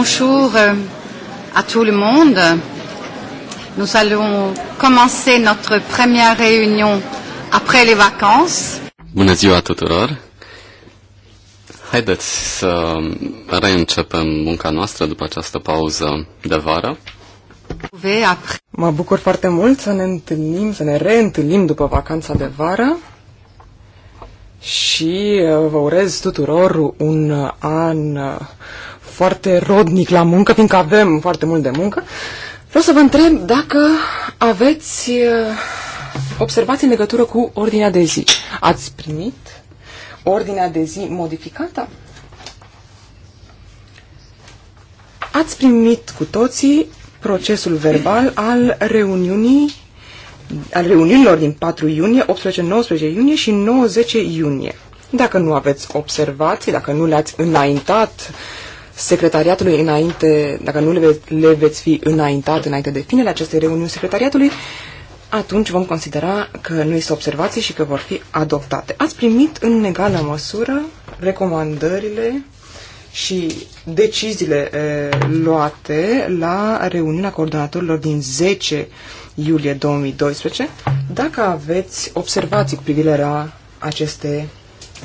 Bonjour euh, à tout le monde. Nous allons commencer notre première réunion après les vacances. Bună ziua tuturor! Haideți să reîncepem munca noastră după această pauză de vară. Mă bucur foarte mult să ne întâlnim, să ne reîntâlnim după vacanța de vară și uh, vă urez tuturor un uh, an uh, foarte rodnic la muncă, fiindcă avem foarte mult de muncă, vreau să vă întreb dacă aveți uh, observații în legătură cu ordinea de zi. Ați primit ordinea de zi modificată? Ați primit cu toții procesul verbal al reuniunii al reuniunilor din 4 iunie, 18-19 iunie și 90 iunie. Dacă nu aveți observații, dacă nu le-ați înaintat secretariatului înainte, dacă nu le, ve le veți fi înaintat înainte de finele acestei reuniuni secretariatului, atunci vom considera că nu este observație și că vor fi adoptate. Ați primit în egală măsură recomandările și deciziile e, luate la reuniunea coordonatorilor din 10 iulie 2012. Dacă aveți observații cu privire la aceste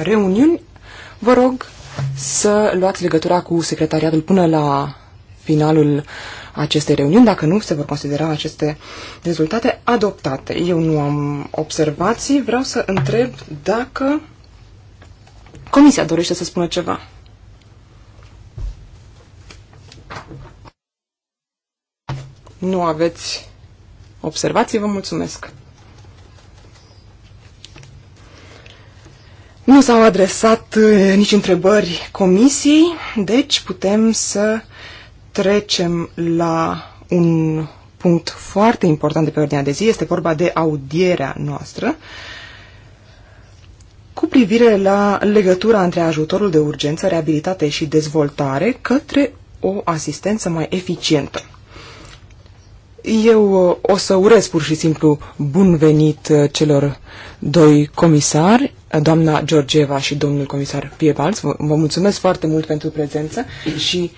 reuniuni, vă rog să luați legătura cu secretariatul până la finalul acestei reuniuni, dacă nu se vor considera aceste rezultate adoptate. Eu nu am observații, vreau să întreb dacă Comisia dorește să spună ceva. Nu aveți observații, vă mulțumesc. Nu s-au adresat nici întrebări comisiei, deci putem să trecem la un punct foarte important de pe ordinea de zi. Este vorba de audierea noastră cu privire la legătura între ajutorul de urgență, reabilitate și dezvoltare către o asistență mai eficientă. Eu uh, o să urez pur și simplu bun venit uh, celor doi comisari doamna Georgieva și domnul comisar Piebalz. Vă, mulțumesc foarte mult pentru prezență și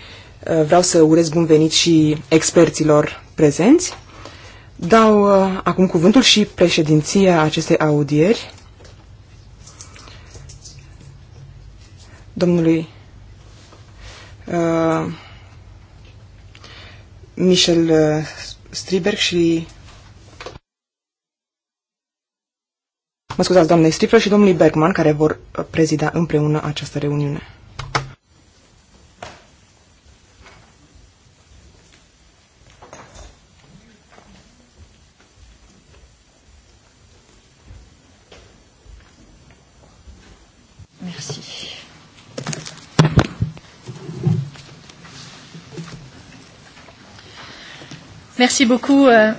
uh, vreau să urez bun venit și experților prezenți. Dau uh, acum cuvântul și președinția acestei audieri. Domnului uh, Michel uh, Striberg și mă scuzați, doamnei Strifler și domnului Bergman, care vor prezida împreună această reuniune. Merci beaucoup. Euh.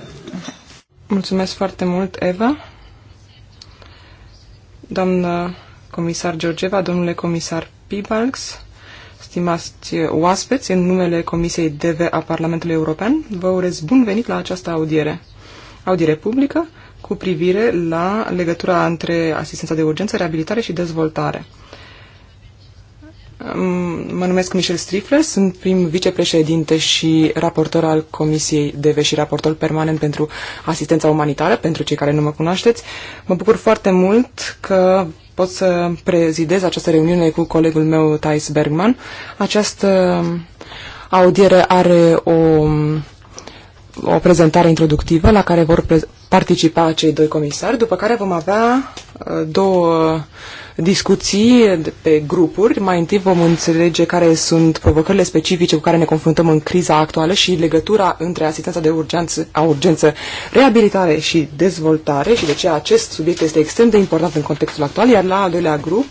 Mulțumesc foarte mult, Eva doamnă comisar Georgeva, domnule comisar Pibalks, stimați oaspeți, în numele Comisiei DV a Parlamentului European, vă urez bun venit la această audiere. Audiere publică cu privire la legătura între asistența de urgență, reabilitare și dezvoltare. Mă numesc Michel Strifler, sunt prim vicepreședinte și raportor al Comisiei DV și raportor permanent pentru asistența umanitară, pentru cei care nu mă cunoașteți. Mă bucur foarte mult că pot să prezidez această reuniune cu colegul meu, Thais Bergman. Această audiere are o, o prezentare introductivă la care vor participa cei doi comisari, după care vom avea uh, două discuții pe grupuri. Mai întâi vom înțelege care sunt provocările specifice cu care ne confruntăm în criza actuală și legătura între asistența de urgență, a urgență, reabilitare și dezvoltare și de ce acest subiect este extrem de important în contextul actual, iar la al doilea grup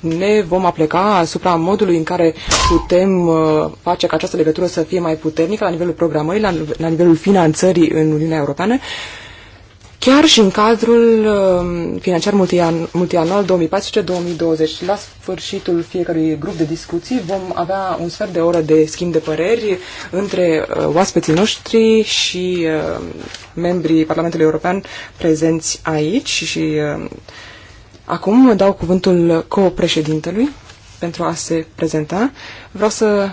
ne vom apleca asupra modului în care putem uh, face ca această legătură să fie mai puternică la nivelul programării, la, la nivelul finanțării în Uniunea Europeană chiar și în cadrul um, financiar multianual 2014-2020. La sfârșitul fiecărui grup de discuții vom avea un sfert de oră de schimb de păreri între uh, oaspeții noștri și uh, membrii Parlamentului European prezenți aici și uh, acum dau cuvântul co-președintelui pentru a se prezenta. Vreau să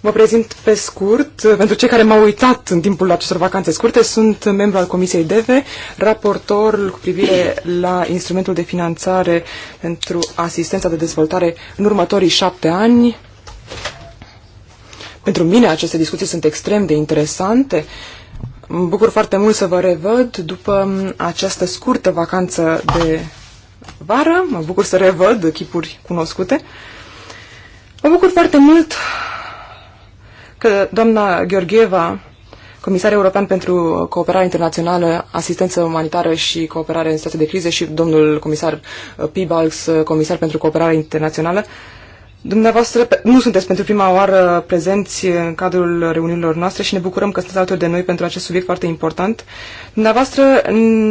Mă prezint pe scurt. Pentru cei care m-au uitat în timpul acestor vacanțe scurte, sunt membru al Comisiei DEVE, raportor cu privire la instrumentul de finanțare pentru asistența de dezvoltare în următorii șapte ani. Pentru mine aceste discuții sunt extrem de interesante. Mă bucur foarte mult să vă revăd după această scurtă vacanță de vară. Mă bucur să revăd chipuri cunoscute. Mă bucur foarte mult că doamna Gheorgheva, comisar european pentru cooperare internațională, asistență umanitară și cooperare în situații de crize și domnul comisar uh, Pibalks, uh, comisar pentru cooperare internațională, Dumneavoastră nu sunteți pentru prima oară prezenți în cadrul reuniunilor noastre și ne bucurăm că sunteți alături de noi pentru acest subiect foarte important. Dumneavoastră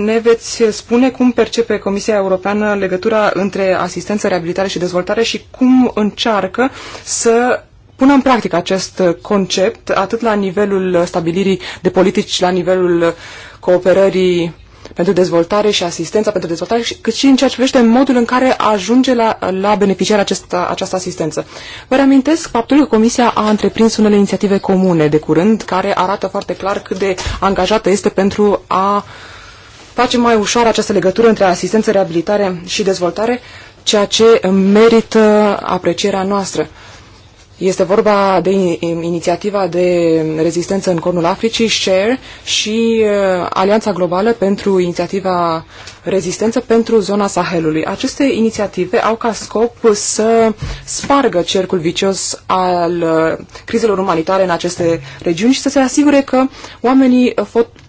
ne veți spune cum percepe Comisia Europeană legătura între asistență, reabilitare și dezvoltare și cum încearcă să pună în practică acest uh, concept atât la nivelul uh, stabilirii de politici, la nivelul uh, cooperării pentru dezvoltare și asistența pentru dezvoltare, cât și în ceea ce privește modul în care ajunge la, la beneficiar acesta, această asistență. Vă reamintesc faptul că Comisia a întreprins unele inițiative comune de curând, care arată foarte clar cât de angajată este pentru a face mai ușoară această legătură între asistență, reabilitare și dezvoltare, ceea ce merită aprecierea noastră. Este vorba de inițiativa de rezistență în Cornul Africii, SHARE, și uh, Alianța Globală pentru Inițiativa Rezistență pentru Zona Sahelului. Aceste inițiative au ca scop să spargă cercul vicios al uh, crizelor umanitare în aceste regiuni și să se asigure că oamenii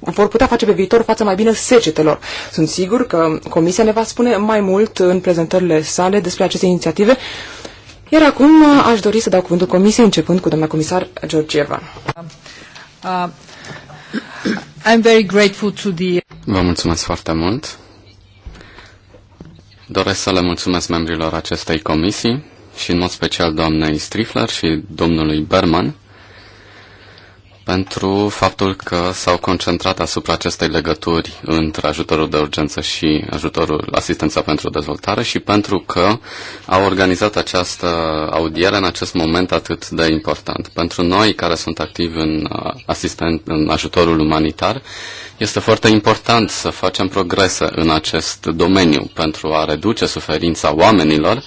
vor putea face pe viitor față mai bine secetelor. Sunt sigur că Comisia ne va spune mai mult în prezentările sale despre aceste inițiative iar acum uh, aș dori să dau cuvântul Comisiei, începând cu doamna comisar Georgieva. Uh, I'm very grateful to the... Vă mulțumesc foarte mult. Doresc să le mulțumesc membrilor acestei comisii și în mod special doamnei Strifler și domnului Berman pentru faptul că s-au concentrat asupra acestei legături între ajutorul de urgență și ajutorul asistența pentru dezvoltare și pentru că au organizat această audiere în acest moment atât de important. Pentru noi care sunt activi în, uh, asistent, în ajutorul umanitar, este foarte important să facem progrese în acest domeniu pentru a reduce suferința oamenilor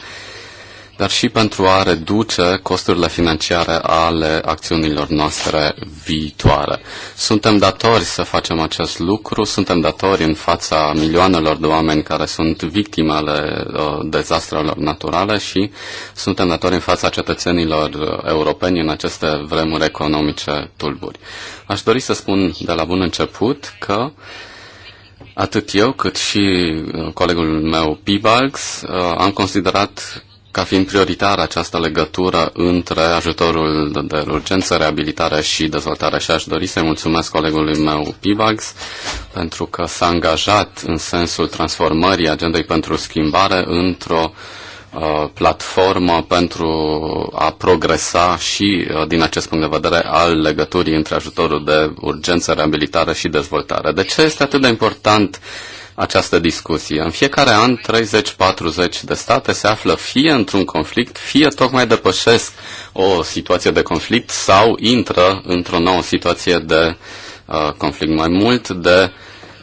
dar și pentru a reduce costurile financiare ale acțiunilor noastre viitoare. Suntem datori să facem acest lucru, suntem datori în fața milioanelor de oameni care sunt victime ale uh, dezastrelor naturale și suntem datori în fața cetățenilor europeni în aceste vremuri economice tulburi. Aș dori să spun de la bun început că Atât eu cât și uh, colegul meu Pibalx uh, am considerat ca fiind prioritară această legătură între ajutorul de, de urgență, reabilitare și dezvoltare. Și aș dori să-i mulțumesc colegului meu, Pivax, pentru că s-a angajat în sensul transformării agendei pentru schimbare într-o uh, platformă pentru a progresa și uh, din acest punct de vedere al legăturii între ajutorul de urgență, reabilitare și dezvoltare. De ce este atât de important uh, această discuție. În fiecare an, 30-40 de state se află fie într-un conflict, fie tocmai depășesc o situație de conflict sau intră într-o nouă situație de uh, conflict. Mai mult de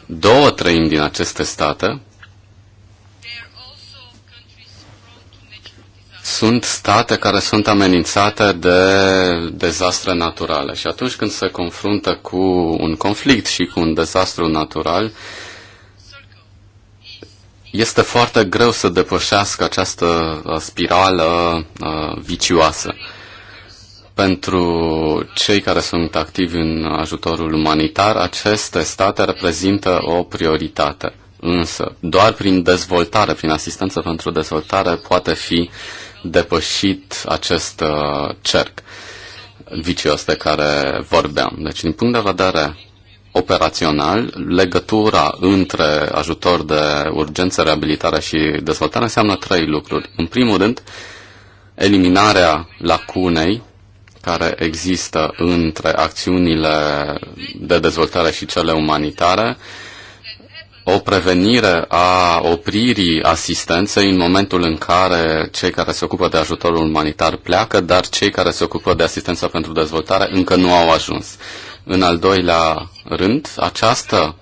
două treimi din aceste state sunt state care sunt amenințate de dezastre naturale și atunci când se confruntă cu un conflict și cu un dezastru natural, uh, este foarte greu să depășească această uh, spirală uh, vicioasă. Pentru cei care sunt activi în ajutorul umanitar, aceste state reprezintă o prioritate. Însă, doar prin dezvoltare, prin asistență pentru dezvoltare, poate fi depășit acest uh, cerc vicios de care vorbeam. Deci, din punct de vedere operațional, legătura între ajutor de urgență, reabilitare și dezvoltare înseamnă trei lucruri. În primul rând, eliminarea lacunei care există între acțiunile de dezvoltare și cele umanitare, o prevenire a opririi asistenței în momentul în care cei care se ocupă de ajutorul umanitar pleacă, dar cei care se ocupă de asistența pentru dezvoltare încă nu au ajuns. În al doilea rând, această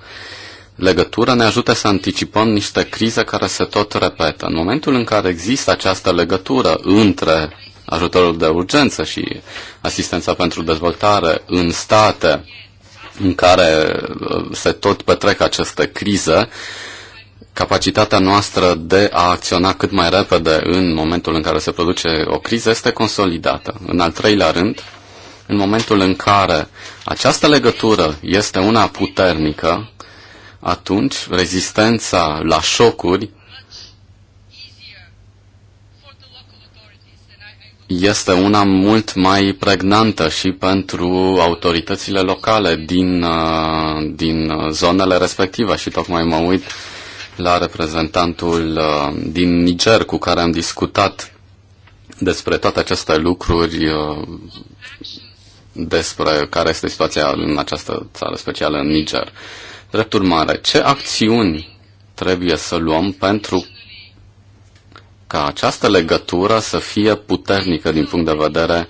legătură ne ajută să anticipăm niște crize care se tot repetă. În momentul în care există această legătură între ajutorul de urgență și asistența pentru dezvoltare în state în care uh, se tot petrec aceste crize, capacitatea noastră de a acționa cât mai repede în momentul în care se produce o criză este consolidată. În al treilea rând, în momentul în care această legătură este una puternică, atunci rezistența la șocuri este una mult mai pregnantă și pentru autoritățile locale din, uh, din zonele respective. Și tocmai mă uit la reprezentantul uh, din Niger cu care am discutat despre toate aceste lucruri uh, despre care este situația în această țară, specială în Niger. Drept urmare, ce acțiuni trebuie să luăm pentru ca această legătură să fie puternică din punct de vedere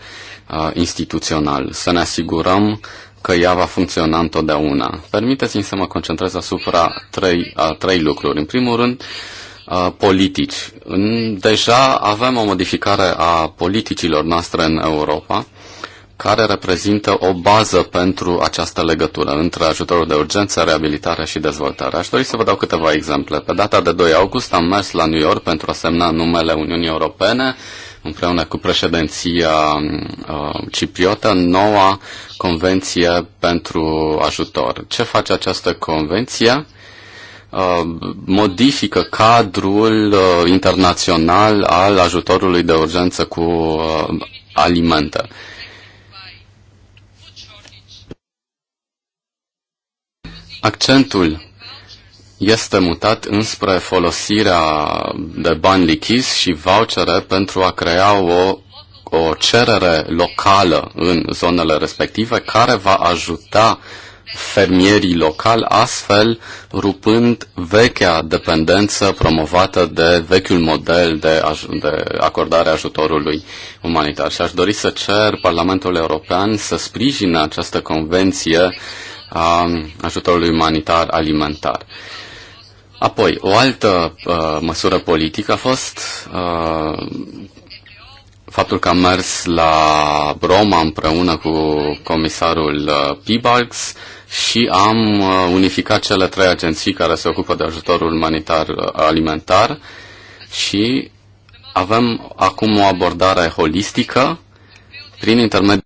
uh, instituțional, să ne asigurăm că ea va funcționa întotdeauna. Permiteți-mi să mă concentrez asupra trei, a trei lucruri. În primul rând, uh, politici. În, deja avem o modificare a politicilor noastre în Europa care reprezintă o bază pentru această legătură între ajutorul de urgență, reabilitare și dezvoltare. Aș dori să vă dau câteva exemple. Pe data de 2 august am mers la New York pentru a semna numele Uniunii Europene împreună cu președinția uh, cipriotă noua convenție pentru ajutor. Ce face această convenție? Uh, modifică cadrul uh, internațional al ajutorului de urgență cu uh, alimente. Accentul este mutat înspre folosirea de bani lichizi și vouchere pentru a crea o, o cerere locală în zonele respective care va ajuta fermierii locali, astfel rupând vechea dependență promovată de vechiul model de, aj- de acordare ajutorului umanitar. Și aș dori să cer Parlamentul European să sprijine această convenție a ajutorului umanitar alimentar. Apoi, o altă uh, măsură politică a fost uh, faptul că am mers la Roma împreună cu comisarul uh, Pibalks și am uh, unificat cele trei agenții care se ocupă de ajutorul umanitar uh, alimentar și avem acum o abordare holistică prin intermediul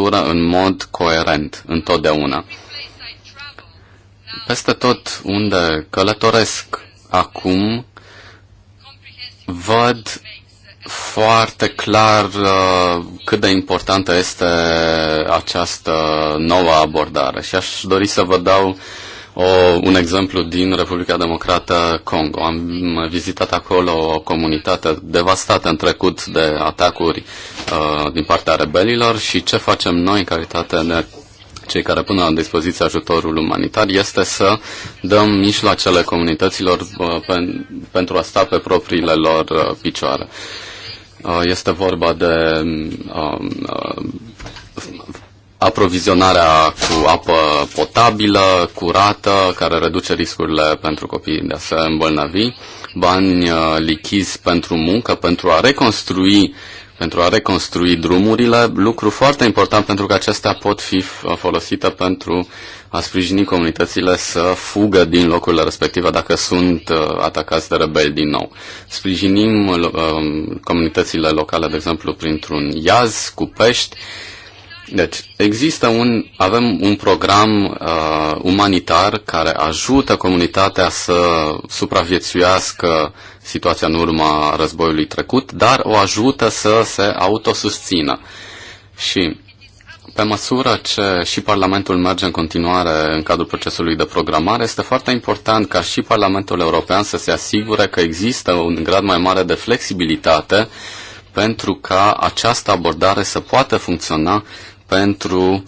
învățătură în mod coerent întotdeauna. Peste tot unde călătoresc acum, văd foarte clar uh, cât de importantă este această nouă abordare și aș dori să vă dau o, un exemplu din Republica Democrată Congo. Am vizitat acolo o comunitate devastată în trecut de atacuri uh, din partea rebelilor și ce facem noi în calitate de cei care pun la dispoziție ajutorul umanitar este să dăm mijloacele comunităților uh, pen, pentru a sta pe propriile lor uh, picioare. Uh, este vorba de um, uh, uh, aprovizionarea cu apă potabilă, curată, care reduce riscurile pentru copii de a se îmbolnăvi, bani uh, lichizi pentru muncă, pentru a reconstrui pentru a reconstrui drumurile, lucru foarte important pentru că acestea pot fi uh, folosite pentru a sprijini comunitățile să fugă din locurile respective dacă sunt uh, atacați de rebeli din nou. Sprijinim um, comunitățile locale, de exemplu, printr-un iaz cu pești, deci, există un, avem un program uh, umanitar care ajută comunitatea să supraviețuiască situația în urma războiului trecut, dar o ajută să se autosusțină. Și pe măsură ce și Parlamentul merge în continuare în cadrul procesului de programare, este foarte important ca și Parlamentul European să se asigure că există un grad mai mare de flexibilitate pentru ca această abordare să poată funcționa pentru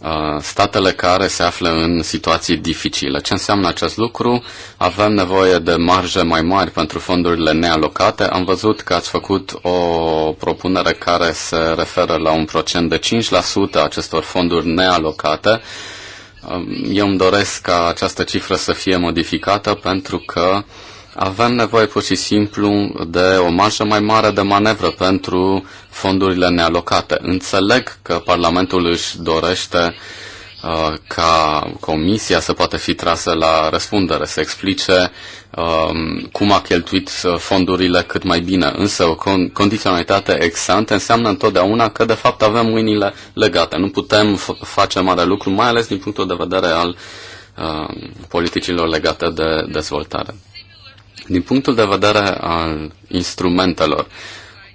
uh, statele care se află în situații dificile. Ce înseamnă acest lucru? Avem nevoie de marje mai mari pentru fondurile nealocate. Am văzut că ați făcut o propunere care se referă la un procent de 5% acestor fonduri nealocate. Um, eu îmi doresc ca această cifră să fie modificată pentru că uh, avem nevoie pur și simplu de o marjă mai mare de manevră pentru fondurile nealocate. Înțeleg că Parlamentul își dorește uh, ca comisia să poată fi trasă la răspundere, să explice uh, cum a cheltuit uh, fondurile cât mai bine. Însă o con- condiționalitate ex înseamnă întotdeauna că de fapt avem mâinile legate. Nu putem face mare lucru, mai ales din punctul de vedere al uh, politicilor legate de dezvoltare. Din punctul de vedere al instrumentelor,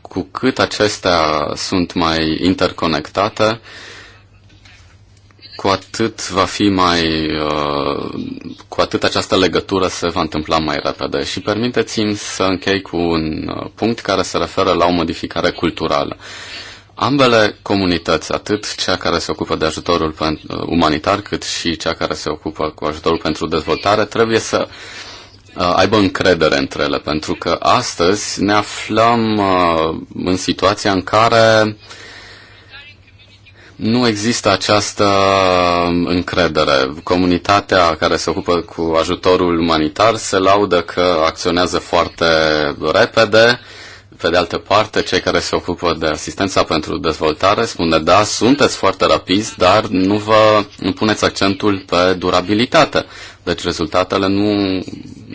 cu cât acestea sunt mai interconectate, cu atât va fi mai, uh, cu atât această legătură se va întâmpla mai repede. Și permiteți-mi să închei cu un uh, punct care se referă la o modificare culturală. Ambele comunități, atât cea care se ocupă de ajutorul uh, umanitar, cât și cea care se ocupă cu ajutorul pentru dezvoltare, trebuie să Uh, aibă încredere între ele, pentru că astăzi ne aflăm uh, în situația în care nu există această încredere. Comunitatea care se ocupă cu ajutorul umanitar se laudă că acționează foarte repede. Pe de altă parte, cei care se ocupă de asistența pentru dezvoltare spune, da, sunteți foarte rapizi, dar nu vă puneți accentul pe durabilitate. Deci rezultatele nu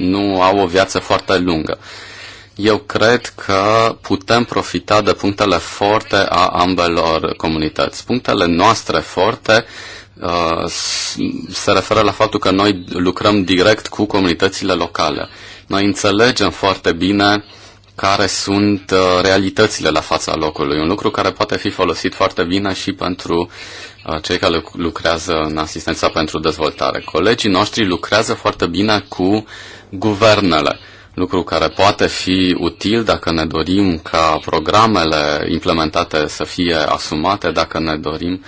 nu au o viață foarte lungă. Eu cred că putem profita de punctele forte a ambelor comunități. Punctele noastre forte uh, se referă la faptul că noi lucrăm direct cu comunitățile locale. Noi înțelegem foarte bine care sunt uh, realitățile la fața locului, un lucru care poate fi folosit foarte bine și pentru uh, cei care lucrează în asistența pentru dezvoltare. Colegii noștri lucrează foarte bine cu uh, guvernele, lucru care poate fi util dacă ne dorim ca programele implementate să fie asumate, dacă ne dorim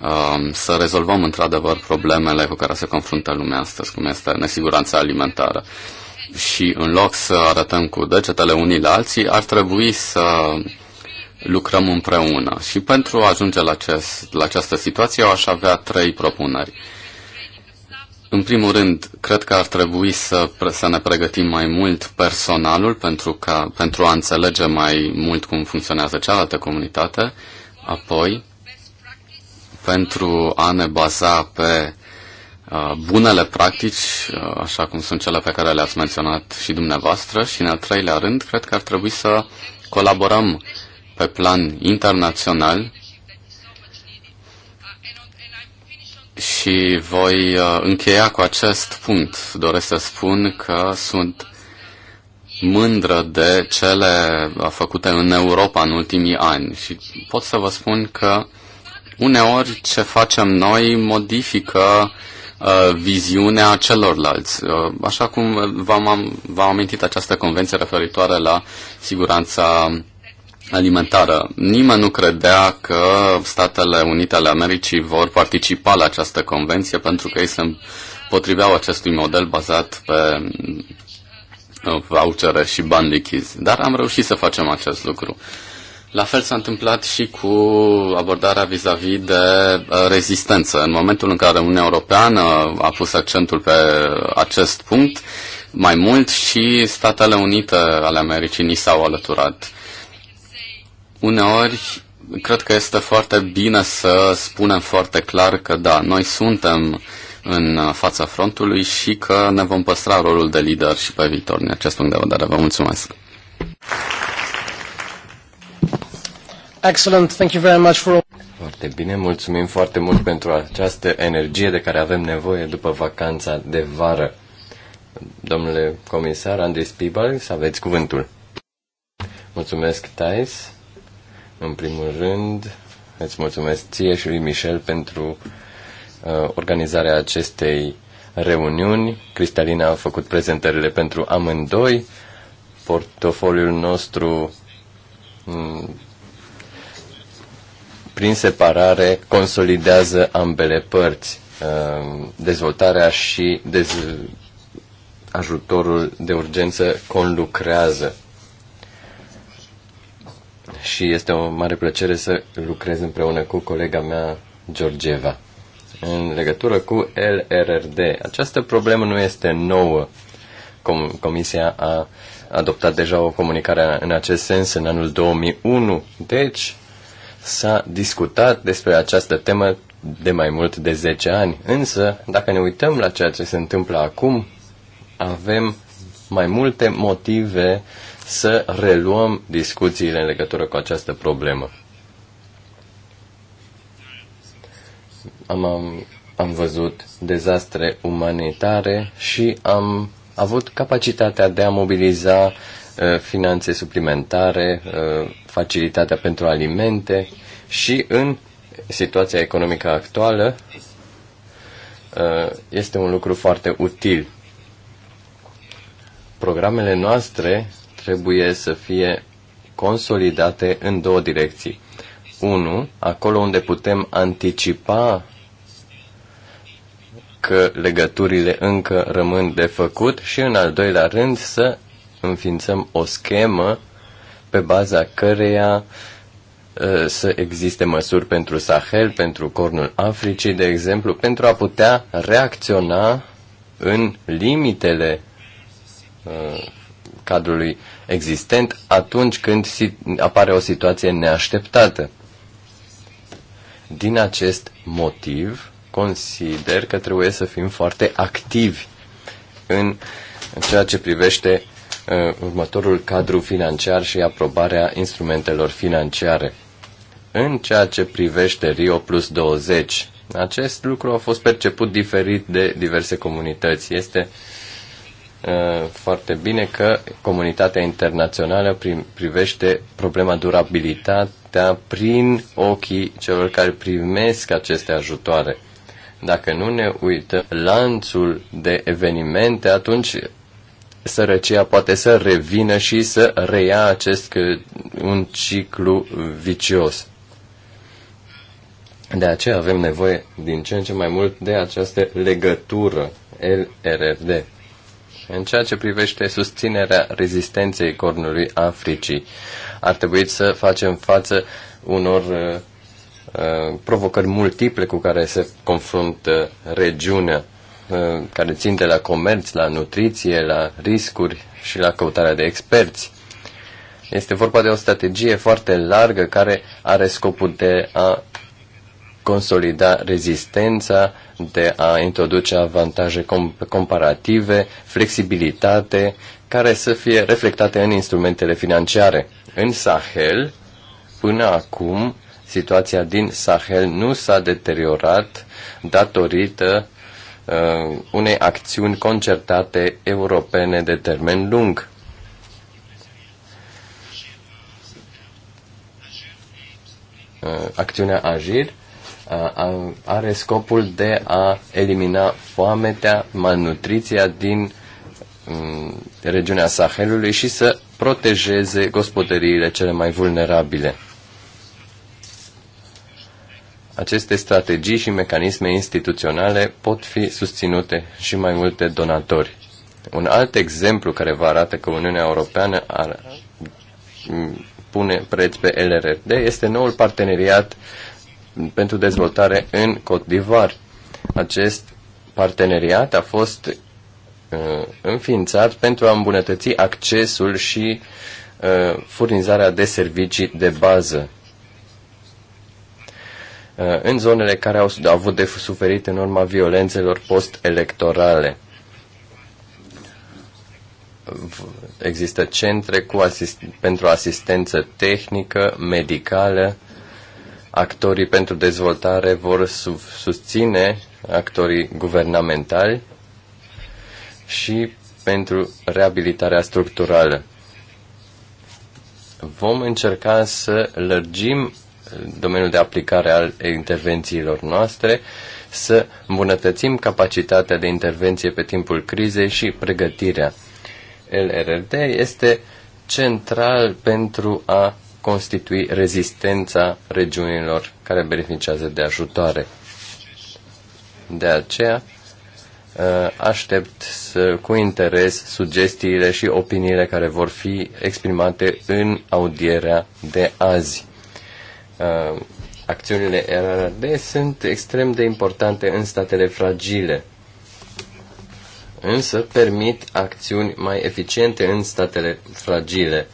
um, să rezolvăm într-adevăr problemele cu care se confruntă lumea astăzi, cum este nesiguranța alimentară și în loc să arătăm cu degetele unii la alții, ar trebui să lucrăm împreună. Și pentru a ajunge la, acest, la această situație, eu aș avea trei propuneri. În primul rând, cred că ar trebui să, să ne pregătim mai mult personalul pentru, ca, pentru a înțelege mai mult cum funcționează cealaltă comunitate, apoi pentru a ne baza pe uh, bunele practici, uh, așa cum sunt cele pe care le-ați menționat și dumneavoastră, și în al treilea rând, cred că ar trebui să colaborăm pe plan internațional Și voi uh, încheia cu acest punct. Doresc să spun că sunt mândră de cele uh, făcute în Europa în ultimii ani și pot să vă spun că uneori ce facem noi modifică uh, viziunea celorlalți. Uh, așa cum v-am, am amintit această convenție referitoare la siguranța alimentară. Nimeni nu credea că Statele Unite ale Americii vor participa la această convenție pentru că ei se potriveau acestui model bazat pe vouchere și bani lichizi. Dar am reușit să facem acest lucru. La fel s-a întâmplat și cu abordarea vis-a-vis -vis de uh, rezistență. În momentul în care Uniunea Europeană a pus accentul pe acest punct, mai mult și Statele Unite ale Americii ni s-au alăturat uneori cred că este foarte bine să spunem foarte clar că da, noi suntem în fața frontului și că ne vom păstra rolul de lider și pe viitor În acest punct de vedere. Vă mulțumesc! Excellent. Thank you very much for Foarte bine, mulțumim foarte mult pentru această energie de care avem nevoie după vacanța de vară. Domnule comisar Andris Pibal, să aveți cuvântul. Mulțumesc, Thais. În primul rând, îți mulțumesc ție și lui Michel pentru uh, organizarea acestei reuniuni. Cristalina a făcut prezentările pentru amândoi. Portofoliul nostru mm, prin separare consolidează ambele părți, uh, dezvoltarea și dez- ajutorul de urgență conlucrează și este o mare plăcere să lucrez împreună cu colega mea, Georgeva. În legătură cu LRRD, această problemă nu este nouă. Com- Comisia a adoptat deja o comunicare în acest sens în anul 2001, deci s-a discutat despre această temă de mai mult de 10 ani. Însă, dacă ne uităm la ceea ce se întâmplă acum, avem mai multe motive uh, să reluăm discuțiile în legătură cu această problemă. Am, am, am văzut dezastre umanitare și am avut capacitatea de a mobiliza uh, finanțe suplimentare, uh, facilitatea pentru alimente și în situația economică actuală uh, este un lucru foarte util programele noastre trebuie să fie consolidate în două direcții. Unu, Acolo unde putem anticipa că legăturile încă rămân de făcut și în al doilea rând să înființăm o schemă pe baza căreia ă, să existe măsuri pentru Sahel, pentru Cornul Africii, de exemplu, pentru a putea reacționa în limitele ă, cadrului existent atunci când apare o situație neașteptată. Din acest motiv, consider că trebuie să fim foarte activi în ceea ce privește uh, următorul cadru financiar și aprobarea instrumentelor financiare. În ceea ce privește Rio Plus 20, acest lucru a fost perceput diferit de diverse comunități. Este uh, Uh, foarte bine că comunitatea internațională privește problema durabilitatea prin ochii celor care primesc aceste ajutoare. Dacă nu ne uităm lanțul de evenimente, atunci sărăcia poate să revină și să reia acest uh, un ciclu vicios. De aceea avem nevoie din ce în ce mai mult de această legătură LRFD. În ceea ce privește susținerea rezistenței cornului Africii, ar trebui să facem față unor uh, uh, provocări multiple cu care se confruntă regiunea, uh, care țin de la comerț, la nutriție, la riscuri și la căutarea de experți. Este vorba de o strategie foarte largă care are scopul de a consolida rezistența, de a introduce avantaje comparative, flexibilitate, care să fie reflectate în instrumentele financiare. În Sahel, până acum, situația din Sahel nu s-a deteriorat datorită uh, unei acțiuni concertate europene de termen lung. Uh, acțiunea AGIR are scopul de a elimina foametea, malnutriția din mm, regiunea Sahelului și să protejeze gospodăriile cele mai vulnerabile. Aceste strategii și mecanisme instituționale pot fi susținute și mai multe donatori. Un alt exemplu care vă arată că Uniunea Europeană ar mm, pune preț pe LRD este noul parteneriat uh, pentru dezvoltare în cot d'Ivoire. Acest parteneriat a fost uh, înființat pentru a îmbunătăți accesul și uh, furnizarea de servicii de bază uh, în zonele care au, au avut de suferit în urma violențelor post-electorale există centre cu asist- pentru asistență tehnică, medicală actorii pentru dezvoltare vor susține actorii guvernamentali și pentru reabilitarea structurală. Vom încerca să lărgim domeniul de aplicare al intervențiilor noastre, să îmbunătățim capacitatea de intervenție pe timpul crizei și pregătirea. LRD este central pentru a constitui rezistența regiunilor care beneficiază de ajutoare. De aceea, uh, aștept să, cu interes sugestiile și opiniile care vor fi exprimate în audierea de azi. Uh, acțiunile RRD sunt extrem de importante în statele fragile, însă permit acțiuni mai eficiente în statele fragile.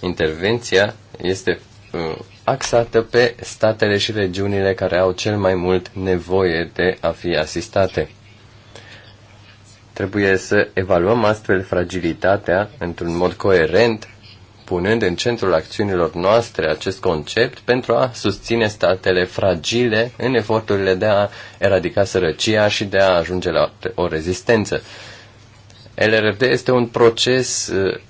Intervenția este uh, axată pe statele și regiunile care au cel mai mult nevoie de a fi asistate. Trebuie să evaluăm astfel fragilitatea într-un mod coerent, punând în centrul acțiunilor noastre acest concept pentru a susține statele fragile în eforturile de a eradica sărăcia și de a ajunge la o rezistență. LRD este un proces uh,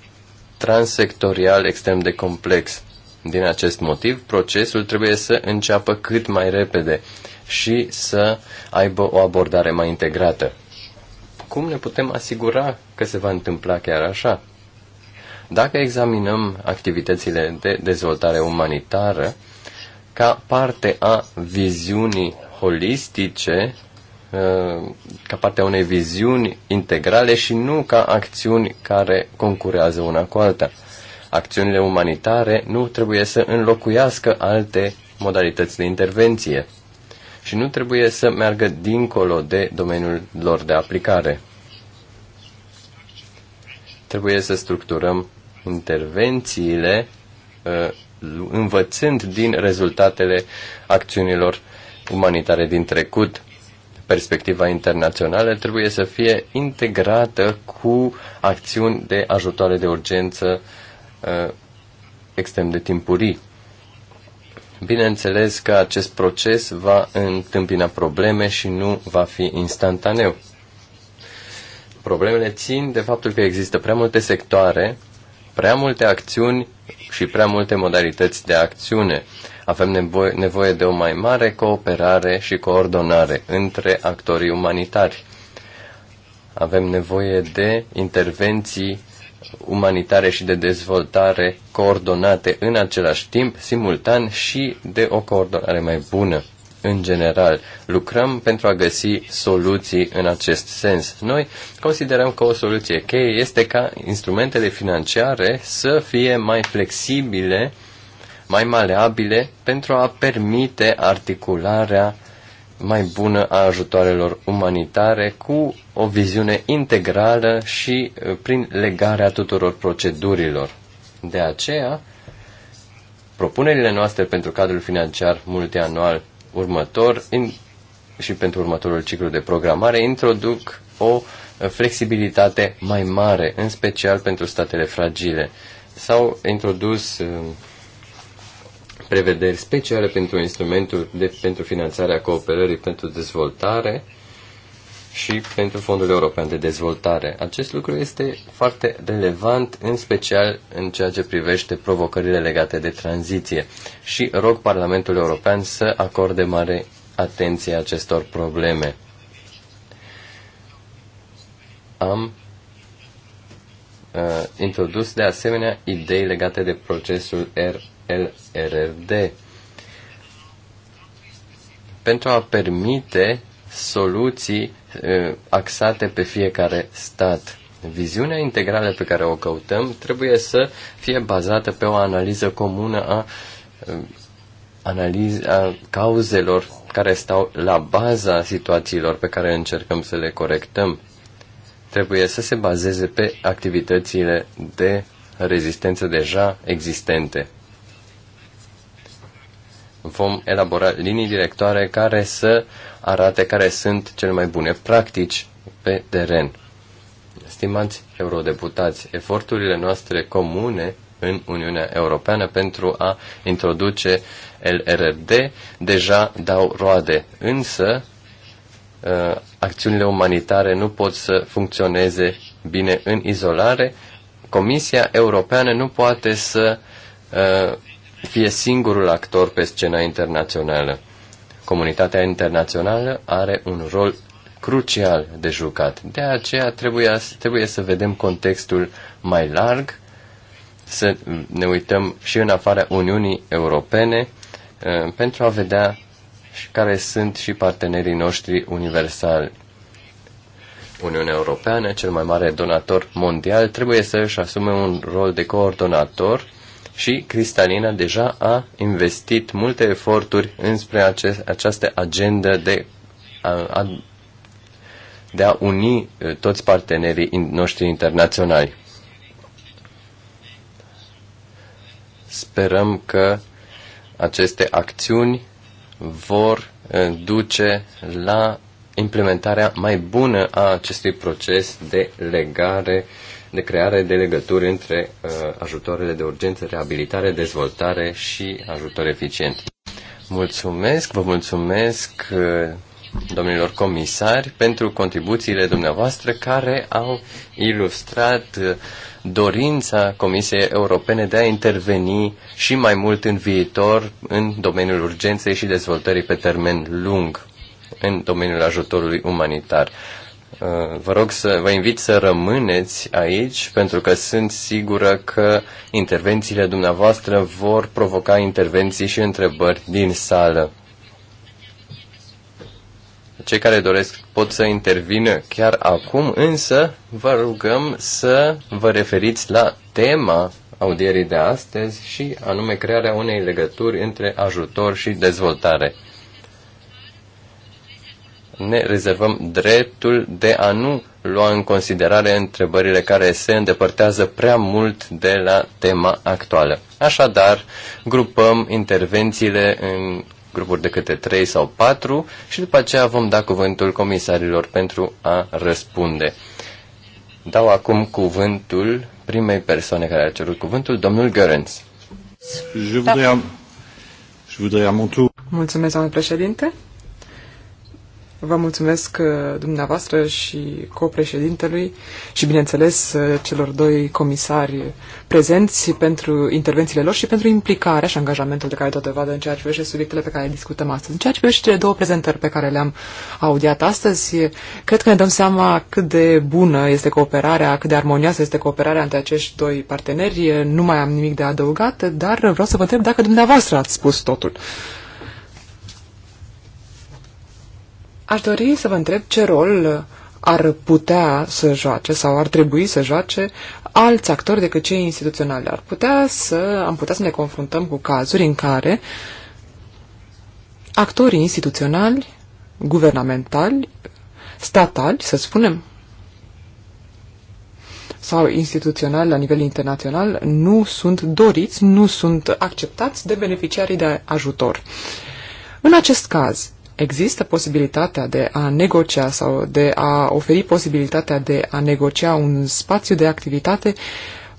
transsectorial extrem de complex din acest motiv, procesul trebuie să înceapă cât mai repede și să aibă o abordare mai integrată. Cum ne putem asigura că se va întâmpla chiar așa? Dacă examinăm activitățile de dezvoltare umanitară ca parte a viziunii holistice, ă, ca parte a unei viziuni integrale și nu ca acțiuni care concurează una cu alta. Acțiunile umanitare nu trebuie să înlocuiască alte modalități de intervenție și nu trebuie să meargă dincolo de domeniul lor de aplicare. Trebuie să structurăm intervențiile uh, învățând din rezultatele acțiunilor umanitare din trecut. Perspectiva internațională trebuie să fie integrată cu acțiuni de ajutoare de urgență Uh, extrem de timpurii. Bineînțeles că acest proces va întâmpina probleme și nu va fi instantaneu. Problemele țin de faptul că există prea multe sectoare, prea multe acțiuni și prea multe modalități de acțiune. Avem nevoie, nevoie de o mai mare cooperare și coordonare între actorii umanitari. Avem nevoie de intervenții umanitare și de dezvoltare coordonate în același timp, simultan și de o coordonare mai bună. În general, lucrăm pentru a găsi soluții în acest sens. Noi considerăm că o soluție cheie este ca instrumentele financiare să fie mai flexibile, mai maleabile, pentru a permite articularea uh, mai bună a ajutoarelor umanitare cu o viziune integrală și uh, prin legarea tuturor procedurilor. De aceea, propunerile noastre pentru cadrul financiar multianual următor in, și pentru următorul ciclu de programare introduc o uh, flexibilitate mai mare, în special pentru statele fragile. S-au introdus uh, prevederi speciale pentru instrumentul de, pentru finanțarea cooperării pentru dezvoltare și pentru Fondul European de Dezvoltare. Acest lucru este foarte relevant, în special în ceea ce privește provocările legate de tranziție. Și rog Parlamentul European să acorde mare atenție acestor probleme. Am uh, introdus de asemenea idei legate de procesul R LRRD pentru a permite soluții axate pe fiecare stat. Viziunea integrală pe care o căutăm trebuie să fie bazată pe o analiză comună a, analiz, a cauzelor care stau la baza situațiilor pe care încercăm să le corectăm. Trebuie să se bazeze pe activitățile de rezistență deja existente vom elabora linii directoare care să arate care sunt cele mai bune practici pe teren. Stimați eurodeputați, eforturile noastre comune în Uniunea Europeană pentru a introduce LRD deja dau roade, însă uh, acțiunile umanitare nu pot să funcționeze bine în izolare. Comisia Europeană nu poate să uh, fie singurul actor pe scena internațională. Comunitatea internațională are un rol crucial de jucat. De aceea trebuie, trebuie să vedem contextul mai larg, să ne uităm și în afara Uniunii Europene uh, pentru a vedea care sunt și partenerii noștri universali. Uniunea Europeană, cel mai mare donator mondial, trebuie să își asume un rol de coordonator și Cristalina deja a investit multe eforturi înspre acest, această agendă de a, a, de a uni uh, toți partenerii noștri internaționali. Sperăm că aceste acțiuni vor uh, duce la implementarea mai bună a acestui proces de legare de creare de legături între uh, ajutoarele de urgență, reabilitare, dezvoltare și ajutor eficient. Mulțumesc, vă mulțumesc uh, domnilor comisari pentru contribuțiile dumneavoastră care au ilustrat uh, dorința Comisiei Europene de a interveni și mai mult în viitor în domeniul urgenței și dezvoltării pe termen lung în domeniul ajutorului umanitar. Uh, vă rog să vă invit să rămâneți aici pentru că sunt sigură că intervențiile dumneavoastră vor provoca intervenții și întrebări din sală. Cei care doresc pot să intervină chiar acum, însă vă rugăm să vă referiți la tema audierii de astăzi și anume crearea unei legături între ajutor și dezvoltare ne rezervăm dreptul de a nu lua în considerare întrebările care se îndepărtează prea mult de la tema actuală. Așadar, grupăm intervențiile în grupuri de câte 3 sau 4 și după aceea vom da cuvântul comisarilor pentru a răspunde. Dau acum cuvântul primei persoane care a cerut cuvântul, domnul Görens. Mulțumesc, doamnă președinte. Vă mulțumesc uh, dumneavoastră și copreședintelui și, bineînțeles, uh, celor doi comisari prezenți pentru intervențiile lor și pentru implicarea și angajamentul de care tot dovadă în ceea ce privește subiectele pe care le discutăm astăzi. În ceea ce privește cele două prezentări pe care le-am audiat astăzi, cred că ne dăm seama cât de bună este cooperarea, cât de armonioasă este cooperarea între acești doi parteneri. Nu mai am nimic de adăugat, dar vreau să vă întreb dacă dumneavoastră ați spus totul. Aș dori să vă întreb ce rol ar putea să joace sau ar trebui să joace alți actori decât cei instituționali. Ar putea să, am putea să ne confruntăm cu cazuri în care actorii instituționali, guvernamentali, statali, să spunem, sau instituționali la nivel internațional nu sunt doriți, nu sunt acceptați de beneficiarii de ajutor. În acest caz, există posibilitatea de a negocia sau de a oferi posibilitatea de a negocia un spațiu de activitate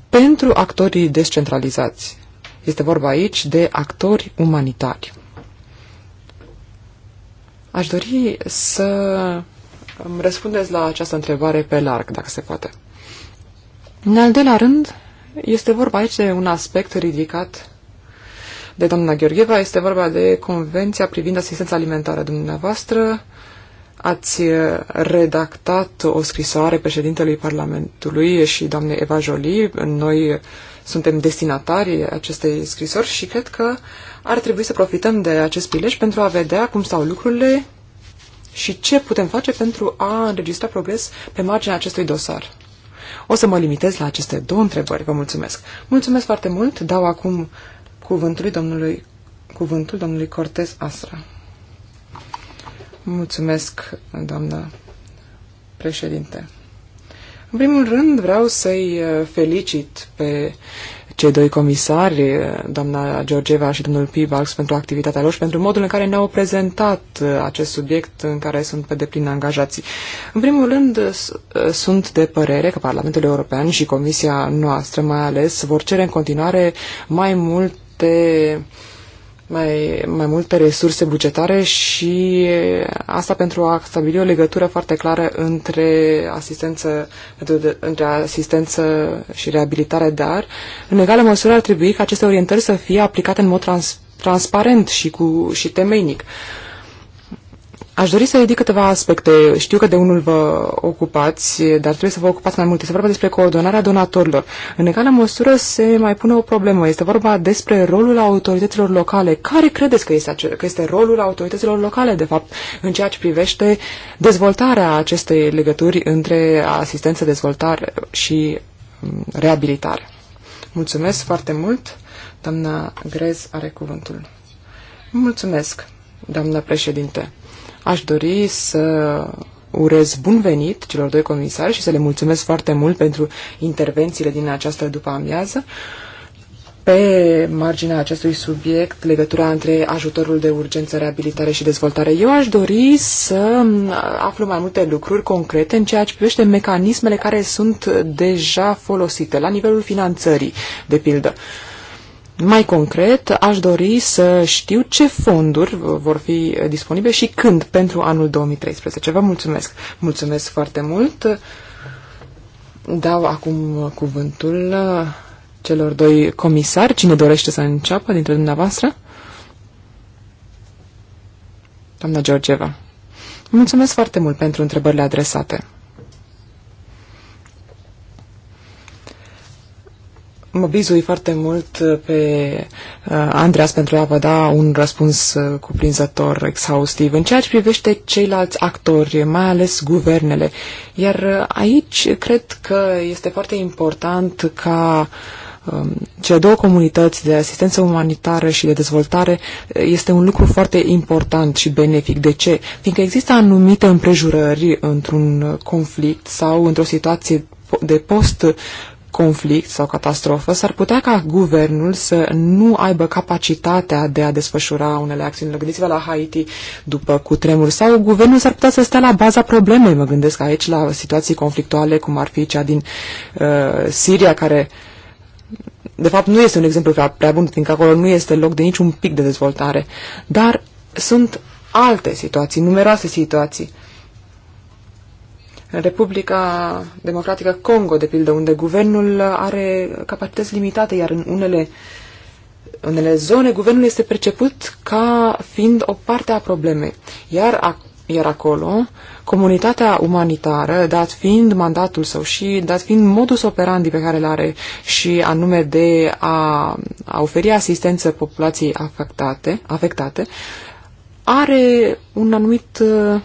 pentru actorii descentralizați. Este vorba aici de actori umanitari. Aș dori să îmi răspundeți la această întrebare pe larg, dacă se poate. În al doilea rând, este vorba aici de un aspect ridicat de doamna Gheorgheva. Este vorba de Convenția privind asistența alimentară. Dumneavoastră ați redactat o scrisoare președintelui Parlamentului și doamnei Eva Jolie. Noi suntem destinatarii acestei scrisori și cred că ar trebui să profităm de acest prilej pentru a vedea cum stau lucrurile și ce putem face pentru a înregistra progres pe marginea acestui dosar. O să mă limitez la aceste două întrebări. Vă mulțumesc. Mulțumesc foarte mult. Dau acum cuvântului domnului, cuvântul domnului Cortez Asra. Mulțumesc, doamnă președinte. În primul rând vreau să-i uh, felicit pe cei doi comisari, uh, doamna Georgeva și domnul Pivax, pentru activitatea lor și pentru modul în care ne-au prezentat uh, acest subiect în care sunt pe deplin angajații. În primul rând, sunt de părere că Parlamentul European și Comisia noastră mai ales vor cere în continuare mai mult pe mai, mai mult pe resurse bugetare și asta pentru a stabili o legătură foarte clară între asistență, între asistență și reabilitare, dar în egală măsură ar trebui ca aceste orientări să fie aplicate în mod trans, transparent și, cu, și temeinic. Uh, Aș dori să ridic câteva aspecte. Știu că de unul vă ocupați, dar trebuie să vă ocupați mai multe. Este vorba despre coordonarea donatorilor. În egală măsură se mai pune o problemă. Este vorba despre rolul autorităților locale. Care credeți că este, că este rolul autorităților locale, de fapt, în ceea ce privește dezvoltarea acestei legături între asistență, dezvoltare și mm, reabilitare? Mulțumesc foarte mult. Doamna Grez are cuvântul. Mulțumesc, doamna președinte. Aș dori să urez bun venit celor doi comisari și să le mulțumesc foarte mult pentru intervențiile din această după-amiază. Pe marginea acestui subiect, legătura între ajutorul de urgență, reabilitare și dezvoltare, eu aș dori să aflu mai multe lucruri concrete în ceea ce privește mecanismele care sunt deja folosite la nivelul finanțării, de pildă. Uh, mai concret, aș dori să știu ce fonduri vor fi disponibile și când pentru anul 2013. Vă mulțumesc! Mulțumesc foarte mult! Dau acum cuvântul uh, celor doi comisari. Cine dorește să înceapă dintre dumneavoastră? Doamna Georgeva. Mulțumesc foarte mult pentru întrebările adresate. Mă bizui foarte mult pe uh, Andreas pentru a vă da un răspuns uh, cuprinzător, exhaustiv, în ceea ce privește ceilalți actori, mai ales guvernele. Iar uh, aici cred că este foarte important ca um, cele două comunități de asistență umanitară și de dezvoltare uh, este un lucru foarte important și benefic. De ce? Fiindcă există anumite împrejurări într-un uh, conflict sau într-o situație de post conflict sau catastrofă, s-ar putea ca guvernul să nu aibă capacitatea de a desfășura unele acțiuni. Gândiți-vă la Haiti după cutremur sau guvernul s-ar putea să stea la baza problemei. Mă gândesc aici la situații conflictuale cum ar fi cea din uh, Siria care de fapt nu este un exemplu prea, prea bun, fiindcă acolo nu este loc de niciun pic de dezvoltare, dar sunt alte situații, numeroase situații Republica Democratică Congo, de pildă, unde guvernul are capacități limitate, iar în unele, unele zone guvernul este perceput ca fiind o parte a problemei. Iar, a, iar acolo, comunitatea umanitară, dat fiind mandatul său și dat fiind modus operandi pe care îl are și anume de a, a oferi asistență populației afectate, afectate, are un anumit uh,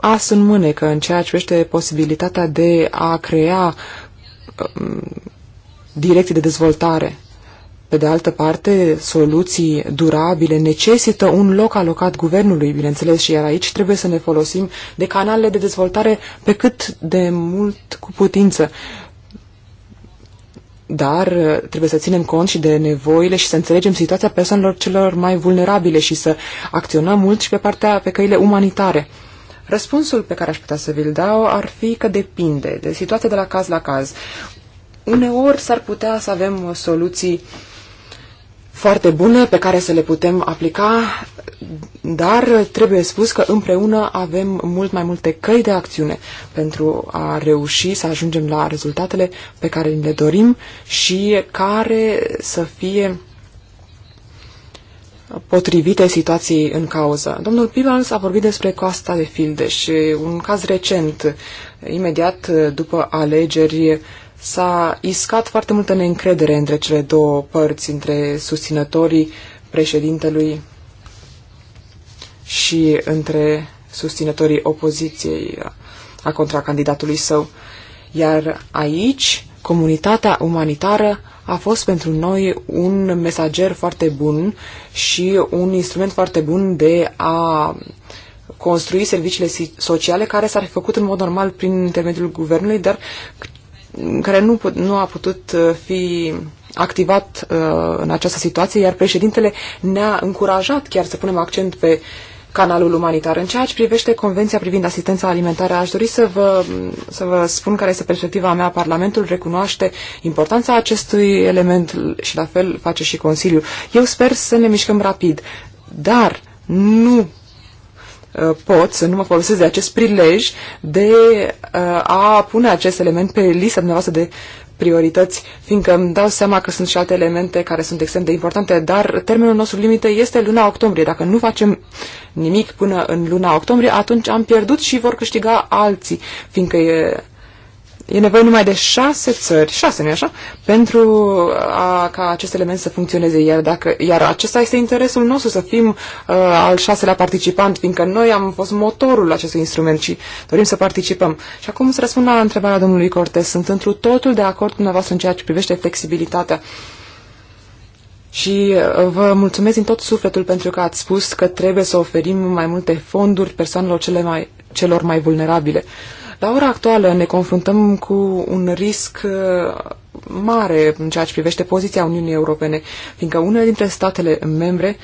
as în mânecă în ceea ce privește posibilitatea de a crea um, direcții de dezvoltare. Pe de altă parte, soluții durabile necesită un loc alocat guvernului, bineînțeles, și iar aici trebuie să ne folosim de canalele de dezvoltare pe cât de mult cu putință. Dar uh, trebuie să ținem cont și de nevoile și să înțelegem situația persoanelor celor mai vulnerabile și să acționăm mult și pe partea pe căile umanitare. Răspunsul pe care aș putea să vi-l dau ar fi că depinde de situația de la caz la caz. Uneori s-ar putea să avem soluții foarte bune pe care să le putem aplica, dar trebuie spus că împreună avem mult mai multe căi de acțiune pentru a reuși să ajungem la rezultatele pe care le dorim și care să fie potrivite situației în cauză. Domnul Pivans a vorbit despre Coasta de și un caz recent, imediat după alegeri, s-a iscat foarte multă neîncredere între cele două părți, între susținătorii președintelui și între susținătorii opoziției a contracandidatului său. Iar aici comunitatea umanitară a fost pentru noi un mesager foarte bun și un instrument foarte bun de a construi serviciile sociale care s-ar fi făcut în mod normal prin intermediul guvernului, dar care nu, nu a putut uh, fi activat uh, în această situație, iar președintele ne-a încurajat chiar să punem accent pe canalul umanitar. În ceea ce privește Convenția privind asistența alimentară, aș dori să vă, să vă spun care este perspectiva mea. Parlamentul recunoaște importanța acestui element și la fel face și Consiliul. Eu sper să ne mișcăm rapid, dar nu ă, pot să nu mă folosesc de acest prilej de ă, a pune acest element pe lista dumneavoastră de priorități, fiindcă îmi dau seama că sunt și alte elemente care sunt extrem de importante, dar termenul nostru limită este luna octombrie. Dacă nu facem nimic până în luna octombrie, atunci am pierdut și vor câștiga alții, fiindcă e, E nevoie numai de șase țări, șase, nu așa, pentru a, ca acest element să funcționeze. Iar, dacă, iar acesta este interesul nostru, să fim uh, al șaselea participant, fiindcă noi am fost motorul acestui instrument și dorim să participăm. Și acum să răspund la întrebarea domnului Cortes. Sunt întru totul de acord cu dumneavoastră în ceea ce privește flexibilitatea. Și uh, vă mulțumesc din tot sufletul pentru că ați spus că trebuie să oferim mai multe fonduri persoanelor cele mai, celor mai vulnerabile. Uh, la da, ora actuală ne confruntăm cu un risc uh, mare în ceea ce privește poziția Uniunii Europene, fiindcă unele dintre statele membre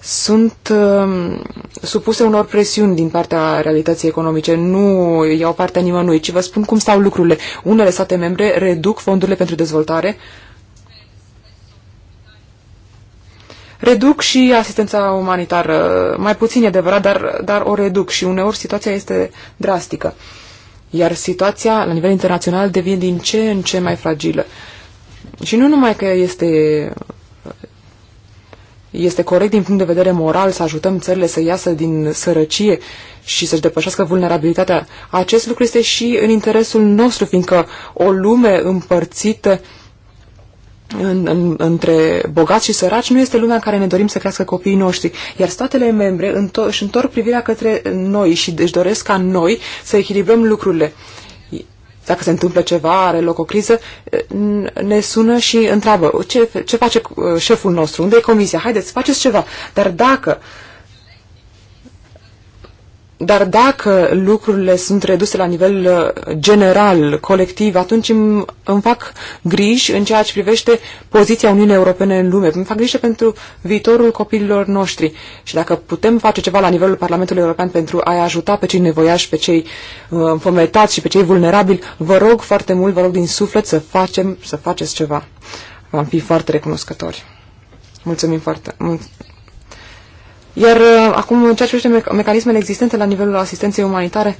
sunt uh, supuse unor presiuni din partea realității economice. Nu iau partea nimănui, ci vă spun cum stau lucrurile. Unele state membre reduc fondurile pentru dezvoltare uh, reduc și asistența umanitară. Mai puțin e adevărat, dar, dar o reduc și uneori situația este drastică. Iar situația la nivel internațional devine din ce în ce mai fragilă. Și nu numai că este, este corect din punct de vedere moral să ajutăm țările să iasă din sărăcie și să-și depășească vulnerabilitatea, acest lucru este și în interesul nostru, fiindcă o lume împărțită uh, în, în, între bogați și săraci nu este lumea în care ne dorim să crească copiii noștri, iar statele membre întor- își întorc privirea către noi și își doresc ca noi să echilibrăm lucrurile. Dacă se întâmplă ceva, are loc o criză, ne sună și întreabă ce, ce face uh, șeful nostru, unde e comisia, haideți, faceți ceva. Dar dacă uh, dar dacă lucrurile sunt reduse la nivel uh, general, colectiv, atunci îmi, îmi fac griji în ceea ce privește poziția Uniunii Europene în lume. Îmi fac griji pentru viitorul copiilor noștri. Și dacă putem face ceva la nivelul Parlamentului European pentru a-i ajuta pe cei nevoiași, pe cei uh, înfometați și pe cei vulnerabili, vă rog foarte mult, vă rog din suflet să facem, să faceți ceva. Vom fi foarte recunoscători. Mulțumim foarte mult. Iar uh, acum, în ceea ce privește mecanismele existente la nivelul asistenței umanitare,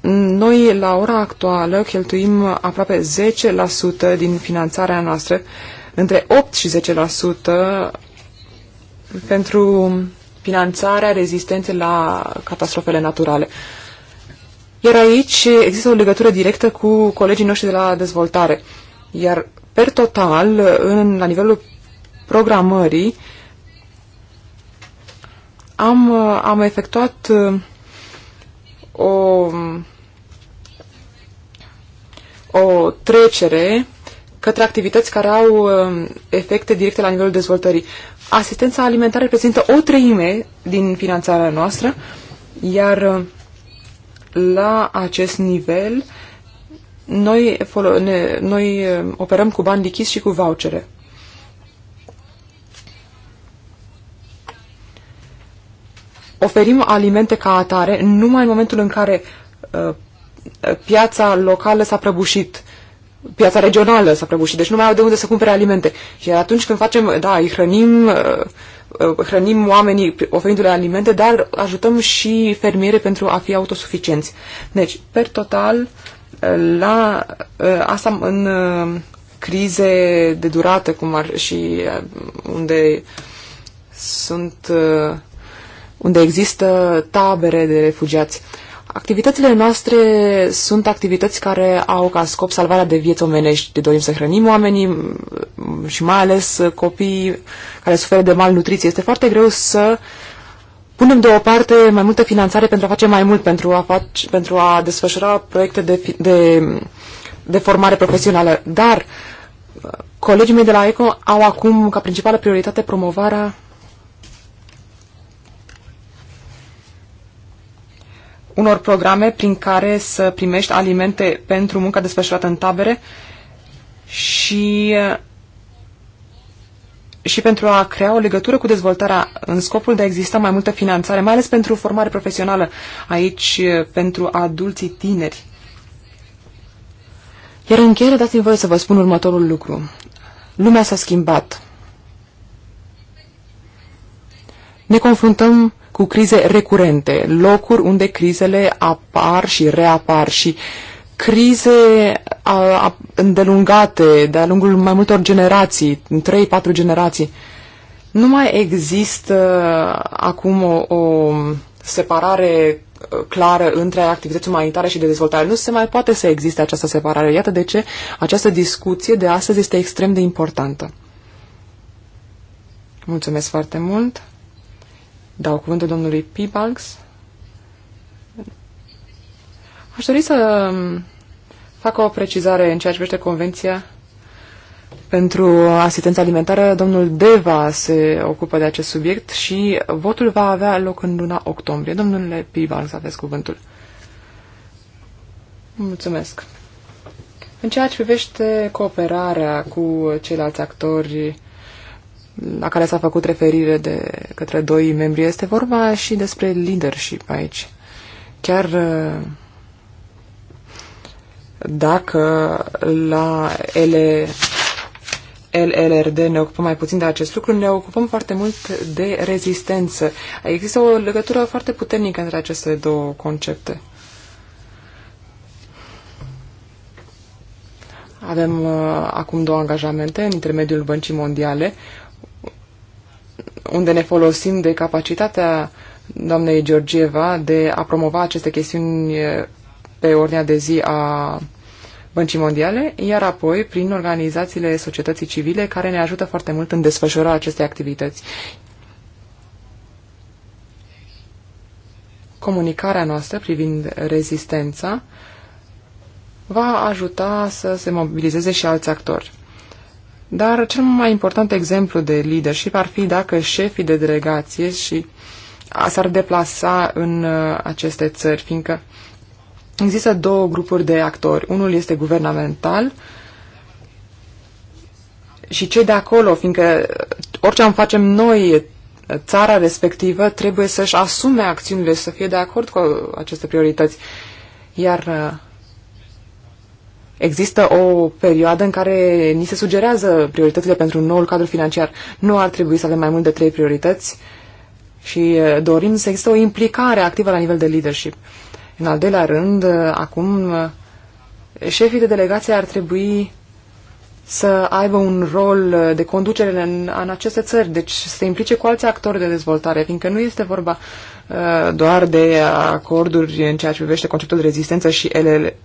mm, noi, la ora actuală, cheltuim aproape 10% din finanțarea noastră, între 8 și 10% pentru finanțarea rezistenței la catastrofele naturale. Iar aici există o legătură directă cu colegii noștri de la dezvoltare. Iar, per total, în, la nivelul programării, am, uh, am efectuat uh, o, o trecere către activități care au uh, efecte directe la nivelul dezvoltării. Asistența alimentară reprezintă o treime din finanțarea noastră, iar la acest nivel noi, ne, noi operăm cu bani lichizi și cu vouchere. oferim alimente ca atare numai în momentul în care uh, uh, piața locală s-a prăbușit, piața regională s-a prăbușit, deci nu mai au de unde să cumpere alimente. Și atunci când facem, da, îi hrănim, uh, hrănim oamenii oferindu-le alimente, dar ajutăm și fermiere pentru a fi autosuficienți. Deci, per total, la asta în crize de durată, cum ar și unde sunt uh, unde există tabere de refugiați. Activitățile noastre sunt activități care au ca scop salvarea de vieți omenești. De dorim să hrănim oamenii mm, și mai ales copiii care suferă de malnutriție. Este foarte greu să punem deoparte mai multă finanțare pentru a face mai mult, pentru a, face, pentru a desfășura proiecte de, de, de formare profesională. Dar uh, colegii mei de la ECO au acum ca principală prioritate promovarea unor programe prin care să primești alimente pentru munca desfășurată în tabere și, și pentru a crea o legătură cu dezvoltarea în scopul de a exista mai multă finanțare, mai ales pentru formare profesională, aici pentru adulții tineri. Iar în încheiere dați-mi voie să vă spun următorul lucru. Lumea s-a schimbat. Ne confruntăm cu crize recurente, locuri unde crizele apar și reapar și crize a, a, îndelungate de-a lungul mai multor generații, 3-4 generații. Nu mai există acum o, o separare uh, clară între activități umanitare și de dezvoltare. Nu se mai poate să existe această separare. Iată de ce această discuție de astăzi este extrem de importantă. Mulțumesc foarte mult! dau cuvântul domnului Pibalgs. Aș dori să um, fac o precizare în ceea ce privește convenția pentru asistența alimentară. Domnul Deva se ocupă de acest subiect și votul va avea loc în luna octombrie. Domnule Pibalgs, aveți cuvântul. Mulțumesc. În ceea ce privește cooperarea cu ceilalți actori la care s-a făcut referire de către doi membri, este vorba și despre leadership aici. Chiar uh, dacă la ele LLRD ne ocupăm mai puțin de acest lucru, ne ocupăm foarte mult de rezistență. Există o legătură foarte puternică între aceste două concepte. Avem uh, acum două angajamente în intermediul Băncii Mondiale unde ne folosim de capacitatea doamnei Georgieva de a promova aceste chestiuni pe ordinea de zi a Băncii Mondiale, iar apoi prin organizațiile societății civile care ne ajută foarte mult în desfășurarea acestei activități. Comunicarea noastră privind rezistența va ajuta să se mobilizeze și alți actori. Dar cel mai important exemplu de leadership ar fi dacă șefii de delegație și s-ar deplasa în aceste țări, fiindcă există două grupuri de actori. Unul este guvernamental și cei de acolo, fiindcă orice am facem noi, țara respectivă trebuie să-și asume acțiunile, să fie de acord cu aceste priorități. Iar există o perioadă în care ni se sugerează prioritățile pentru noul cadru financiar. Nu ar trebui să avem mai mult de trei priorități și dorim să există o implicare activă la nivel de leadership. În al doilea rând, acum, șefii de delegație ar trebui să aibă un rol de conducere în, în aceste țări, deci să se implice cu alți actori de dezvoltare, fiindcă nu este vorba uh, Uh, doar de acorduri în ceea ce privește conceptul de rezistență și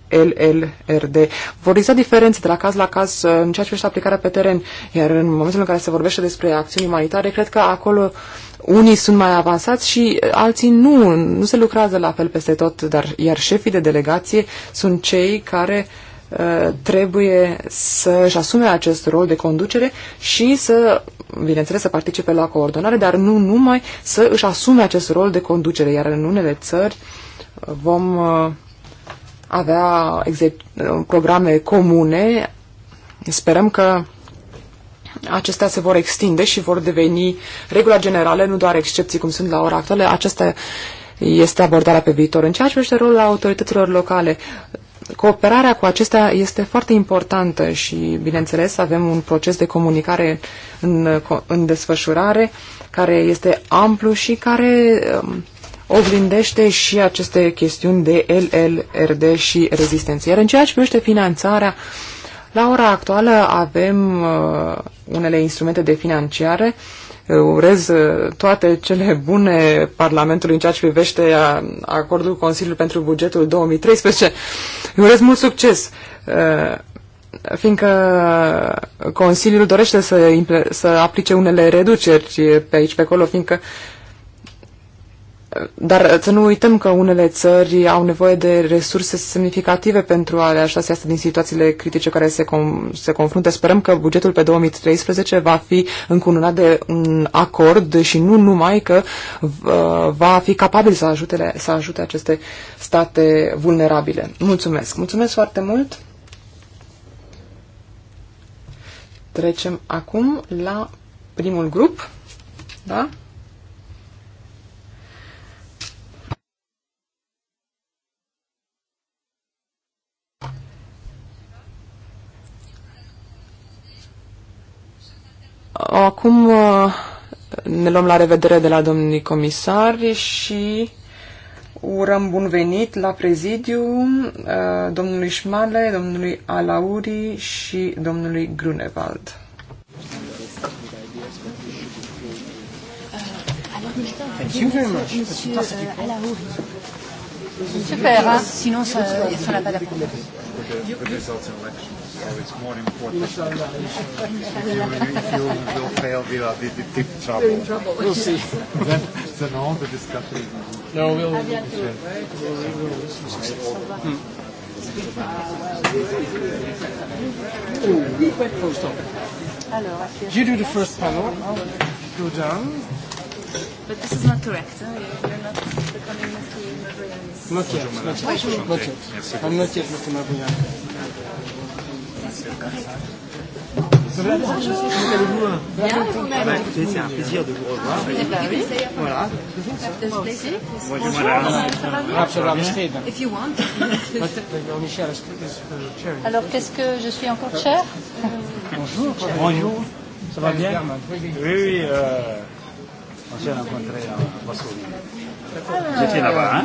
LLRD. Vor exista diferențe de la caz la caz uh, în ceea ce privește aplicarea pe teren, iar în momentul în care se vorbește despre acțiuni umanitare, cred că acolo unii sunt mai avansați și alții nu, nu se lucrează la fel peste tot, dar iar șefii de delegație sunt cei care uh, trebuie să și asume acest rol de conducere și să bineînțeles, să participe la coordonare, dar nu numai să își asume acest rol de conducere, iar în unele țări uh, vom uh, avea uh, programe comune. Sperăm că acestea se vor extinde și vor deveni regula generală, nu doar excepții cum sunt la ora actuală. Acestea este abordarea pe viitor. În ceea ce privește rolul autorităților locale, Cooperarea cu acestea este foarte importantă și, bineînțeles, avem un proces de comunicare în, în desfășurare care este amplu și care um, oglindește și aceste chestiuni de LLRD și rezistență. Iar în ceea ce privește finanțarea, la ora actuală avem uh, unele instrumente de financiare uh, urez uh, toate cele bune Parlamentului în ceea ce privește uh, acordul Consiliului pentru bugetul 2013. Îi urez mult succes, uh, fiindcă Consiliul dorește să, să aplice unele reduceri pe aici, pe acolo, fiindcă uh, dar uh, să nu uităm că unele țări au nevoie de resurse semnificative pentru a le așa se din situațiile critice care se, com- se confruntă. Sperăm că bugetul pe 2013 va fi încununat de un acord și nu numai că uh, va fi capabil să ajute, să ajute aceste state vulnerabile. Mulțumesc! Mulțumesc foarte mult! Trecem acum la primul grup. Da? Acum uh, ne luăm la revedere de la domnii comisari și urăm bun venit la prezidiu uh, domnului Șmale, domnului Alauri și domnului Grunewald. Euh, Super, hein? sinon ça, n'a pas d'accord so it's more important. if you, if you will fail, we are in deep trouble. in trouble. We'll see. then, then all the discussion is No, we'll... we'll, we'll, we'll hmm. You do the first panel. I'll go down. But this is not correct. Huh? You're not becoming Not yet. Not yet. Not yet. I'm not yet Maki Mabrian. C'est un plaisir de vous revoir. Voilà. Alors, qu'est-ce que je suis encore chair Bonjour. Bonjour. Ça va bien Oui, oui. Euh, on s'est rencontré à Varsovie. Ah. J'étais là-bas, hein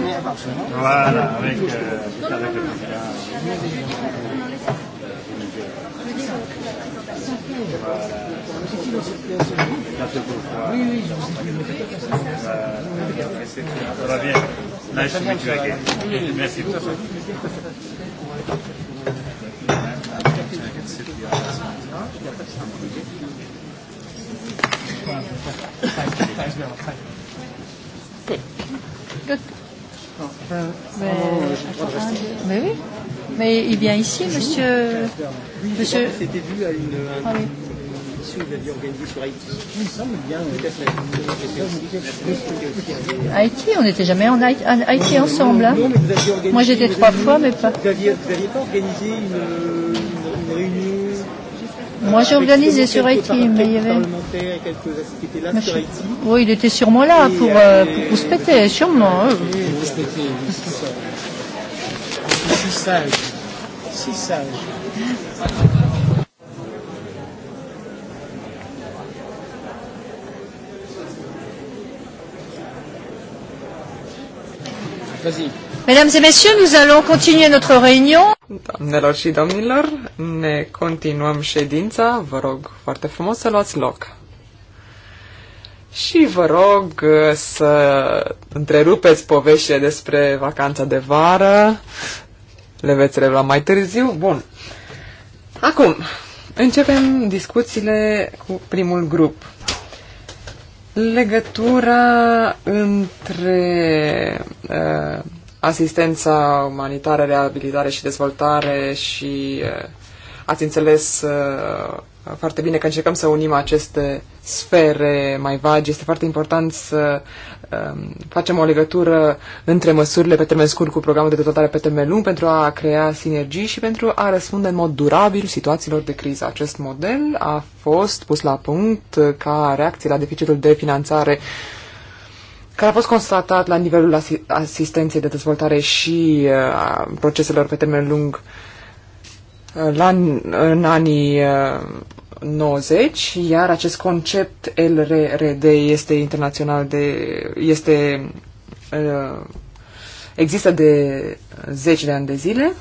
Voilà, avec, euh, avec le président. Oui, oui, Ça va bien. Nice to meet you again. Merci. Good. Mais oui. Mais il vient ici, monsieur. Oui, monsieur. C'était vu à une. Euh, ah, oui. Haïti. on n'était jamais en Haïti, en Haïti ensemble. Hein. Moi j'étais trois fois, mais pas. Vous n'aviez pas organisé une, euh, une réunion Moi, ah, j'ai organisé sur Haïti, mais il y avait. Mais Oui, il était euh, sûrement là pour, euh, pour sûrement. Oui. Si sage. Si sage. Vas-y. Mesdames et messieurs, nous allons continuer notre réunion. Doamnelor și domnilor, ne continuăm ședința. Vă rog foarte frumos să luați loc. Și vă rog uh, să întrerupeți poveștile despre vacanța de vară. Le veți revela mai târziu. Bun. Acum, începem discuțiile cu primul grup. Legătura între uh, asistența umanitară, reabilitare și dezvoltare și ați înțeles foarte bine că încercăm să unim aceste sfere mai vagi. Este foarte important să facem o legătură între măsurile pe termen scurt cu programul de dezvoltare pe termen lung pentru a crea sinergii și pentru a răspunde în mod durabil situațiilor de criză. Acest model a fost pus la punct ca reacție la deficitul de finanțare uh, care a fost constatat la nivelul asistenței de dezvoltare și uh, a proceselor pe termen lung uh, la, în anii 90, uh, iar acest concept LRRD este internațional de... este există de zeci de ani de zile,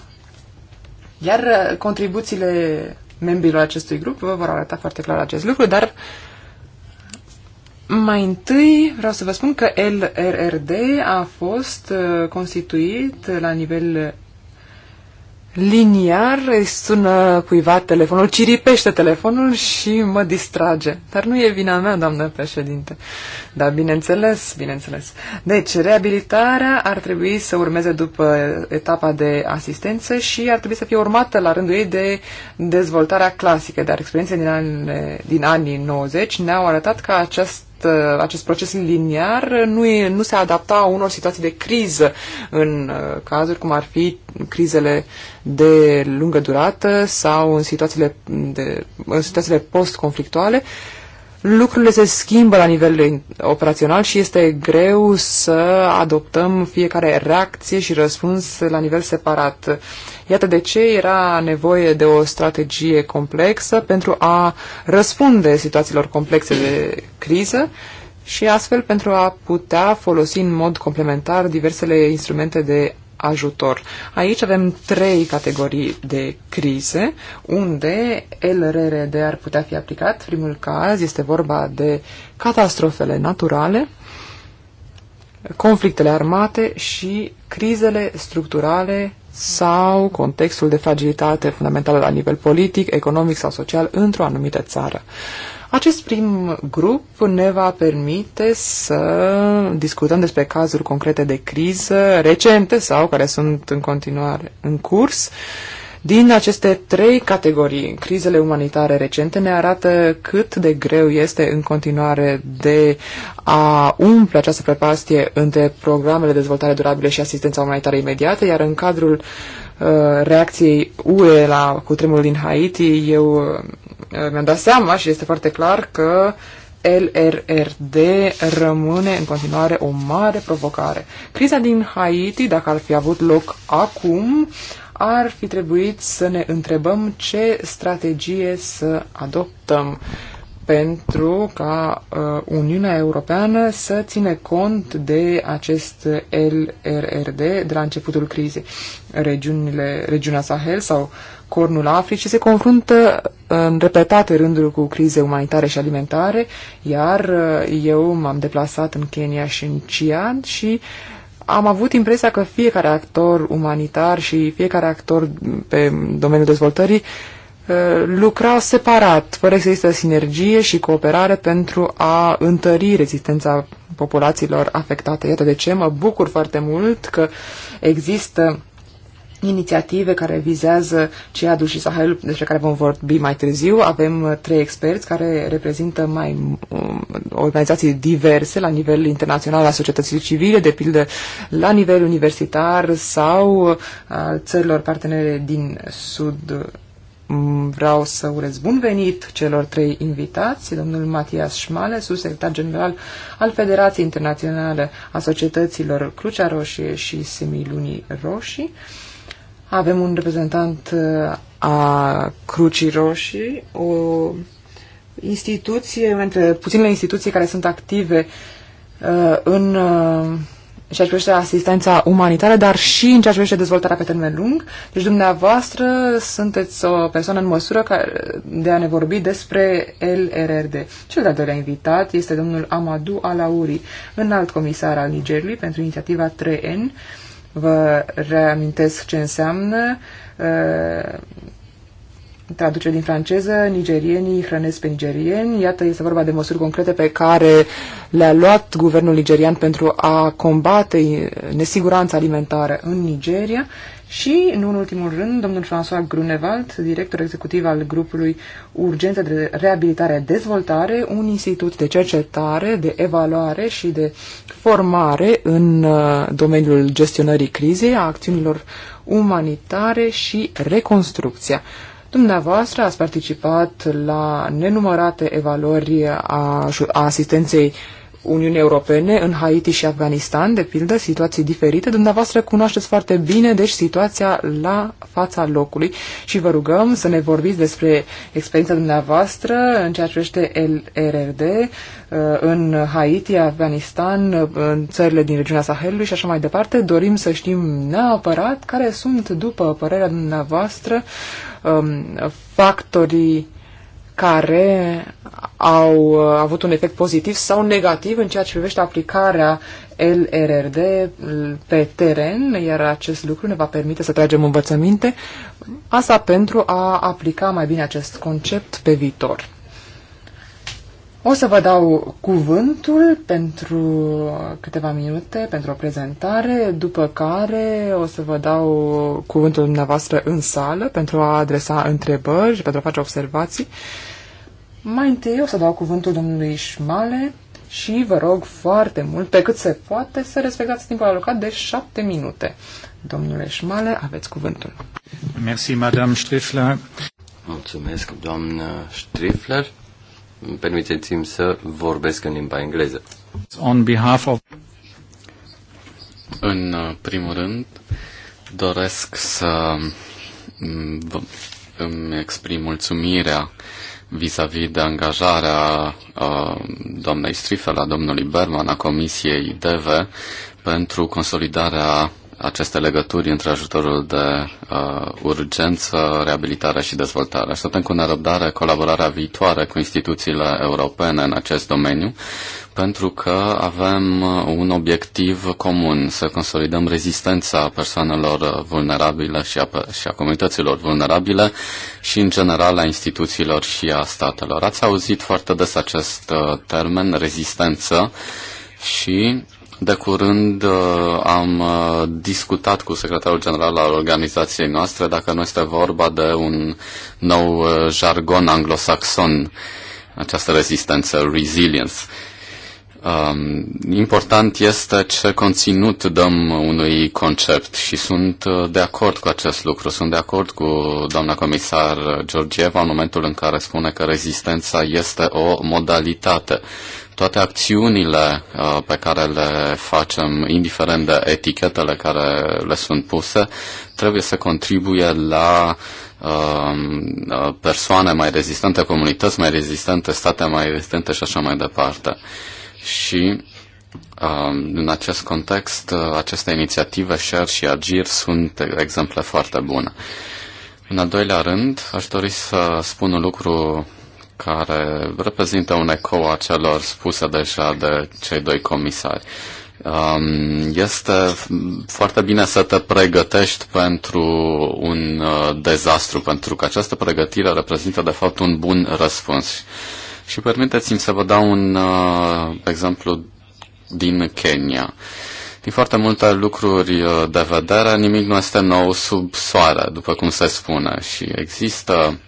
iar contribuțiile membrilor acestui grup vă vor arăta foarte clar acest lucru, dar uh, mai întâi vreau să vă spun că LRRD a fost uh, constituit la nivel liniar, sună cuiva telefonul, ciripește telefonul și mă distrage. Dar nu e vina mea, doamnă președinte. Da, bineînțeles, bineînțeles. Deci, reabilitarea ar trebui să urmeze după etapa de asistență și ar trebui să fie urmată la rândul ei de dezvoltarea clasică. Dar experiențele din, din anii 90 ne-au arătat că acest Uh, acest proces în liniar nu, e, nu se adapta unor situații de criză în uh, cazuri cum ar fi crizele de lungă durată sau în situațiile, de, în situațiile post-conflictuale. Uh, lucrurile se schimbă la nivel operațional și este greu să adoptăm fiecare reacție și răspuns la nivel separat. Iată de ce era nevoie de o strategie complexă pentru a răspunde situațiilor complexe de criză și astfel pentru a putea folosi în mod complementar diversele instrumente de ajutor. Aici avem trei categorii de crize unde LRRD ar putea fi aplicat. Primul caz este vorba de catastrofele naturale, conflictele armate și crizele structurale sau contextul de fragilitate fundamentală la nivel politic, economic sau social într-o anumită țară. Uh, acest prim grup ne va permite să discutăm despre cazuri concrete de criză recente sau care sunt în continuare în curs. Din aceste trei categorii, crizele umanitare recente ne arată cât de greu este în continuare de a umple această prepastie între programele de dezvoltare durabile și asistența umanitară imediată, iar în cadrul uh, Uh, reacției UE la cutremurul din Haiti, eu uh, mi-am dat seama și este foarte clar că LRRD rămâne în continuare o mare provocare. Criza din Haiti, dacă ar fi avut loc acum, ar fi trebuit să ne întrebăm ce strategie să adoptăm. Uh, pentru ca uh, Uniunea Europeană să ține cont de acest LRRD de la începutul crizei. Regiunile, regiunea Sahel sau Cornul Africii se confruntă uh, în repetate rânduri cu crize umanitare și alimentare, iar uh, eu m-am deplasat în Kenya și în Cian și am avut impresia că fiecare actor umanitar și fiecare actor pe domeniul dezvoltării Uh, Lucrau separat, fără să există sinergie și cooperare pentru a întări rezistența populațiilor afectate. Iată de ce mă bucur foarte mult că există inițiative care vizează CEADU și Sahel, despre care vom vorbi mai târziu. Avem uh, trei experți care reprezintă mai um, organizații diverse la nivel internațional, la societății civile, de pildă la nivel universitar sau uh, al țărilor partenere din sud Mm, vreau să urez bun venit celor trei invitați, domnul Matias Șmale, subsecretar general al Federației Internaționale a Societăților Crucea Roșie și Semilunii Roșii. Avem un reprezentant uh, a Crucii Roșii, o instituție, între puținele instituții care sunt active uh, în uh, ceea ce privește asistența umanitară, dar și în ceea ce privește dezvoltarea pe termen lung. Deci dumneavoastră sunteți o persoană în măsură ca de a ne vorbi despre LRRD. Cel de-al doilea invitat este domnul Amadou Alauri, înalt comisar al Nigerului pentru inițiativa 3N. Vă reamintesc ce înseamnă uh, traducere din franceză, nigerienii hrănesc pe nigerieni. Iată, este vorba de măsuri concrete pe care le-a luat guvernul nigerian pentru a combate nesiguranța alimentară în Nigeria. Și, nu în ultimul rând, domnul François Grunewald, director executiv al grupului Urgență de Reabilitare Dezvoltare, un institut de cercetare, de evaluare și de formare în uh, domeniul gestionării crizei, a acțiunilor umanitare și reconstrucția. Dumneavoastră ați participat la nenumărate evaluări a, a asistenței Uniunii Europene în Haiti și Afganistan, de pildă, situații diferite. Dumneavoastră cunoașteți foarte bine, deci, situația la fața locului și vă rugăm să ne vorbiți despre experiența dumneavoastră în ceea ce privește LRD, uh, în Haiti, Afganistan, uh, în țările din regiunea Sahelului și așa mai departe. Dorim să știm neapărat care sunt, după părerea dumneavoastră, um, factorii care au uh, avut un efect pozitiv sau negativ în ceea ce privește aplicarea LRRD uh, pe teren, iar acest lucru ne va permite să tragem învățăminte, asta pentru a aplica mai bine acest concept pe viitor. O să vă dau cuvântul pentru câteva minute, pentru o prezentare, după care o să vă dau cuvântul dumneavoastră în sală pentru a adresa întrebări și pentru a face observații. Mai întâi o să dau cuvântul domnului Șmale și vă rog foarte mult, pe cât se poate, să respectați timpul alocat de șapte minute. Domnule Șmale, aveți cuvântul. Mersi, madame Strifler. Mulțumesc, doamnă Strifler. Permiteți-mi să vorbesc în limba engleză. On behalf of... În uh, primul rând, doresc să mm, îmi exprim mulțumirea vis-a-vis -vis de angajarea uh, doamnei Strifel, a domnului Berman, a Comisiei DEVE, pentru consolidarea acestei legături între ajutorul de uh, urgență, reabilitare și dezvoltare. Așteptăm cu nerăbdare colaborarea viitoare cu instituțiile europene în acest domeniu pentru că avem uh, un obiectiv comun, să consolidăm rezistența persoanelor vulnerabile și a, și a comunităților vulnerabile și, în general, a instituțiilor și a statelor. Ați auzit foarte des acest uh, termen, rezistență, și de curând uh, am discutat cu secretarul general al organizației noastre dacă nu este vorba de un nou jargon anglosaxon, această rezistență, resilience. Um, important este ce conținut dăm unui concept și sunt uh, de acord cu acest lucru. Sunt de acord cu doamna comisar Georgieva în momentul în care spune că rezistența este o modalitate. Toate acțiunile uh, pe care le facem, indiferent de etichetele care le sunt puse, trebuie să contribuie la um, uh, persoane mai rezistente, comunități mai rezistente, state mai rezistente și așa mai departe și um, în acest context, uh, aceste inițiative Share și Agir sunt exemple foarte bune. În al doilea rând, aș dori să spun un lucru care reprezintă un ecou a celor spuse deja de cei doi comisari. Um, este foarte bine să te pregătești pentru un uh, dezastru, pentru că această pregătire reprezintă de fapt un bun răspuns. Și permiteți-mi să vă dau un uh, exemplu din Kenya. Din foarte multe lucruri uh, de vedere, nimic nu este nou sub soare, după cum se spune. Și există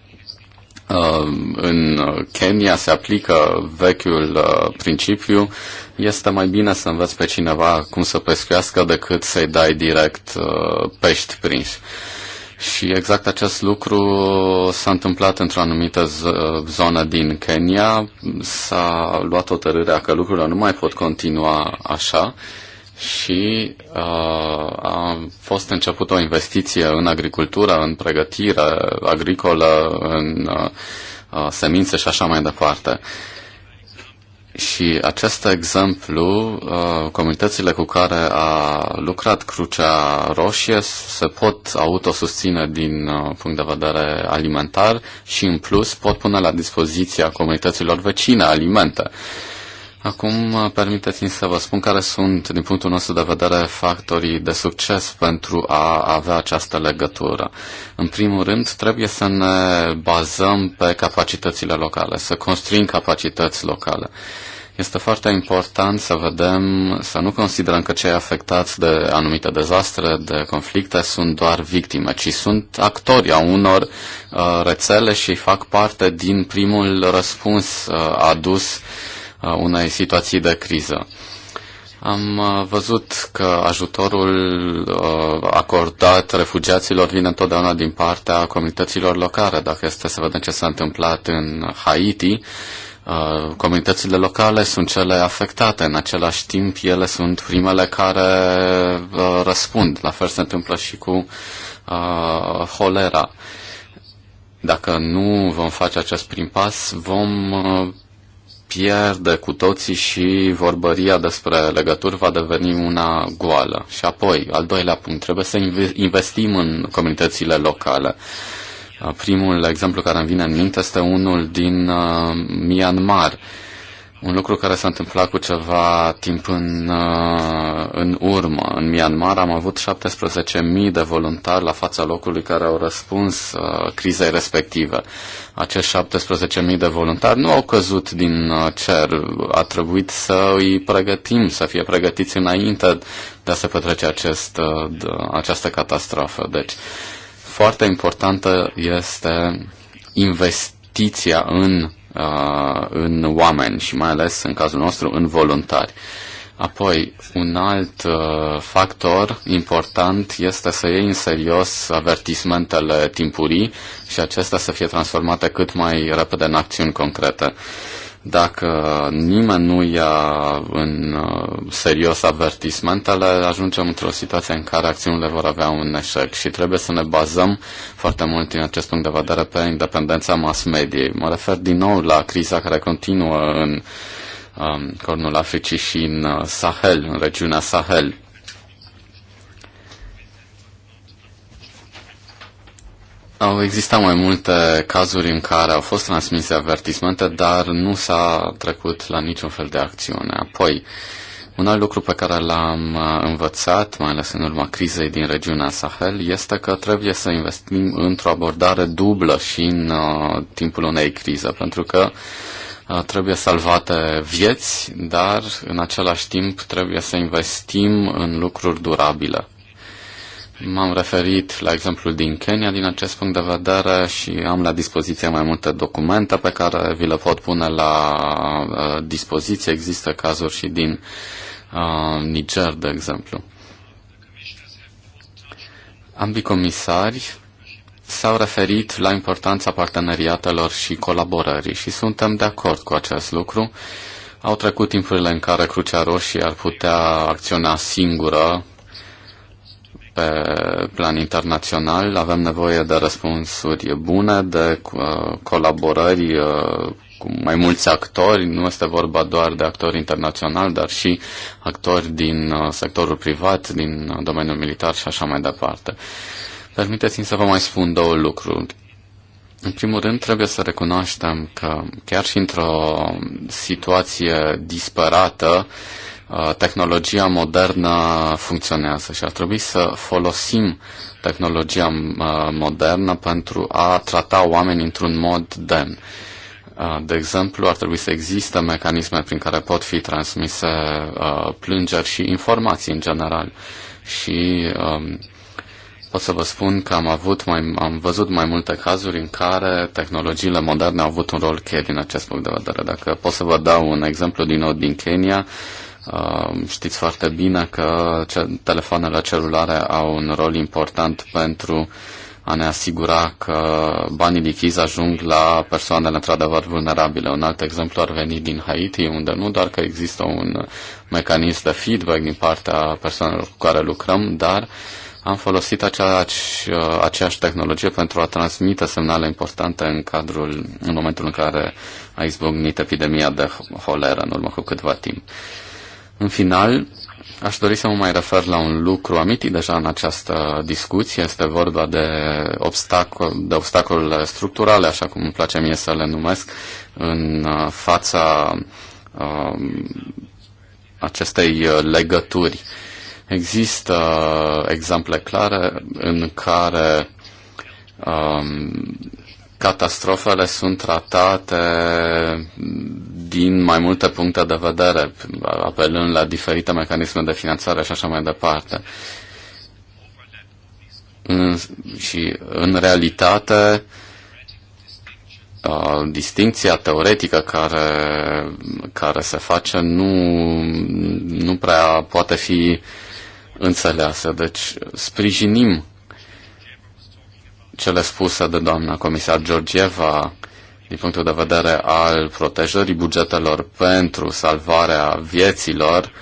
uh, în Kenya se aplică vechiul uh, principiu, este mai bine să înveți pe cineva cum să pescuiască decât să-i dai direct pești prinși. Și exact acest lucru s-a întâmplat într-o anumită zonă din Kenya. S-a luat hotărârea că lucrurile nu mai pot continua așa și uh, a fost început o investiție în agricultură, în pregătire agricolă, în uh, semințe și așa mai departe. Uh, și acest exemplu, uh, comunitățile cu care a lucrat Crucea Roșie se pot autosusține din uh, punct de vedere alimentar și în plus pot pune la dispoziția comunităților vecine alimente. Acum uh, permiteți-mi să vă spun care sunt, din punctul nostru de vedere, factorii de succes pentru a avea această legătură. În primul rând, trebuie să ne bazăm pe capacitățile locale, să construim capacități locale. Este foarte important să vedem, să nu considerăm că cei afectați de anumite dezastre, de conflicte, sunt doar victime, ci sunt actori a unor uh, rețele și fac parte din primul răspuns uh, adus uh, unei situații de criză. Am uh, văzut că ajutorul uh, acordat refugiaților vine întotdeauna din partea comunităților locale. Dacă este să vedem ce s-a întâmplat în Haiti, uh, comunitățile locale sunt cele afectate. În același timp, ele sunt primele care răspund. La fel se întâmplă și cu holera. Dacă nu vom face acest prim pas, vom pierde cu toții și vorbăria despre legături va deveni una goală. Și apoi, al doilea punct, trebuie să investim în comunitățile locale. Primul exemplu care îmi vine în minte este unul din uh, Myanmar. Uh, un lucru care s-a întâmplat cu ceva timp în, uh, în urmă, în Myanmar, am avut 17.000 de voluntari la fața locului care au răspuns uh, crizei respective. Acești 17.000 de voluntari nu au căzut din uh, cer, a trebuit să îi pregătim, să fie pregătiți înainte de a se petrece acest, uh, această catastrofă. Deci, foarte importantă este investiția în Uh, în oameni și mai ales în cazul nostru în voluntari. Apoi, un alt uh, factor important este să iei în serios avertismentele timpurii și acestea să fie transformate cât mai repede în acțiuni concrete. Uh, dacă nimeni nu ia în uh, serios avertismentele, ajungem într-o situație în care acțiunile vor avea un eșec și trebuie să ne bazăm foarte mult din acest punct de vedere pe independența mass mediei. Mă refer din nou la criza care continuă în um, Cornul Africii și în uh, Sahel, în regiunea Sahel Au existat mai multe cazuri în care au fost transmise avertismente, dar nu s-a trecut la niciun fel de acțiune. Apoi, un alt lucru pe care l-am uh, învățat, mai ales în urma crizei din regiunea Sahel, este că trebuie să investim într-o abordare dublă și în uh, timpul unei crize, pentru că uh, trebuie salvate vieți, dar în același timp trebuie să investim în lucruri durabile M-am referit la exemplul din Kenya din acest punct de vedere și am la dispoziție mai multe documente pe care vi le pot pune la uh, dispoziție. Există cazuri și din uh, Niger, de exemplu. Ambii comisari s-au referit la importanța parteneriatelor și colaborării și suntem de acord cu acest lucru. Au trecut timpurile în care Crucea Roșie ar putea acționa singură pe plan internațional. Avem nevoie de răspunsuri bune, de uh, colaborări uh, cu mai mulți actori. Nu este vorba doar de actori internaționali, dar și actori din uh, sectorul privat, din domeniul militar și așa mai departe. Permiteți-mi să vă mai spun două lucruri. În primul rând, trebuie să recunoaștem că chiar și într-o situație disperată, uh, tehnologia modernă funcționează și ar trebui să folosim tehnologia modernă pentru a trata oamenii într-un mod demn. De exemplu, ar trebui să există mecanisme prin care pot fi transmise plângeri și informații în general. Și pot să vă spun că am avut mai, am văzut mai multe cazuri în care tehnologiile moderne au avut un rol cheie din acest punct de vedere. Dacă pot să vă dau un exemplu din nou din Kenya, Um, știți foarte bine că telefoanele celulare au un rol important pentru a ne asigura că banii lichizi ajung la persoanele într-adevăr vulnerabile. Un alt exemplu ar veni din Haiti, unde nu doar că există un mecanism de feedback din partea persoanelor cu care lucrăm, dar am folosit aceeași, uh, aceeași tehnologie pentru a transmite semnale importante în cadrul, în momentul în care a izbucnit epidemia de holeră în urmă cu câtva timp. În final, aș dori să mă mai refer la un lucru amintit deja în această discuție. Este vorba de, obstacol, de obstacolele structurale, așa cum îmi place mie să le numesc, în uh, fața um, uh, acestei legături. Există uh, exemple clare în care um, catastrofele sunt tratate din mai multe puncte de vedere, apelând la diferite mecanisme de finanțare și așa mai departe. În, și în realitate, distinția teoretică care, care se face nu, nu prea poate fi înțeleasă. Deci sprijinim cele spuse de doamna comisar Georgieva din punctul de vedere al protejării bugetelor pentru salvarea vieților,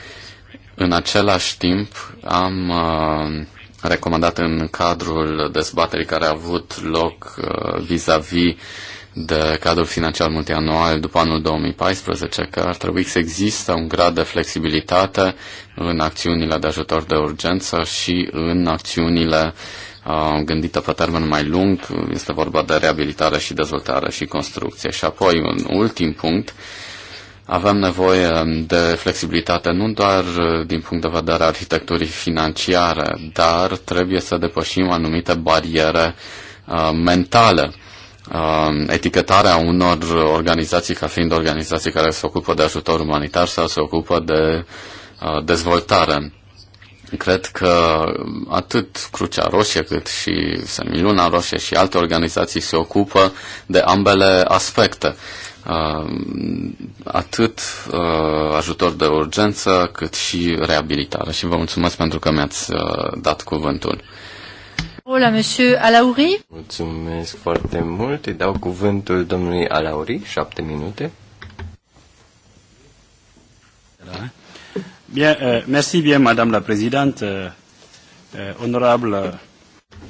în același timp am uh, recomandat în cadrul dezbaterii care a avut loc uh, vis-a-vis -vis de cadrul financiar multianual după anul 2014 că ar trebui să există un grad de flexibilitate în acțiunile de ajutor de urgență și în acțiunile uh, gândită pe termen mai lung, este vorba de reabilitare și dezvoltare și construcție. Și apoi, un ultim punct, avem nevoie de flexibilitate nu doar din punct de vedere arhitecturii financiare, dar trebuie să depășim anumite bariere uh, mentale. Uh, etichetarea unor organizații ca fiind organizații care se ocupă de ajutor umanitar sau se ocupă de uh, dezvoltare. Cred că atât Crucea Roșie cât și Semiluna Roșie și alte organizații se ocupă de ambele aspecte. Uh, atât uh, ajutor de urgență cât și reabilitare. Și vă mulțumesc pentru că mi-ați uh, dat cuvântul. Hola, monsieur Alauri. Mulțumesc foarte mult. Îi dau cuvântul domnului Alauri, șapte minute. Da. Bien, euh, merci bien, Madame la Présidente, euh, euh,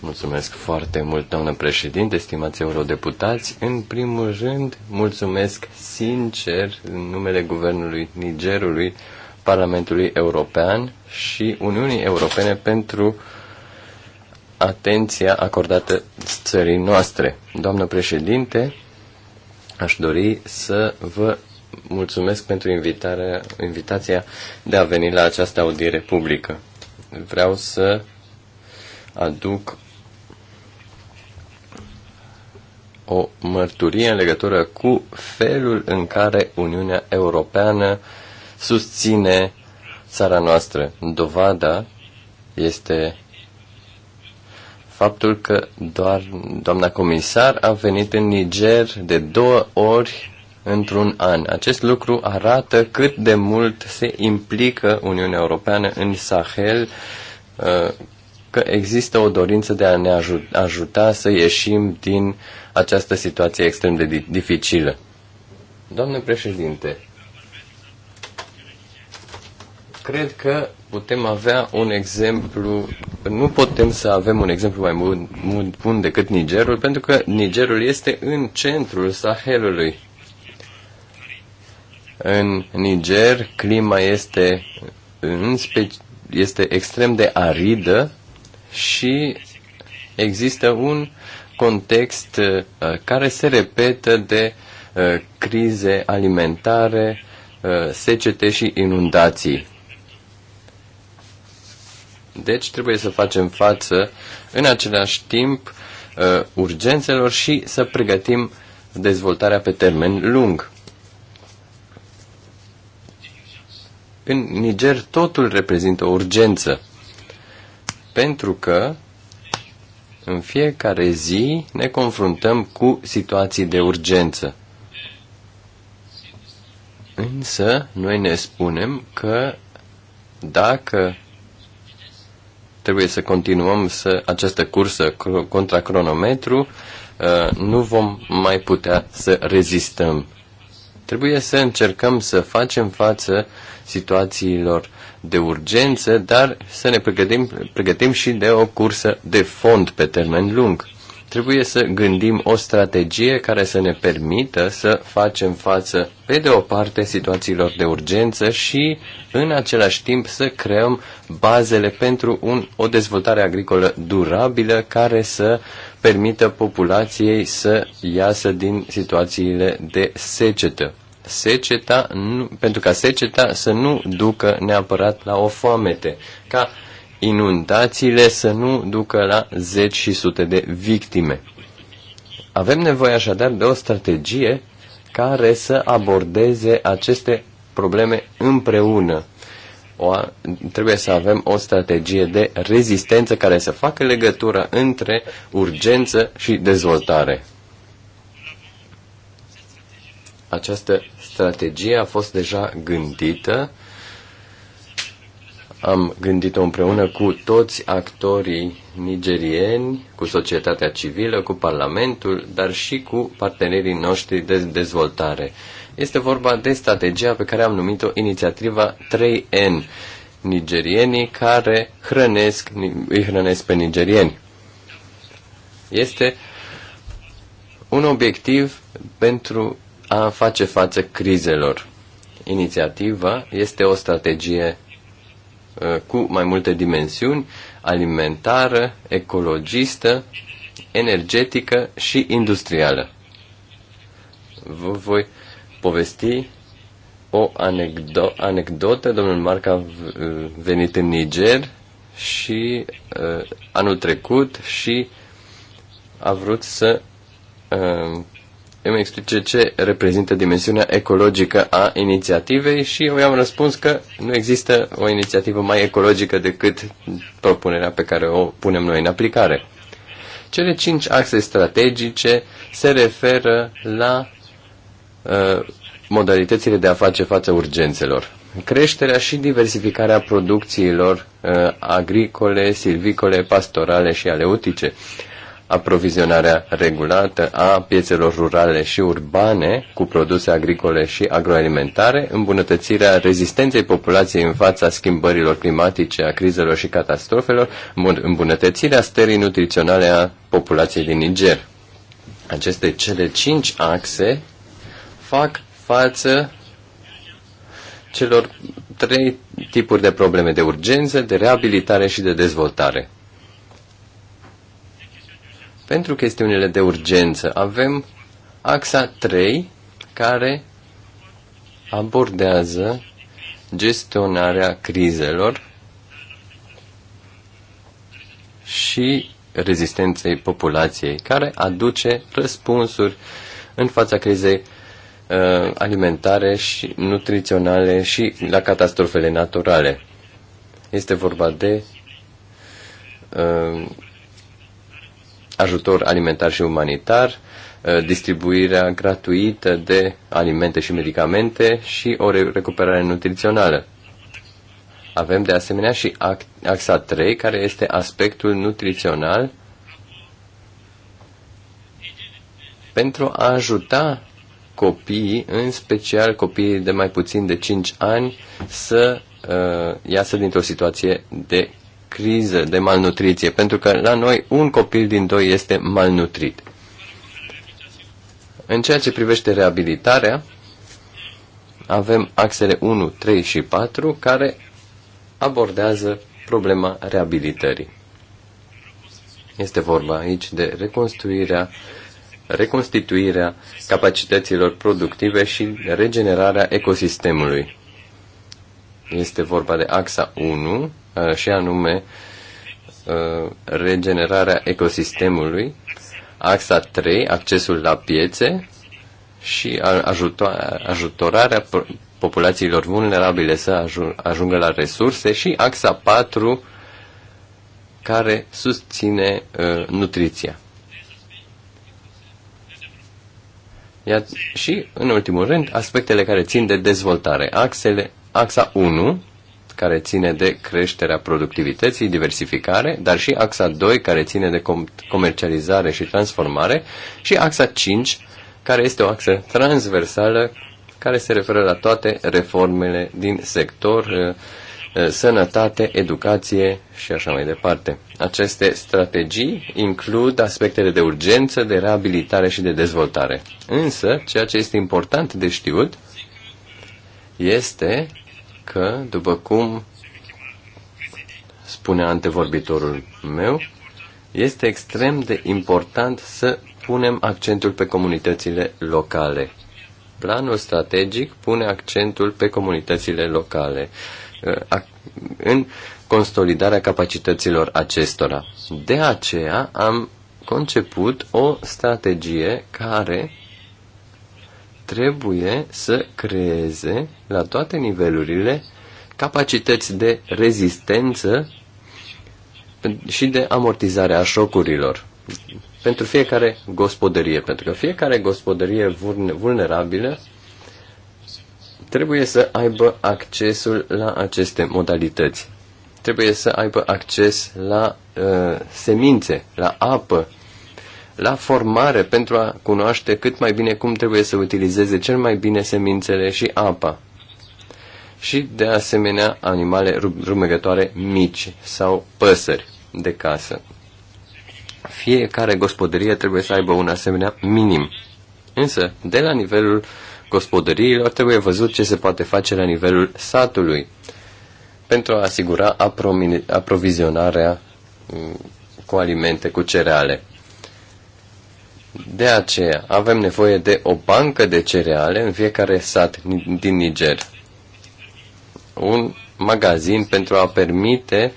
Mulțumesc foarte mult, doamnă președinte, stimați eurodeputați. În primul rând, mulțumesc sincer în numele Guvernului Nigerului, Parlamentului European și Uniunii Europene pentru atenția acordată țării noastre. Doamnă președinte, aș dori să vă mulțumesc pentru invitarea, invitația de a veni la această audiere publică. Vreau să aduc o mărturie în legătură cu felul în care Uniunea Europeană susține țara noastră. Dovada este faptul că doar doamna comisar a venit în Niger de două ori într-un an. Acest lucru arată cât de mult se implică Uniunea Europeană în Sahel, uh, că există o dorință de a ne ajuta să ieșim din această situație extrem de dificilă. Doamne președinte, cred că putem avea un exemplu, nu putem să avem un exemplu mai bun, bun decât Nigerul, pentru că Nigerul este în centrul Sahelului. În Niger clima este, în speci- este extrem de aridă și există un context uh, care se repetă de uh, crize alimentare, uh, secete și inundații. Deci trebuie să facem față în același timp urgențelor și să pregătim dezvoltarea pe termen lung. În Niger totul reprezintă o urgență, pentru că în fiecare zi ne confruntăm cu situații de urgență. Însă, noi ne spunem că dacă trebuie să continuăm să, această cursă contra cronometru, uh, nu vom mai putea să rezistăm. Trebuie să încercăm să facem față situațiilor de urgență, dar să ne pregătim, pregătim și de o cursă de fond pe termen lung. Trebuie să gândim o strategie care să ne permită să facem față, pe de o parte, situațiilor de urgență și, în același timp, să creăm bazele pentru un, o dezvoltare agricolă durabilă care să permită populației să iasă din situațiile de secetă seceta, nu, pentru ca seceta să nu ducă neapărat la o foamete, ca inundațiile să nu ducă la zeci și sute de victime. Avem nevoie așadar de o strategie care să abordeze aceste probleme împreună. O, trebuie să avem o strategie de rezistență care să facă legătura între urgență și dezvoltare. Această strategie a fost deja gândită am gândit-o împreună cu toți actorii nigerieni, cu societatea civilă, cu Parlamentul, dar și cu partenerii noștri de dezvoltare. Este vorba de strategia pe care am numit-o inițiativa 3N, nigerienii care hrănesc, îi hrănesc pe nigerieni. Este un obiectiv pentru a face față crizelor. Inițiativa este o strategie Uh, cu mai multe dimensiuni, alimentară, ecologistă, energetică și industrială. Vă voi povesti o anecdo- anecdotă. Domnul Marc a uh, venit în Niger și uh, anul trecut și a vrut să uh, îmi explice ce reprezintă dimensiunea ecologică a inițiativei și eu i-am răspuns că nu există o inițiativă mai ecologică decât propunerea pe care o punem noi în aplicare. Cele cinci axe strategice se referă la uh, modalitățile de a face față urgențelor. Creșterea și diversificarea producțiilor uh, agricole, silvicole, pastorale și aleutice. Uh, aprovizionarea regulată a piețelor rurale și urbane cu produse agricole și agroalimentare, îmbunătățirea rezistenței populației în fața schimbărilor climatice, a crizelor și catastrofelor, îmbunătățirea stării nutriționale a populației din Niger. Aceste cele cinci axe fac față celor trei tipuri de probleme de urgență, de reabilitare și de dezvoltare. Pentru chestiunile de urgență avem axa 3 care abordează gestionarea crizelor și rezistenței populației, care aduce răspunsuri în fața crizei uh, alimentare și nutriționale și la catastrofele naturale. Este vorba de uh, ajutor alimentar și umanitar, uh, distribuirea gratuită de alimente și medicamente și o recuperare nutrițională. Avem de asemenea și axa 3, care este aspectul nutrițional pentru a ajuta copiii, în special copiii de mai puțin de 5 ani, să uh, iasă dintr-o situație de criză de malnutriție, pentru că la noi un copil din doi este malnutrit. În ceea ce privește reabilitarea, avem axele 1, 3 și 4 care abordează problema reabilitării. Este vorba aici de reconstruirea, reconstituirea capacităților productive și regenerarea ecosistemului. Este vorba de axa 1, Uh, și anume uh, regenerarea ecosistemului, axa 3, accesul la piețe și ajutorarea populațiilor vulnerabile să ajungă la resurse și axa 4, care susține uh, nutriția. Iar, și, în ultimul rând, aspectele care țin de dezvoltare. Axele, axa 1 care ține de creșterea productivității, diversificare, dar și axa 2, care ține de comercializare și transformare, și axa 5, care este o axă transversală care se referă la toate reformele din sector, uh, uh, sănătate, educație și așa mai departe. Aceste strategii includ aspectele de urgență, de reabilitare și de dezvoltare. Însă, ceea ce este important de știut este că, după cum spune antevorbitorul meu, este extrem de important să punem accentul pe comunitățile locale. Planul strategic pune accentul pe comunitățile locale uh, în consolidarea capacităților acestora. De aceea am conceput o strategie care trebuie să creeze la toate nivelurile capacități de rezistență și de amortizare a șocurilor pentru fiecare gospodărie, pentru că fiecare gospodărie vulnerabilă trebuie să aibă accesul la aceste modalități. Trebuie să aibă acces la uh, semințe, la apă, la formare pentru a cunoaște cât mai bine cum trebuie să utilizeze cel mai bine semințele și apa. Și, de asemenea, animale rumegătoare mici sau păsări de casă. Fiecare gospodărie trebuie să aibă un asemenea minim. Însă, de la nivelul gospodăriilor, trebuie văzut ce se poate face la nivelul satului pentru a asigura aprovizionarea mm, cu alimente, cu cereale. De aceea avem nevoie de o bancă de cereale în fiecare sat din Niger. Un magazin pentru a permite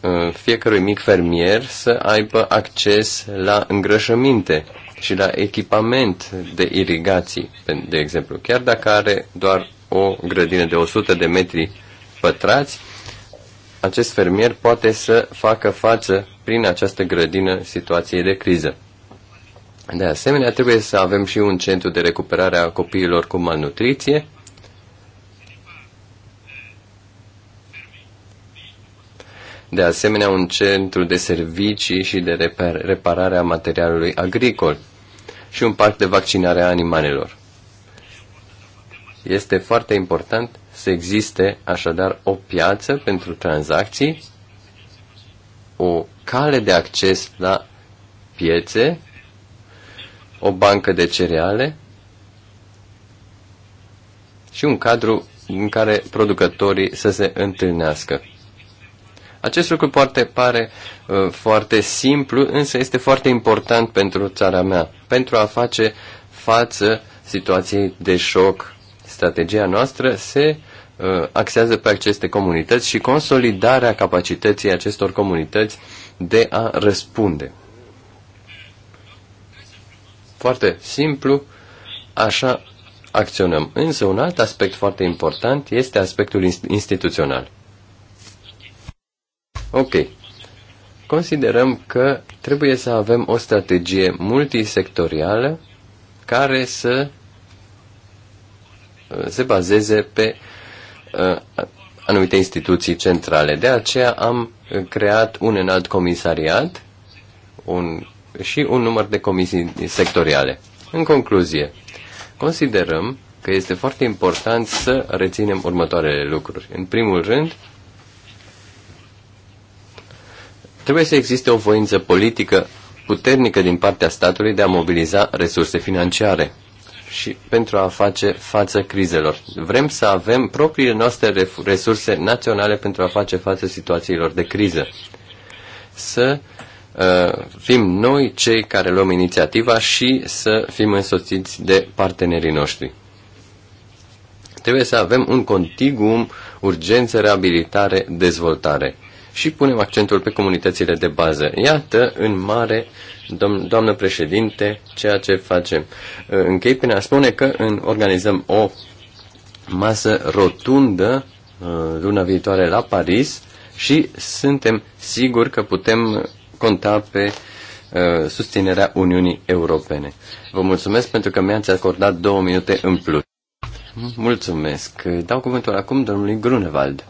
uh, fiecărui mic fermier să aibă acces la îngrășăminte și la echipament de irigații, de exemplu. Chiar dacă are doar o grădină de 100 de metri pătrați, acest fermier poate să facă față prin această grădină situației de criză. De asemenea, trebuie să avem și un centru de recuperare a copiilor cu malnutriție. De asemenea, un centru de servicii și de repar- reparare a materialului agricol și un parc de vaccinare a animalelor. Este foarte important să existe așadar o piață pentru tranzacții, o cale de acces la piețe o bancă de cereale și un cadru în care producătorii să se întâlnească. Acest lucru poate pare uh, foarte simplu, însă este foarte important pentru țara mea, pentru a face față situației de șoc. Strategia noastră se uh, axează pe aceste comunități și consolidarea capacității acestor comunități de a răspunde foarte simplu, așa acționăm. Însă un alt aspect foarte important este aspectul instituțional. Ok. Considerăm că trebuie să avem o strategie multisectorială care să uh, se bazeze pe uh, anumite instituții centrale. De aceea am creat un înalt comisariat, un și un număr de comisii sectoriale. În concluzie, considerăm că este foarte important să reținem următoarele lucruri. În primul rând, trebuie să existe o voință politică puternică din partea statului de a mobiliza resurse financiare și pentru a face față crizelor. Vrem să avem propriile noastre resurse naționale pentru a face față situațiilor de criză. Să Uh, fim noi cei care luăm inițiativa și să fim însoțiți de partenerii noștri. Trebuie să avem un contiguum urgență, reabilitare, dezvoltare și punem accentul pe comunitățile de bază. Iată, în mare, dom- doamnă președinte, ceea ce facem. Uh, închei prin a spune că în, organizăm o masă rotundă uh, luna viitoare la Paris și suntem siguri că putem conta pe uh, susținerea Uniunii Europene. Vă mulțumesc pentru că mi-ați acordat două minute în plus. Mulțumesc. Dau cuvântul acum domnului Grunewald.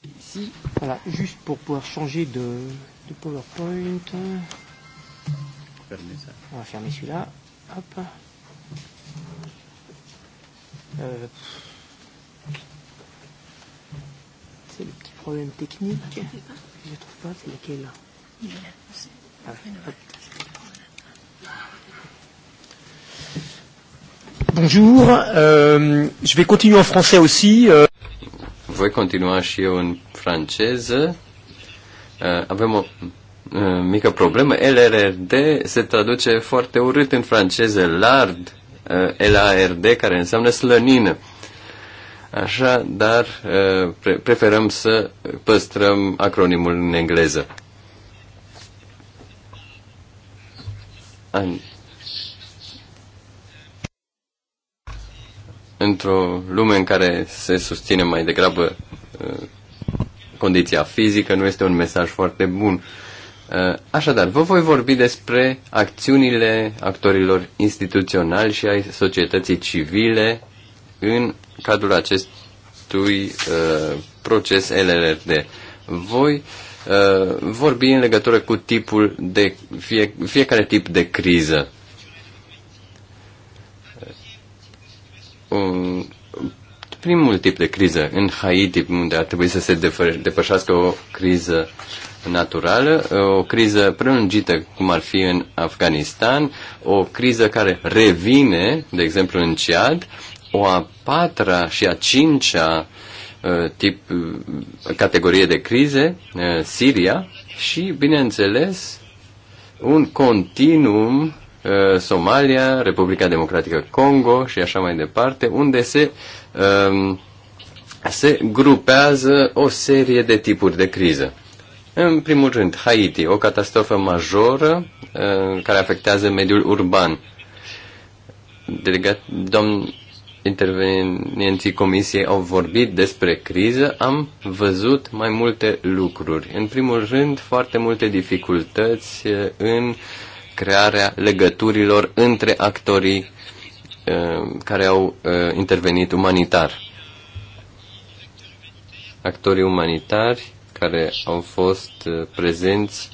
Ici, voilà, juste pour pouvoir changer de, de PowerPoint. On va fermer celui-là. Hop. Euh, C'est le petit problème technique. اللي تفضل لكيلا Bonjour, euh, je vais continuer en français aussi. Euh. Voi continuer și eu în franceză. Uh, avem o uh, mică problemă. LRRD se traduce foarte urât în franceză, lard, uh, LARD, care înseamnă slănină. Uh, Așa, dar preferăm să păstrăm acronimul în engleză. Într-o lume în care se susține mai degrabă condiția fizică, nu este un mesaj foarte bun. Așadar, vă voi vorbi despre acțiunile actorilor instituționali și ai societății civile în cadrul acestui uh, proces LRD. Voi uh, vorbi în legătură cu tipul de fie, fiecare tip de criză. Um, primul tip de criză în Haiti, unde ar trebui să se depășească o criză naturală, uh, o criză prelungită, cum ar fi în Afganistan, o criză care revine, de exemplu, în Ciad, o a patra și a cincea ă, tip, ă, categorie de crize, ă, Siria, și, bineînțeles, un continuum Somalia, Republica Democratică Congo și așa mai departe, unde se, se grupează o serie de tipuri de criză. În primul rând, Haiti, o catastrofă majoră care afectează mediul urban. Delegat, domn, intervenienții comisiei au vorbit despre criză, am văzut mai multe lucruri. În primul rând, foarte multe dificultăți eh, în crearea legăturilor între actorii eh, care au eh, intervenit umanitar. Actorii umanitari care au fost prezenți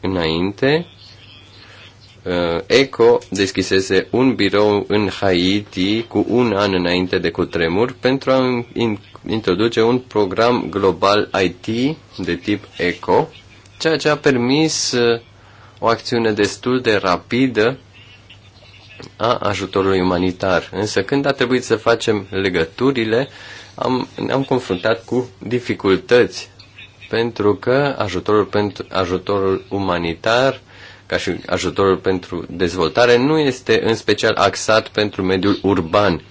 înainte Uh, ECO deschisese un birou în Haiti cu un an înainte de cutremur pentru a introduce un program global IT de tip ECO, ceea ce a permis uh, o acțiune destul de rapidă a ajutorului umanitar. Însă când a trebuit să facem legăturile, am, ne-am confruntat cu dificultăți pentru că ajutorul, pentru, ajutorul umanitar ca și ajutorul pentru dezvoltare, nu este în special axat pentru mediul urban.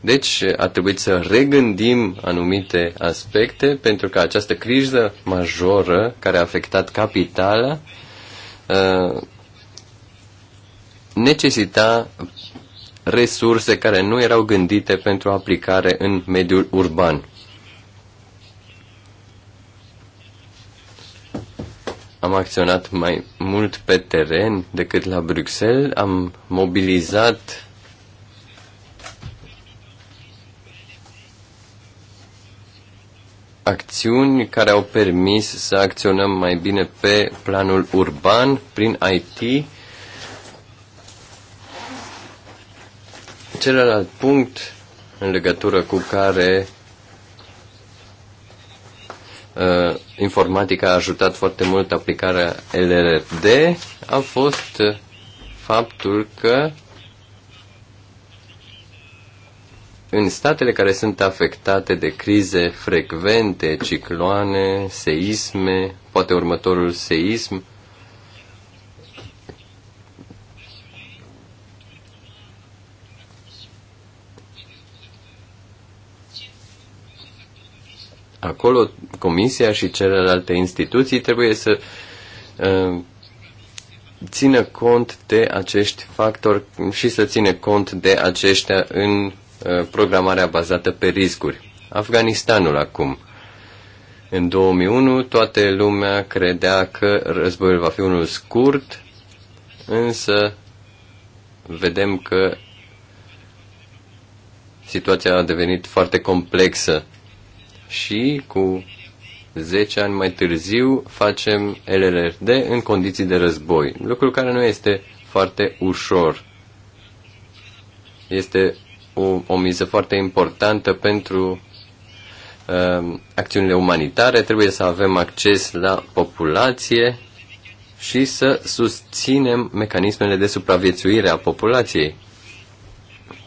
Deci a trebuit să regândim anumite aspecte pentru că această criză majoră care a afectat capitala ă, necesita resurse care nu erau gândite pentru aplicare în mediul urban. am acționat mai mult pe teren decât la Bruxelles, am mobilizat acțiuni care au permis să acționăm mai bine pe planul urban prin IT. Celălalt punct în legătură cu care uh, informatica a ajutat foarte mult aplicarea LRD a fost uh, faptul că în statele care sunt afectate de crize frecvente, cicloane, seisme, poate următorul seism, Acolo Comisia și celelalte instituții trebuie să uh, țină cont de acești factori și să țină cont de aceștia în uh, programarea bazată pe riscuri. Afganistanul acum. În 2001 toată lumea credea că războiul va fi unul scurt, însă vedem că situația a devenit foarte complexă și cu 10 ani mai târziu facem LRD în condiții de război, lucru care nu este foarte ușor. Este o, o miză foarte importantă pentru uh, acțiunile umanitare. Trebuie să avem acces la populație și să susținem mecanismele de supraviețuire a populației.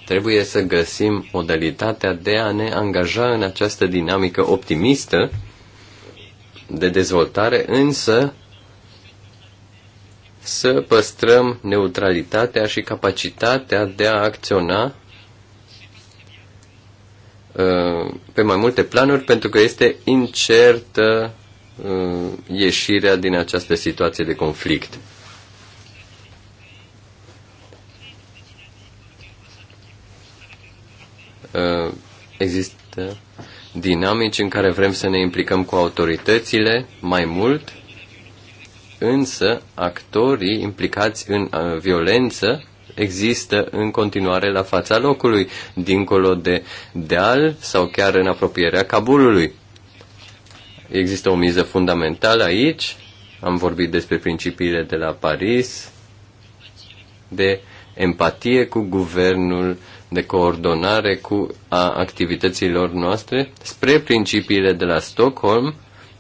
Trebuie să găsim modalitatea de a ne angaja în această dinamică optimistă de dezvoltare, însă să păstrăm neutralitatea și capacitatea de a acționa uh, pe mai multe planuri pentru că este incertă uh, ieșirea din această situație de conflict. Uh, există dinamici în care vrem să ne implicăm cu autoritățile mai mult, însă actorii implicați în uh, violență există în continuare la fața locului, dincolo de deal sau chiar în apropierea Kabulului. Există o miză fundamentală aici, am vorbit despre principiile de la Paris, de empatie cu guvernul uh, de coordonare cu a activităților noastre spre principiile de la Stockholm,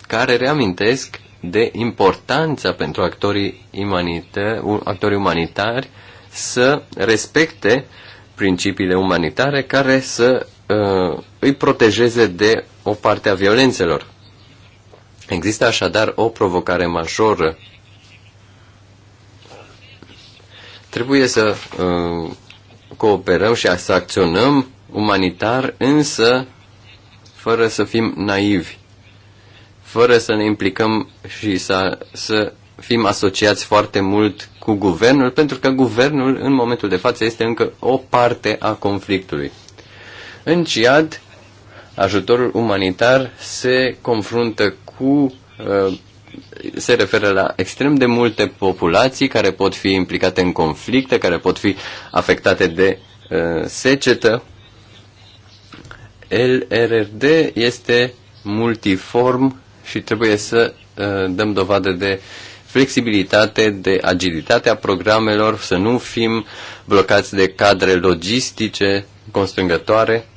care reamintesc de importanța pentru actorii, imanită, actorii umanitari să respecte principiile umanitare care să uh, îi protejeze de o parte a violențelor. Există așadar o provocare majoră. Trebuie să uh, cooperăm și să acționăm umanitar, însă fără să fim naivi, fără să ne implicăm și să, să fim asociați foarte mult cu guvernul, pentru că guvernul în momentul de față este încă o parte a conflictului. În Ciad, ajutorul umanitar se confruntă cu uh, se referă la extrem de multe populații care pot fi implicate în conflicte, care pot fi afectate de uh, secetă. LRRD este multiform și trebuie să uh, dăm dovadă de flexibilitate, de agilitatea programelor, să nu fim blocați de cadre logistice constrângătoare,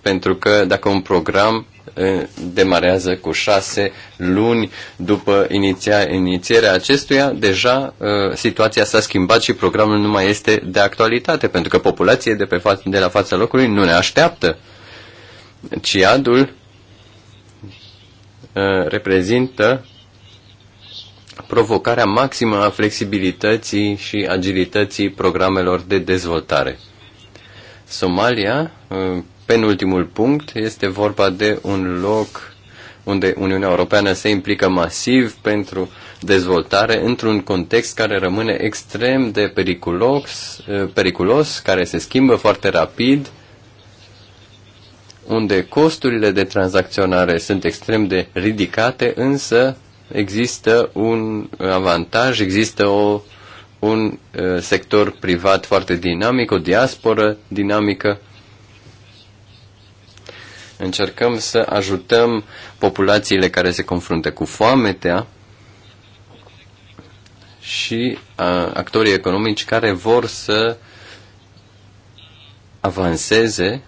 pentru că dacă un program demarează cu șase luni după iniția, inițierea acestuia, deja situația s-a schimbat și programul nu mai este de actualitate, pentru că populația de, pe fa- de la fața locului nu ne așteaptă. Ciadul reprezintă provocarea maximă a flexibilității și agilității programelor de dezvoltare. Somalia, penultimul punct este vorba de un loc unde Uniunea Europeană se implică masiv pentru dezvoltare într-un context care rămâne extrem de periculos, eh, periculos, care se schimbă foarte rapid, unde costurile de tranzacționare sunt extrem de ridicate, însă există un avantaj, există o, un eh, sector privat foarte dinamic, o diasporă dinamică Încercăm să ajutăm populațiile care se confruntă cu foametea și a, actorii economici care vor să avanseze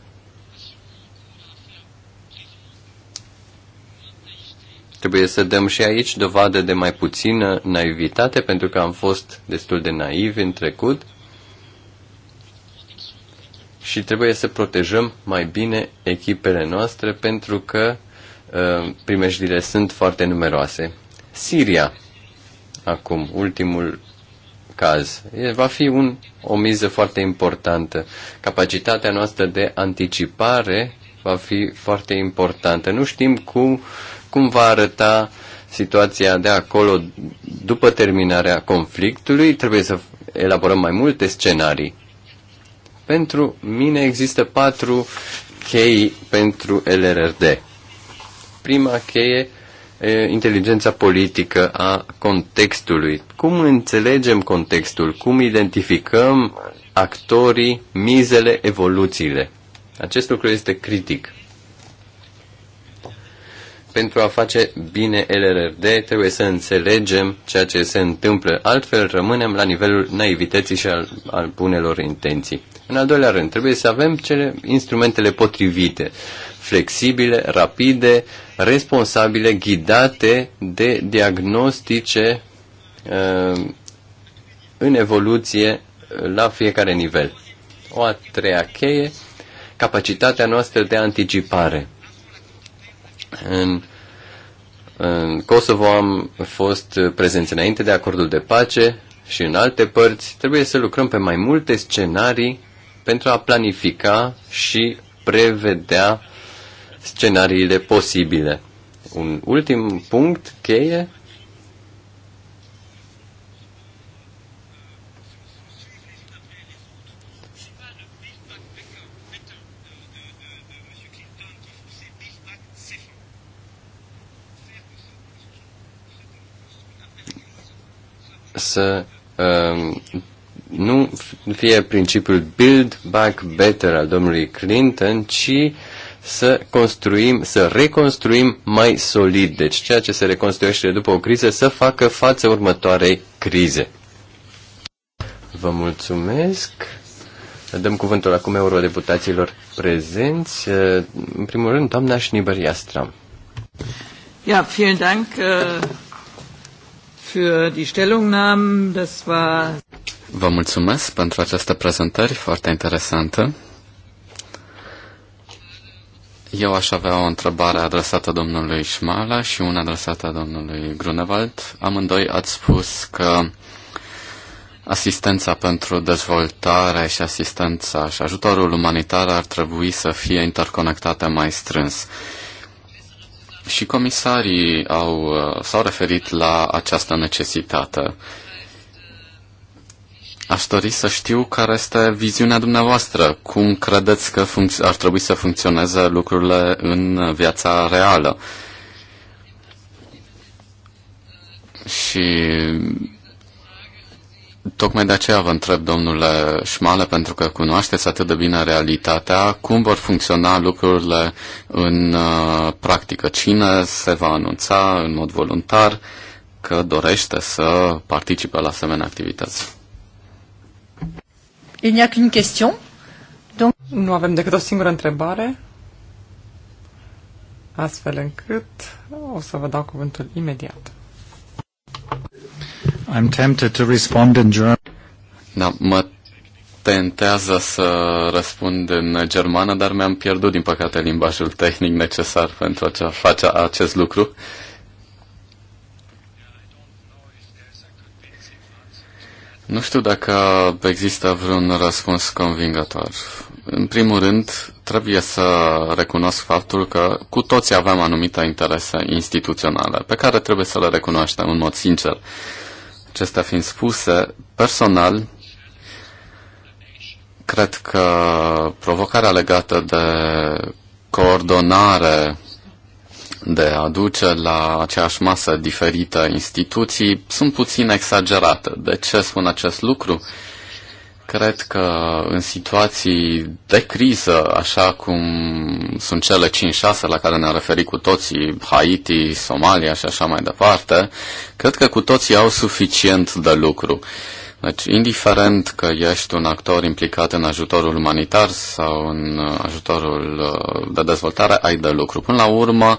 Trebuie să dăm și aici dovadă de mai puțină naivitate, pentru că am fost destul de naivi în trecut și trebuie să protejăm mai bine echipele noastre pentru că uh, primejdile sunt foarte numeroase. Siria, acum, ultimul caz, va fi un, o miză foarte importantă. Capacitatea noastră de anticipare va fi foarte importantă. Nu știm cum, cum va arăta situația de acolo după terminarea conflictului. Trebuie să elaborăm mai multe scenarii pentru mine există patru chei pentru LRD. Prima cheie, inteligența politică a contextului. Cum înțelegem contextul? Cum identificăm actorii, mizele, evoluțiile? Acest lucru este critic pentru a face bine LRD, trebuie să înțelegem ceea ce se întâmplă, altfel rămânem la nivelul naivității și al, al bunelor intenții. În al doilea rând, trebuie să avem cele instrumentele potrivite, flexibile, rapide, responsabile, ghidate de diagnostice uh, în evoluție uh, la fiecare nivel. O a treia cheie, capacitatea noastră de anticipare. În, în Kosovo am fost prezenți înainte de acordul de pace și în alte părți. Trebuie să lucrăm pe mai multe scenarii pentru a planifica și prevedea scenariile posibile. Un ultim punct cheie să um, nu fie principiul build back better al domnului Clinton, ci să construim, să reconstruim mai solid. Deci ceea ce se reconstruiește după o criză să facă față următoarei crize. Vă mulțumesc. Dăm cuvântul acum eurodeputaților prezenți. În primul rând, doamna Schnieber-Jastram. Ja, vielen Dank. Uh für die Stellungnahmen. Das war Vă mulțumesc pentru această prezentări foarte interesantă. Eu aș avea o întrebare adresată domnului Șmala și una adresată domnului Grunewald. Amândoi ați spus că asistența pentru dezvoltare și asistența și ajutorul umanitar ar trebui să fie interconectate mai strâns. Și comisarii au, uh, s-au referit la această necesitate. Aș dori să știu care este viziunea dumneavoastră. Cum credeți că ar trebui să funcționeze lucrurile în viața reală? Și Tocmai de aceea vă întreb, domnule Șmale, pentru că cunoașteți atât de bine realitatea, cum vor funcționa lucrurile în uh, practică? Cine se va anunța în mod voluntar că dorește să participe la asemenea activități? Il n'y a qu'une question. Donc... Nu avem decât o singură întrebare, astfel încât o să vă dau cuvântul imediat. I'm tempted to respond in German. Da, mă tentează să răspund în germană, dar mi-am pierdut, din păcate, limbajul tehnic necesar pentru a face acest lucru. Nu știu dacă există vreun răspuns convingător. În primul rând, trebuie să recunosc faptul că cu toții avem anumite interese instituționale pe care trebuie să le recunoaștem în mod sincer. Acestea fiind spuse, personal, cred că provocarea legată de coordonare de a duce la aceeași masă diferite instituții sunt puțin exagerate. De ce spun acest lucru? Uh, Cred că în situații de criză, așa cum sunt cele 5-6 la care ne-am referit cu toții, Haiti, Somalia și așa mai departe, cred că cu toții au suficient de lucru. Uh, deci, indiferent că ești un actor implicat în ajutorul umanitar sau în uh, ajutorul uh, de dezvoltare, ai de lucru. Până la urmă,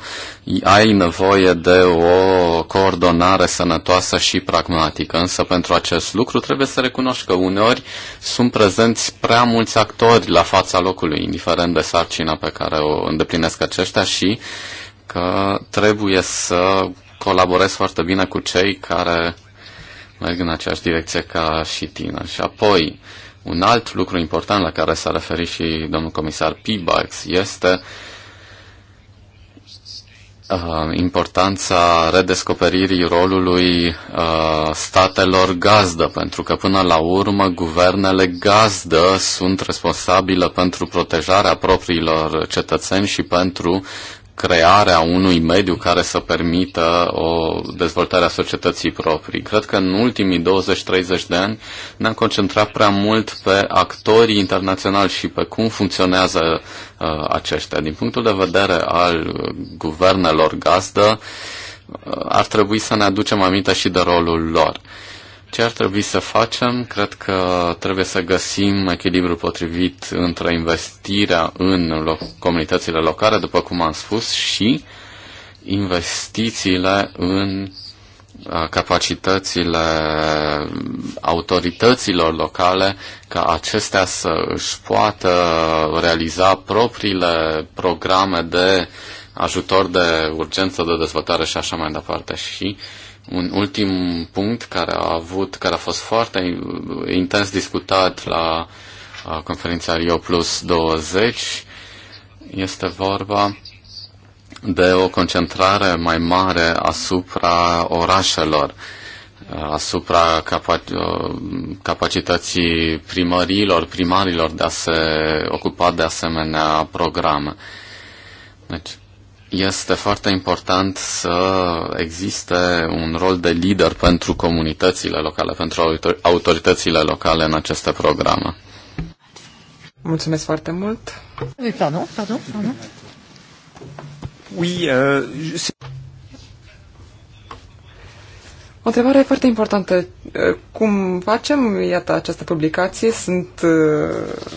ai nevoie de o coordonare sănătoasă și pragmatică, însă pentru acest lucru trebuie să recunoști că uneori sunt prezenți prea mulți actori la fața locului, indiferent de sarcina pe care o îndeplinesc aceștia și că trebuie să colaborezi foarte bine cu cei care merg în aceeași direcție ca și tine. Și apoi, un alt lucru important la care s-a referit și domnul comisar Pibax este uh, importanța redescoperirii rolului uh, statelor gazdă, pentru că până la urmă guvernele gazdă sunt responsabile pentru protejarea propriilor cetățeni și pentru crearea unui mediu care să permită o dezvoltare a societății proprii. Cred că în ultimii 20-30 de ani ne-am concentrat prea mult pe actorii internaționali și pe cum funcționează uh, aceștia. Din punctul de vedere al guvernelor gazdă, uh, ar trebui să ne aducem aminte și de rolul lor. Uh, ce ar trebui să facem? Cred că trebuie să găsim echilibru potrivit între investirea în lo- comunitățile locale, după cum am spus, și investițiile în capacitățile autorităților locale ca acestea să își poată realiza propriile programe de ajutor de urgență, de dezvoltare și așa mai departe. Și uh, un ultim punct care a avut, care a fost foarte intens discutat la uh, conferința Rio Plus 20 este vorba de o concentrare mai mare asupra orașelor, uh, asupra uh, capacității primărilor, primarilor de a se ocupa de asemenea programe. Deci, este foarte important să existe un rol de lider pentru comunitățile locale, pentru autoritățile locale în aceste programe. Mulțumesc foarte mult. Eh, pardon, pardon, pardon. Oui, euh, o întrebare foarte importantă. Eh, cum facem, iată, această publicație? Sunt uh,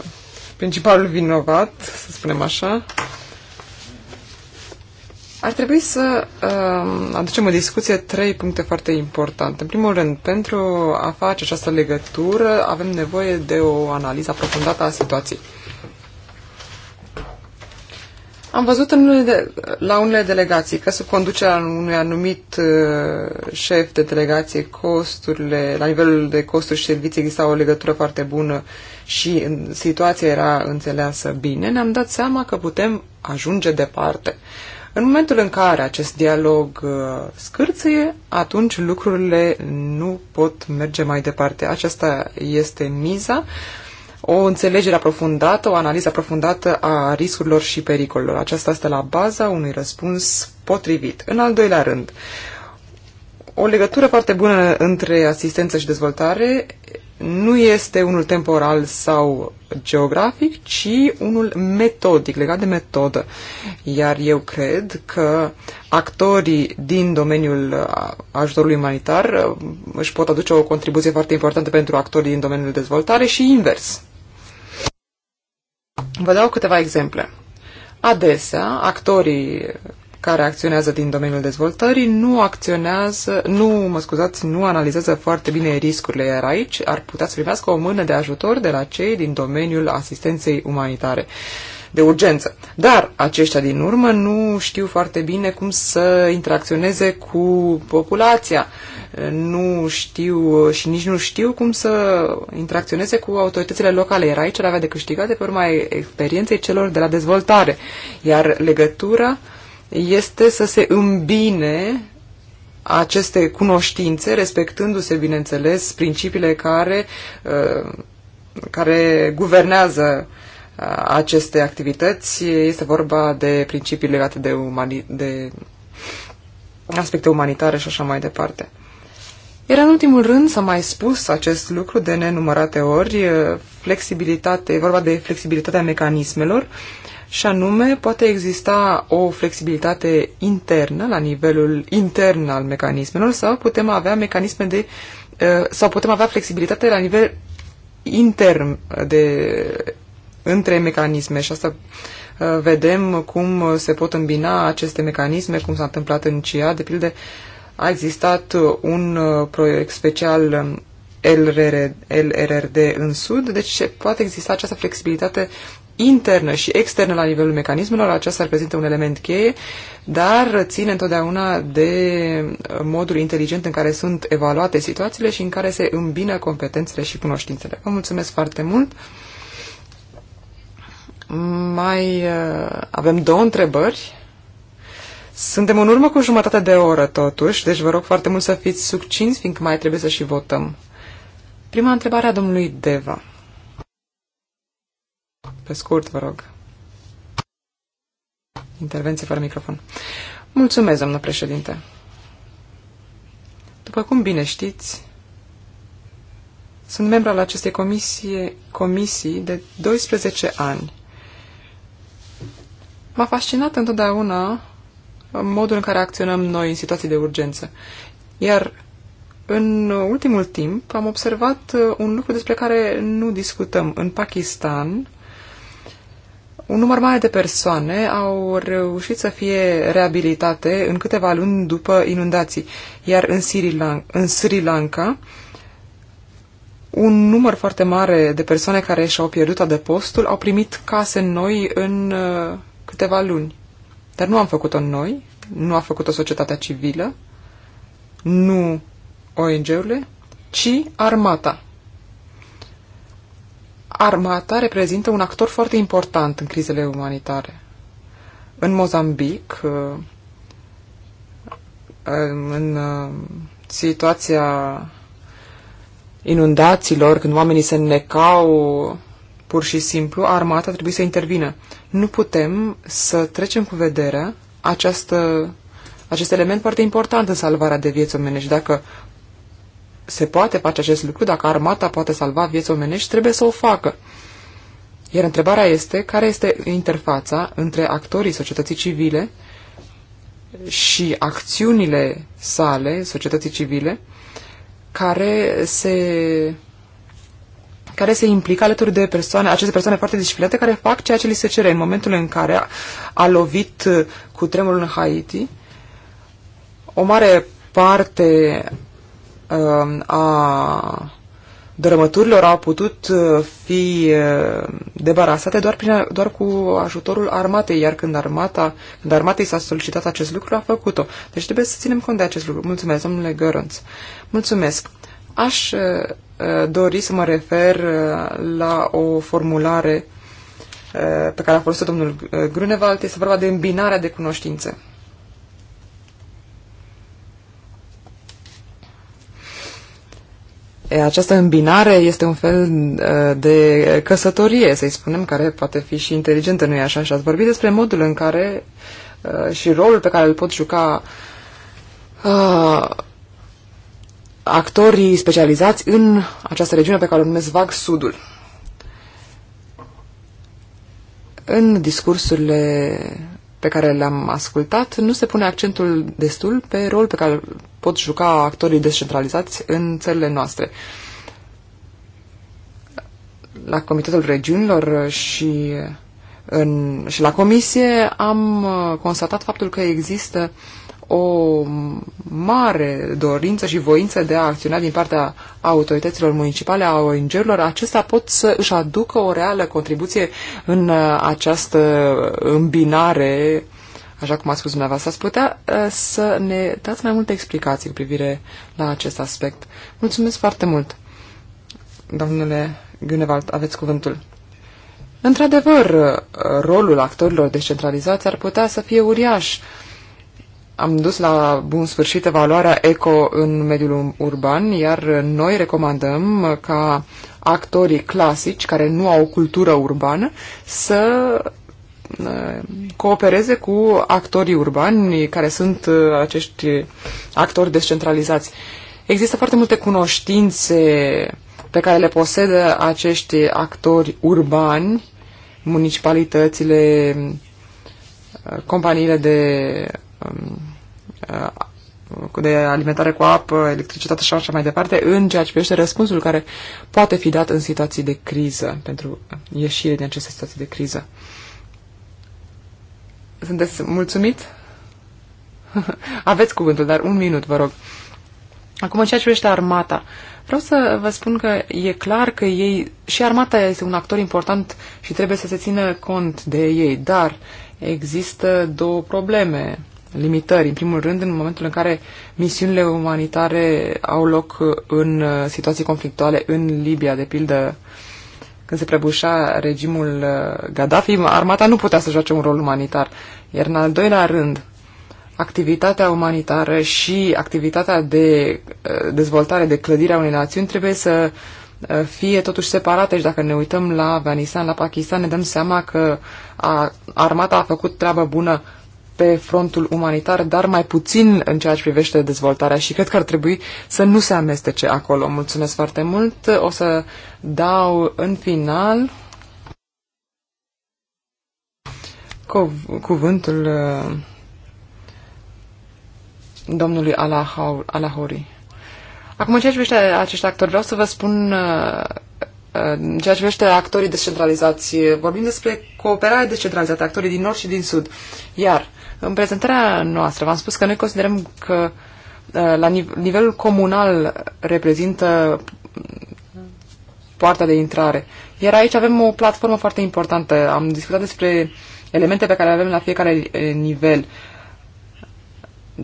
principalul vinovat, să spunem așa. Ar trebui să uh, aducem o discuție trei puncte foarte importante. În primul rând, pentru a face această legătură, avem nevoie de o analiză aprofundată a situației. Am văzut în unele de, la unele delegații că sub conducerea unui anumit uh, șef de delegație, costurile, la nivelul de costuri și servicii exista o legătură foarte bună și în, situația era înțeleasă bine, ne-am dat seama că putem ajunge departe. Uh, în momentul în care acest dialog uh, scârție, atunci lucrurile nu pot merge mai departe. Aceasta este miza, o înțelegere aprofundată, o analiză aprofundată a riscurilor și pericolelor. Aceasta este la baza unui răspuns potrivit. În al doilea rând, o legătură foarte bună între asistență și dezvoltare nu este unul temporal sau geografic, ci unul metodic, legat de metodă. Iar eu cred că actorii din domeniul ajutorului umanitar uh, își pot aduce o contribuție foarte importantă pentru actorii din domeniul dezvoltare și invers. Vă dau câteva exemple. Adesea, actorii care acționează din domeniul dezvoltării nu acționează, nu, mă scuzați, nu analizează foarte bine riscurile, iar aici ar putea să primească o mână de ajutor de la cei din domeniul asistenței umanitare de urgență. Dar aceștia din urmă nu știu foarte bine cum să interacționeze cu populația, nu știu și nici nu știu cum să interacționeze cu autoritățile locale. era aici ar avea de câștigate pe urma experienței celor de la dezvoltare. Iar legătura uh, este să se îmbine aceste cunoștințe, respectându-se, bineînțeles, principiile care, uh, care guvernează uh, aceste activități. Este vorba de principii legate de, umani, de aspecte umanitare și așa mai departe. Era în ultimul rând să mai spus acest lucru de nenumărate ori, uh, flexibilitate, e vorba de flexibilitatea mecanismelor, uh, și anume, poate exista o flexibilitate internă, la nivelul intern al mecanismelor, sau putem avea mecanisme de. Uh, sau putem avea flexibilitate la nivel intern de, între mecanisme. Și asta uh, vedem cum se pot îmbina aceste mecanisme, cum s-a întâmplat în CIA. De pildă, a existat un uh, proiect special um, LRRD în Sud, deci poate exista această flexibilitate internă și externă la nivelul mecanismelor, aceasta reprezintă un element cheie, dar ține întotdeauna de uh, modul inteligent în care sunt evaluate situațiile și în care se îmbină competențele și cunoștințele. Vă mulțumesc foarte mult! Mai uh, avem două întrebări. Suntem în urmă cu jumătate de oră, totuși, deci vă rog foarte mult să fiți succinți, fiindcă mai trebuie să și votăm. Prima întrebare a domnului Deva. Pe scurt, vă rog. Intervenție fără microfon. Mulțumesc, doamnă președinte. După cum bine știți, sunt membru al acestei comisie, comisii de 12 ani. M-a fascinat întotdeauna modul în care acționăm noi în situații de urgență. Iar în ultimul timp am observat un lucru despre care nu discutăm. În Pakistan, un număr mare de persoane au reușit să fie reabilitate în câteva luni după inundații, iar în Sri Lanka, în Sri Lanka un număr foarte mare de persoane care și-au pierdut adăpostul au primit case noi în uh, câteva luni. Dar nu am făcut-o noi, nu a făcut-o societatea civilă, nu ONG-urile, ci armata armata reprezintă un actor foarte important în crizele umanitare. În Mozambic, uh, în uh, situația inundațiilor, când oamenii se necau, pur și simplu, armata trebuie să intervină. Nu putem să trecem cu vederea această, acest element foarte important în salvarea de vieți omenești. Dacă se poate face acest lucru, dacă armata poate salva vieți omenești, trebuie să o facă. Iar întrebarea este care este interfața între actorii societății civile și acțiunile sale, societății civile, care se, care se implică alături de persoane, aceste persoane foarte disciplinate care fac ceea ce li se cere în momentul în care a, a lovit cu tremurul în Haiti. O mare parte Um, a dărâmăturilor au putut uh, fi uh, debarasate doar, prin, doar cu ajutorul armatei, iar când, armata, când armatei s-a solicitat acest lucru, a făcut-o. Deci trebuie să ținem cont de acest lucru. Mulțumesc, domnule Gărânț. Mulțumesc. Aș uh, dori să mă refer la o formulare pe care a folosit domnul Grunewald. Este vorba de îmbinarea de cunoștințe. această îmbinare este un fel de căsătorie, să-i spunem, care poate fi și inteligentă, nu-i așa? Și ați vorbit despre modul în care și rolul pe care îl pot juca uh, actorii specializați în această regiune pe care o numesc vag Sudul. În discursurile pe care le-am ascultat, nu se pune accentul destul pe rolul pe care pot juca actorii descentralizați în țările noastre. La Comitetul Regiunilor și, în, și la Comisie am uh, constatat faptul că există uh, o mare dorință și voință de a acționa din partea autorităților municipale, a ONG-urilor, acestea pot să își aducă o reală contribuție în uh, această îmbinare, așa cum a spus dumneavoastră, ați putea uh, să ne dați mai multe explicații cu privire la acest aspect. Mulțumesc foarte mult! Domnule Gunevald, aveți cuvântul. Într-adevăr, rolul actorilor descentralizați ar putea să fie uriaș, am dus la bun sfârșit evaluarea ECO în mediul urban, iar noi recomandăm ca actorii clasici care nu au o cultură urbană să uh, coopereze cu actorii urbani care sunt uh, acești actori descentralizați. Există foarte multe cunoștințe pe care le posedă acești actori urbani, municipalitățile, uh, companiile de Um, uh, de alimentare cu apă, electricitate și așa mai departe, în ceea ce privește răspunsul care poate fi dat în situații de criză, pentru ieșire din aceste situații de criză. Sunteți mulțumit? Aveți cuvântul, dar un minut, vă rog. Acum, în ceea ce privește armata, vreau să vă spun că e clar că ei, și armata este un actor important și trebuie să se țină cont de ei, dar există două probleme limitări. În primul rând, în momentul în care misiunile umanitare au loc în uh, situații conflictuale în Libia, de pildă când se prăbușa regimul uh, Gaddafi, armata nu putea să joace un rol umanitar. Iar în al doilea rând, activitatea umanitară și activitatea de uh, dezvoltare, de clădire a unei națiuni trebuie să fie totuși separate și dacă ne uităm la Afganistan, la Pakistan, ne dăm seama că a, armata a făcut treabă bună pe frontul umanitar, dar mai puțin în ceea ce privește dezvoltarea și cred că ar trebui să nu se amestece acolo. Mulțumesc foarte mult. O să dau în final cuvântul uh, domnului Alahori. Acum, în ceea ce privește acești actori, vreau să vă spun uh, uh, în ceea ce privește actorii descentralizați, vorbim despre cooperare descentralizată, actorii din nord și din sud. Iar în prezentarea noastră v-am spus că noi considerăm că uh, la nivelul comunal reprezintă poarta de intrare. Iar aici avem o platformă foarte importantă. Am discutat despre elemente pe care le avem la fiecare nivel.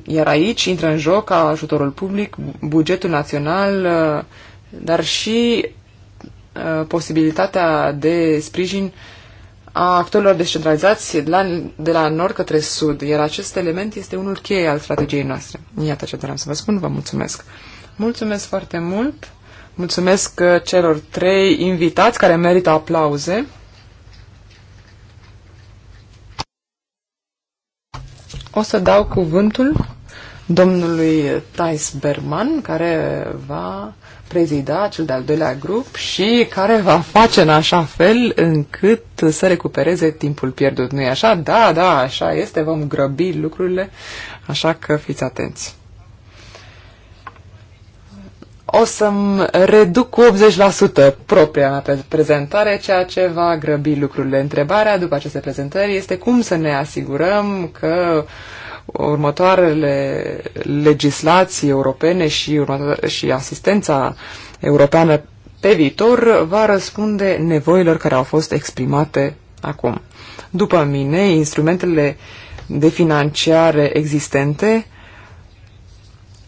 Iar aici intră în joc ajutorul public, bugetul național, uh, dar și uh, posibilitatea de sprijin uh, a actorilor descentralizați de la, de la nord către sud, iar acest element este unul cheie al strategiei noastre. Iată ce doream să vă spun, vă mulțumesc. Mulțumesc foarte mult, mulțumesc uh, celor trei invitați care merită aplauze. O să dau cuvântul domnului Thais Berman, care va prezida cel de-al doilea grup și care va face în așa fel încât să recupereze timpul pierdut. Nu-i așa? Da, da, așa este, vom grăbi lucrurile, așa că fiți atenți. O să-mi reduc cu 80% propria mea prezentare, ceea ce va grăbi lucrurile. Întrebarea după aceste prezentări este cum să ne asigurăm că uh, următoarele legislații europene și, și asistența europeană pe viitor va răspunde nevoilor care au fost exprimate acum. După mine, instrumentele de financiare existente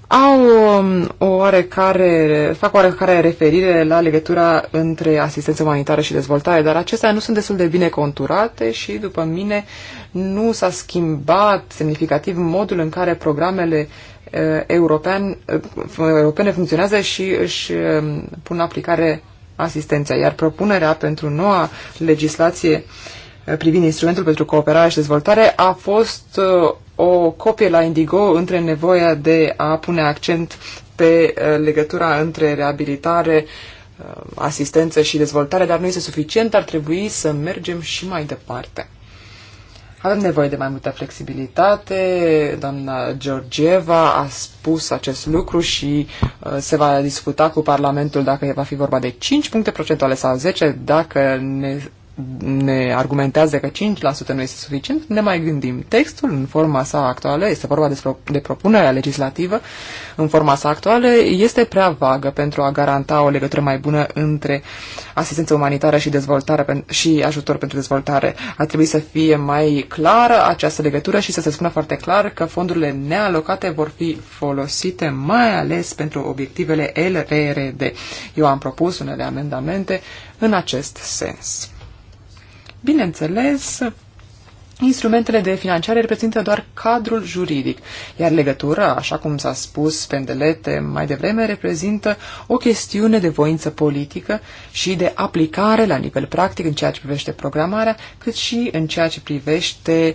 au um, o oarecare, fac oarecare referire la legătura între asistență umanitară și dezvoltare, dar acestea nu sunt destul de bine conturate și, după mine, nu s-a schimbat semnificativ modul în care programele european, europene funcționează și își pun aplicare asistența. Iar propunerea pentru noua legislație privind instrumentul pentru cooperare și dezvoltare a fost o copie la Indigo între nevoia de a pune accent pe legătura între reabilitare, asistență și dezvoltare, dar nu este suficient, ar trebui să mergem și mai departe. Avem nevoie de mai multă flexibilitate. Doamna Georgieva a spus acest lucru și uh, se va discuta cu Parlamentul dacă va fi vorba de 5 puncte procentuale sau 10, dacă ne ne argumentează că 5% nu este suficient, ne mai gândim. Textul, în forma sa actuală, este vorba despre, de propunerea legislativă, în forma sa actuală, este prea vagă pentru a garanta o legătură mai bună între asistență umanitară și, dezvoltare, și ajutor pentru dezvoltare. Ar trebui să fie mai clară această legătură și să se spună foarte clar că fondurile nealocate vor fi folosite mai ales pentru obiectivele LRRD. Eu am propus unele amendamente în acest sens. Bineînțeles, Instrumentele de financiare reprezintă doar cadrul juridic, iar legătura, așa cum s-a spus pendelete mai devreme, reprezintă o chestiune de voință politică și de aplicare la nivel practic în ceea ce privește programarea, cât și în ceea ce privește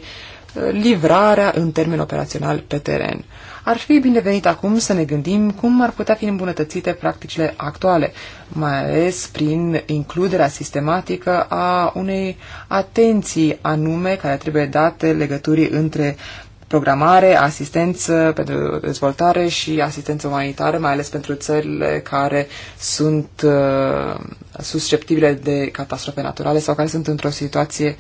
uh, livrarea în termen operațional pe teren. Ar fi binevenit acum să ne gândim cum ar putea fi îmbunătățite practicile actuale, mai ales prin includerea sistematică a unei atenții anume care trebuie date legăturii între programare, asistență pentru dezvoltare și asistență umanitară, mai ales pentru țările care sunt uh, susceptibile de catastrofe naturale sau care sunt într-o situație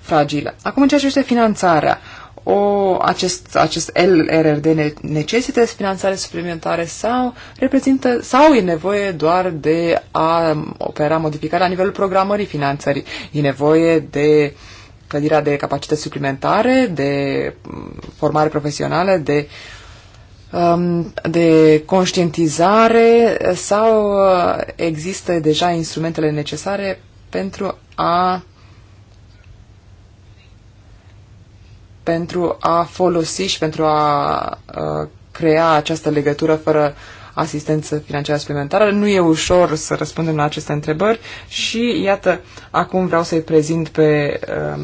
fragilă. Acum, în ceea ce este finanțarea, o, acest, acest LRRD necesită finanțare suplimentare sau reprezintă sau e nevoie doar de a opera modificarea la nivelul programării finanțării. E nevoie de clădirea de capacități suplimentare, de formare profesională, de um, de conștientizare sau uh, există deja instrumentele necesare pentru a pentru a folosi și pentru a uh, crea această legătură fără asistență financiară suplimentară. Nu e ușor să răspundem la aceste întrebări și iată, acum vreau să-i prezint pe uh,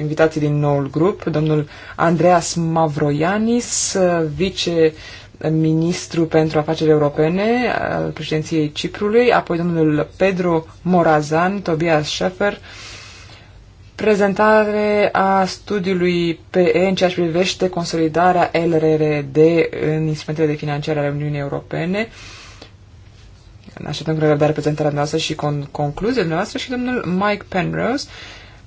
invitații din noul grup, domnul Andreas Mavroianis, vice ministru pentru afaceri europene al uh, președinției Ciprului, apoi domnul Pedro Morazan, Tobias Schäfer, uh, prezentare a studiului PE în ceea ce privește consolidarea LRRD în instrumentele de finanțare ale Uniunii Europene. Așteptăm cu răbdare prezentarea noastră și con- concluziile noastre și domnul Mike Penrose,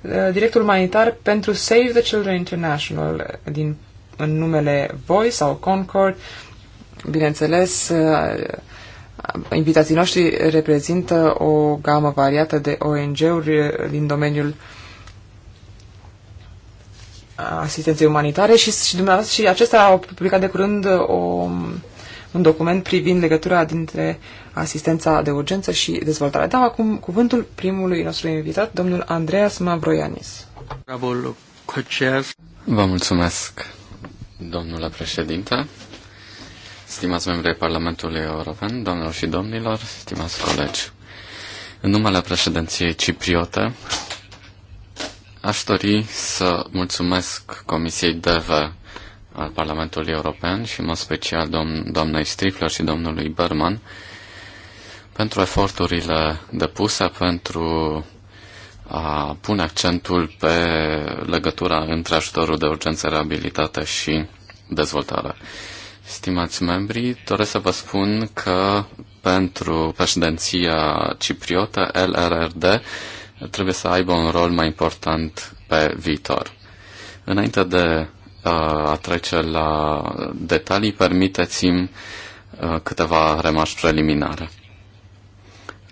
eh, directorul umanitar pentru Save the Children International din, în numele Voice sau Concord. Bineînțeles, eh, invitații noștri reprezintă o gamă variată de ONG-uri eh, din domeniul uh, asistenței umanitare și, și, dumneavoastră, și acesta au publicat de curând uh, o, un document privind legătura dintre asistența de urgență și dezvoltare. Dau acum cuvântul primului nostru invitat, domnul Andreas Mavroianis. Vă mulțumesc, domnule președinte, stimați membrii Parlamentului European, domnilor și domnilor, stimați colegi. În numele președinției cipriote, Aș dori să mulțumesc Comisiei DEVE al Parlamentului European și, în special, domn- doamnei Strifler și domnului Berman pentru eforturile depuse pentru a pune accentul pe legătura între ajutorul de urgență, reabilitate și dezvoltare. Stimați membri, doresc să vă spun că pentru președinția cipriotă, LRRD, trebuie să aibă un rol mai important pe viitor. Înainte de uh, a trece la detalii, permiteți-mi uh, câteva remarci preliminare.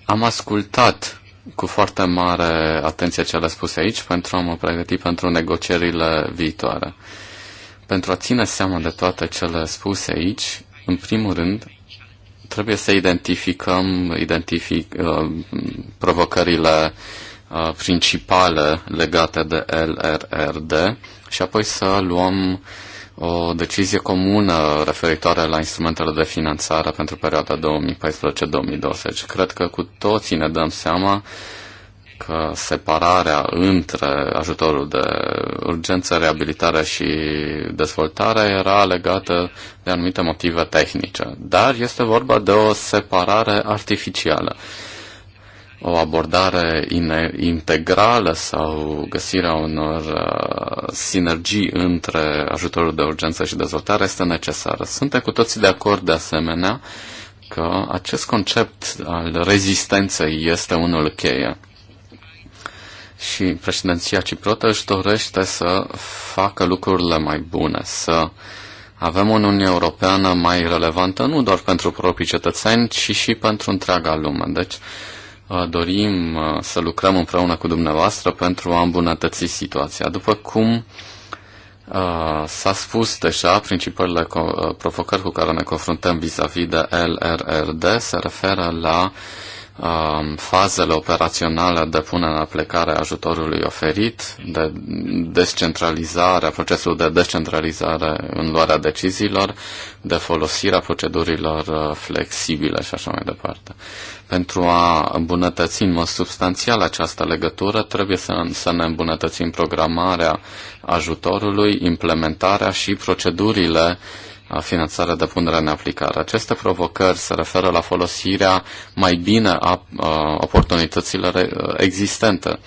Am ascultat cu foarte mare atenție ce le spus aici pentru a mă pregăti pentru negocierile viitoare. Pentru a ține seama de toate cele spuse aici, în primul rând, trebuie să identificăm identific, uh, provocările uh, Uh, principale legate de LRRD și apoi să luăm o decizie comună referitoare la instrumentele de finanțare pentru perioada 2014-2020. Cred că cu toții ne dăm seama că separarea între ajutorul de urgență, reabilitare și dezvoltare era legată de anumite motive tehnice, dar este vorba de o separare artificială. Uh, o abordare integrală sau găsirea unor uh, sinergii între ajutorul de urgență și dezvoltare este necesară. Suntem cu toții de acord de asemenea că acest concept al rezistenței este unul cheie. Și președinția ciprotă își dorește să facă lucrurile mai bune, să avem o Uniune Europeană mai relevantă nu doar pentru proprii cetățeni, ci și pentru întreaga lume. Deci, uh, dorim să lucrăm împreună cu dumneavoastră pentru a îmbunătăți situația. După cum s-a spus deja, principalele provocări cu care ne confruntăm vis-a-vis -vis de LRRD se referă la Um, fazele operaționale de punere în plecare a ajutorului oferit, de descentralizare, procesul de descentralizare în luarea deciziilor, de folosirea procedurilor uh, flexibile și așa mai departe. Pentru a îmbunătăți în mod substanțial această legătură, trebuie să, să ne îmbunătățim programarea ajutorului, implementarea și procedurile uh, finanțarea de punere în aplicare. Aceste provocări se referă la folosirea mai bine a, a oportunităților uh, existente.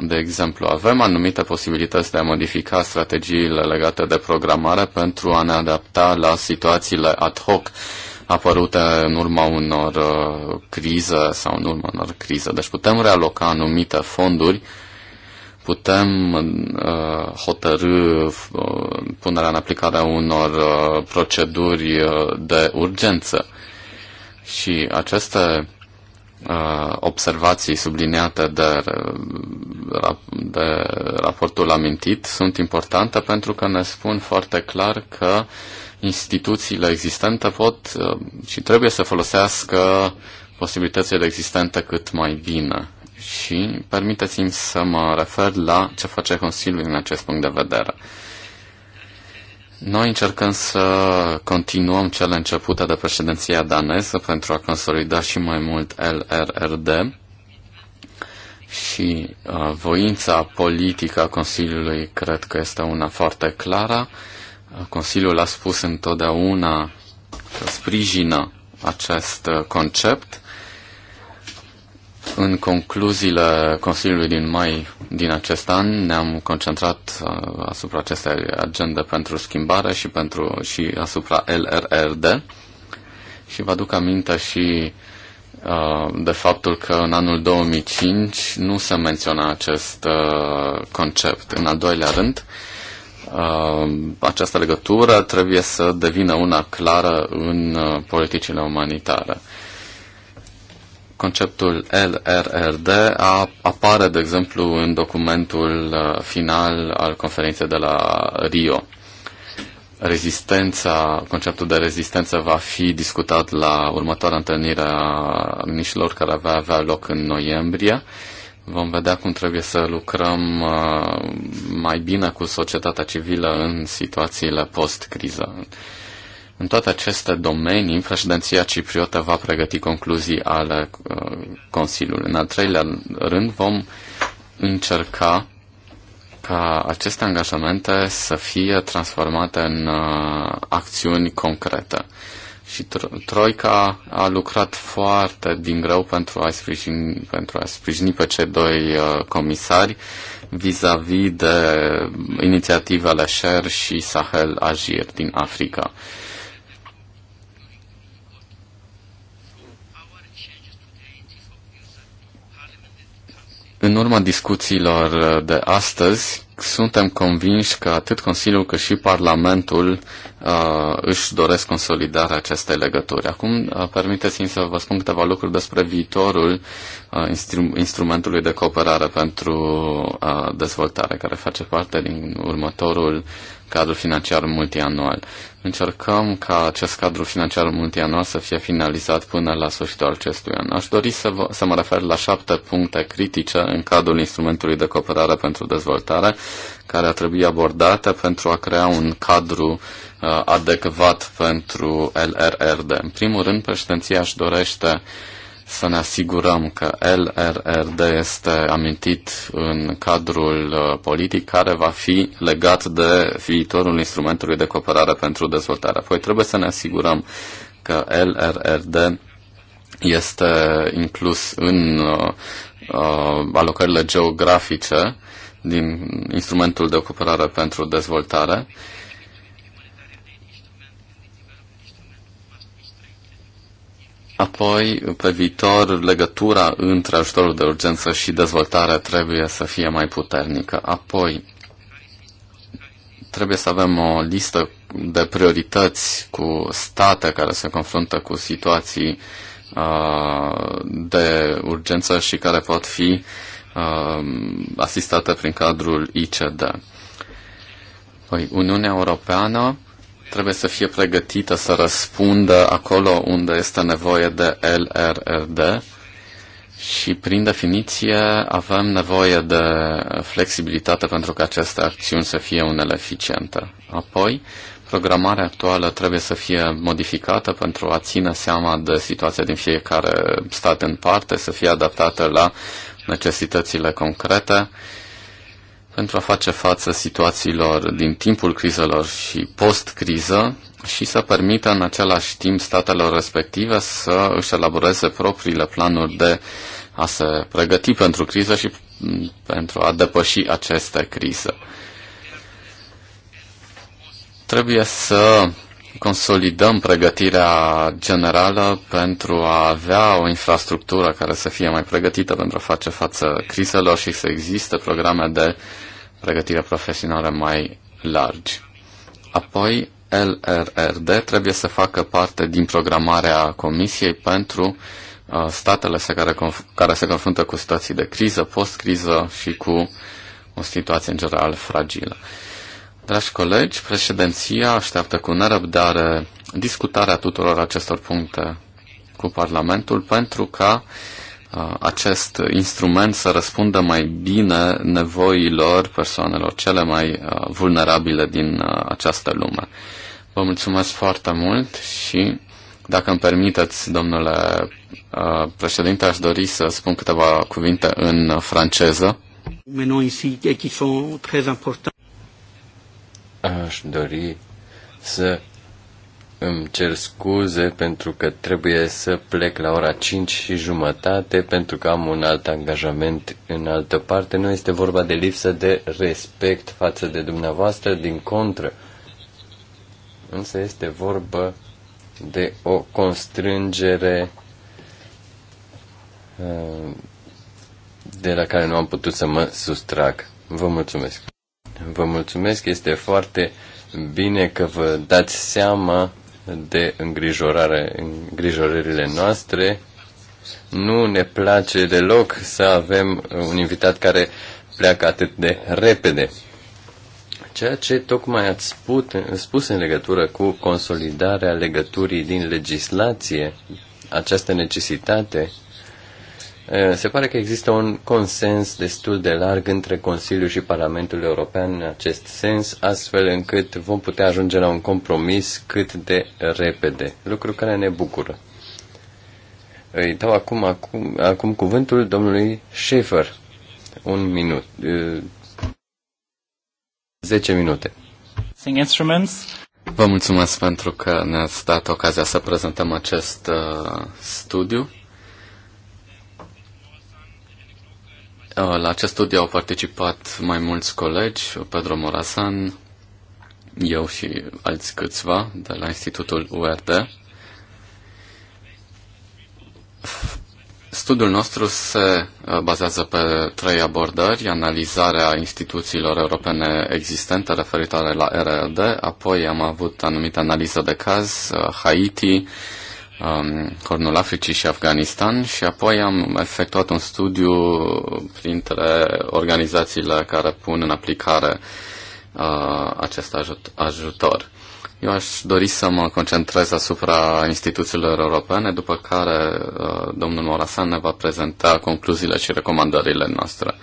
De exemplu, avem anumite posibilități de a modifica strategiile legate de programare pentru a ne adapta la situațiile ad hoc apărute în urma unor uh, crize sau în urma unor crize. Deci putem realoca anumite fonduri uh, putem uh, hotărâ uh, punerea în aplicare a unor uh, proceduri uh, de urgență. Și aceste uh, observații subliniate de, uh, de raportul amintit sunt importante pentru că ne spun foarte clar că instituțiile existente pot uh, și trebuie să folosească posibilitățile existente cât mai bine și permiteți-mi să mă refer la ce face Consiliul în acest punct de vedere. Noi încercăm să continuăm cele începute de președinția daneză pentru a consolida și mai mult LRRD și uh, voința politică a Consiliului cred că este una foarte clară. Consiliul a spus întotdeauna că sprijină acest concept în concluziile Consiliului din mai din acest an ne-am concentrat uh, asupra acestei agende pentru schimbare și, pentru, și asupra LRRD și vă aduc aminte și uh, de faptul că în anul 2005 nu se menționa acest uh, concept. În al doilea rând, această legătură trebuie să devină una clară în politicile umanitare. Conceptul LRRD apare, de exemplu, în documentul uh, final al conferinței de la Rio. Rezistența, conceptul de rezistență va fi discutat la următoarea întâlnire a miniștilor care va avea loc în noiembrie. Vom vedea cum trebuie să lucrăm uh, mai bine cu societatea civilă în situațiile post-criză în toate aceste domenii, președinția cipriotă va pregăti concluzii ale uh, Consiliului. În al treilea rând, vom încerca ca aceste angajamente să fie transformate în uh, acțiuni concrete. Și Troica a lucrat foarte din greu pentru a sprijini, pentru a sprijini pe cei doi uh, comisari vis-a-vis -vis de inițiativele Sher și Sahel Agir din Africa. În urma discuțiilor de astăzi, suntem convinși că atât Consiliul cât și Parlamentul uh, își doresc consolidarea acestei legături. Acum, uh, permiteți-mi să vă spun câteva lucruri despre viitorul instrumentului de cooperare pentru dezvoltare, care face parte din următorul cadru financiar multianual. Încercăm ca acest cadru financiar multianual să fie finalizat până la sfârșitul acestui an. Aș dori să, vă, să mă refer la șapte puncte critice în cadrul instrumentului de cooperare pentru dezvoltare, care ar trebui abordate pentru a crea un cadru uh, adecvat pentru LRRD. În primul rând, președinția își dorește uh, să ne asigurăm că LRRD este amintit în cadrul uh, politic care va fi legat de viitorul instrumentului de cooperare pentru dezvoltare. Apoi trebuie să ne asigurăm că LRRD este inclus în uh, uh, alocările geografice din instrumentul de cooperare pentru dezvoltare Apoi, pe viitor, legătura între ajutorul de urgență și dezvoltare trebuie să fie mai puternică. Apoi, trebuie să avem o listă de priorități cu state care se confruntă cu situații uh, de urgență și care pot fi uh, asistate prin cadrul ICD. Păi, Uniunea Europeană trebuie să fie pregătită să răspundă acolo unde este nevoie de LRRD și, prin definiție, avem nevoie de flexibilitate pentru că aceste acțiuni să fie unele eficiente. Apoi, programarea actuală trebuie să fie modificată pentru a ține seama de situația din fiecare stat în parte, să fie adaptată la necesitățile concrete pentru a face față situațiilor din timpul crizelor și post-criză și să permită în același timp statelor respective să își elaboreze propriile planuri de a se pregăti pentru criză și pentru a depăși aceste crize. Trebuie să consolidăm pregătirea generală pentru a avea o infrastructură care să fie mai pregătită pentru a face față crizelor și să existe programe de uh, pregătire profesională mai largi. Apoi, LRRD trebuie să facă parte din programarea Comisiei pentru uh, statele se care, care se confruntă cu situații de criză, post-criză și cu o situație în general fragilă. Dragi colegi, președinția așteaptă cu nerăbdare discutarea tuturor acestor puncte cu Parlamentul pentru ca uh, Uh, acest instrument să răspundă mai bine nevoilor persoanelor cele mai uh, vulnerabile din uh, această lume. Vă mulțumesc foarte mult și, dacă îmi permiteți, domnule președinte, aș dori să spun câteva cuvinte în franceză. Aș dori să îmi cer scuze pentru că trebuie să plec la ora 5 și jumătate pentru că am un alt angajament în altă parte. Nu este vorba de lipsă de respect față de dumneavoastră, din contră. Însă este vorba de o constrângere uh, de la care nu am putut să mă sustrag. Vă mulțumesc. Vă mulțumesc, este foarte bine că vă dați seama de îngrijorare, îngrijorările noastre. Nu ne place deloc să avem un invitat care pleacă atât de repede. Ceea ce tocmai ați spus, spus în legătură cu consolidarea legăturii din legislație, această necesitate Eh, se pare că există un consens destul de larg între Consiliu și Parlamentul European în acest sens, astfel încât vom putea ajunge la un compromis cât de repede, lucru care ne bucură. Îi dau acum, acum, acum cuvântul domnului Schaefer. Un minut. Eh, zece minute. Sing Instruments. Vă mulțumesc pentru că ne-ați dat ocazia să prezentăm acest uh, studiu Uh, la acest studiu au participat mai mulți colegi, Pedro Morasan, eu și alți câțiva de la Institutul URD. Studiul nostru se uh, bazează pe trei abordări, analizarea instituțiilor europene existente referitoare la RRD, apoi am avut anumite analize de caz, uh, Haiti, um, Cornul Africii și Afganistan și apoi am efectuat un studiu printre organizațiile care pun în aplicare uh, acest ajut- ajutor. Eu aș dori să mă concentrez asupra instituțiilor europene, după care uh, domnul Morasan ne va prezenta concluziile și recomandările noastre. Uh,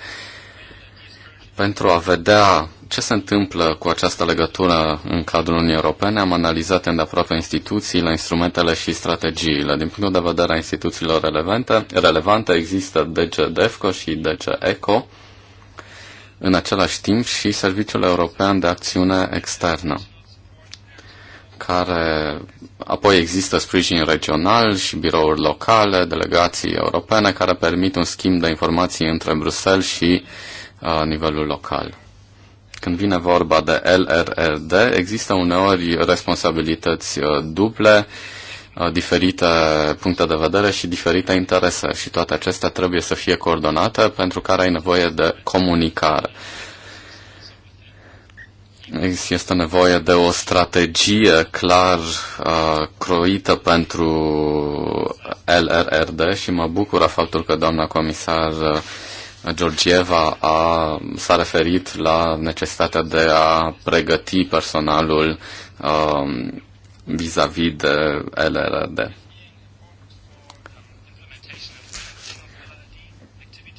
pentru a vedea ce se întâmplă cu această legătură în cadrul Uniunii Europene, am analizat îndeaproape instituțiile, instrumentele și strategiile. Din punctul de vedere a instituțiilor relevante, relevante există DGDEFCO și DGECO, în același timp și Serviciul European de Acțiune Externă, care apoi există sprijin regional și birouri locale, delegații europene care permit un schimb de informații între Bruxelles și uh, nivelul local. Când vine vorba de LRRD, există uneori responsabilități uh, duble, uh, diferite puncte de vedere și diferite interese și toate acestea trebuie să fie coordonate pentru care ai nevoie de comunicare. Este nevoie de o strategie clar uh, croită pentru LRRD și mă bucură faptul că doamna comisar uh, Georgieva a, s-a referit la necesitatea de a pregăti personalul um, vis-a-vis -vis de LRD.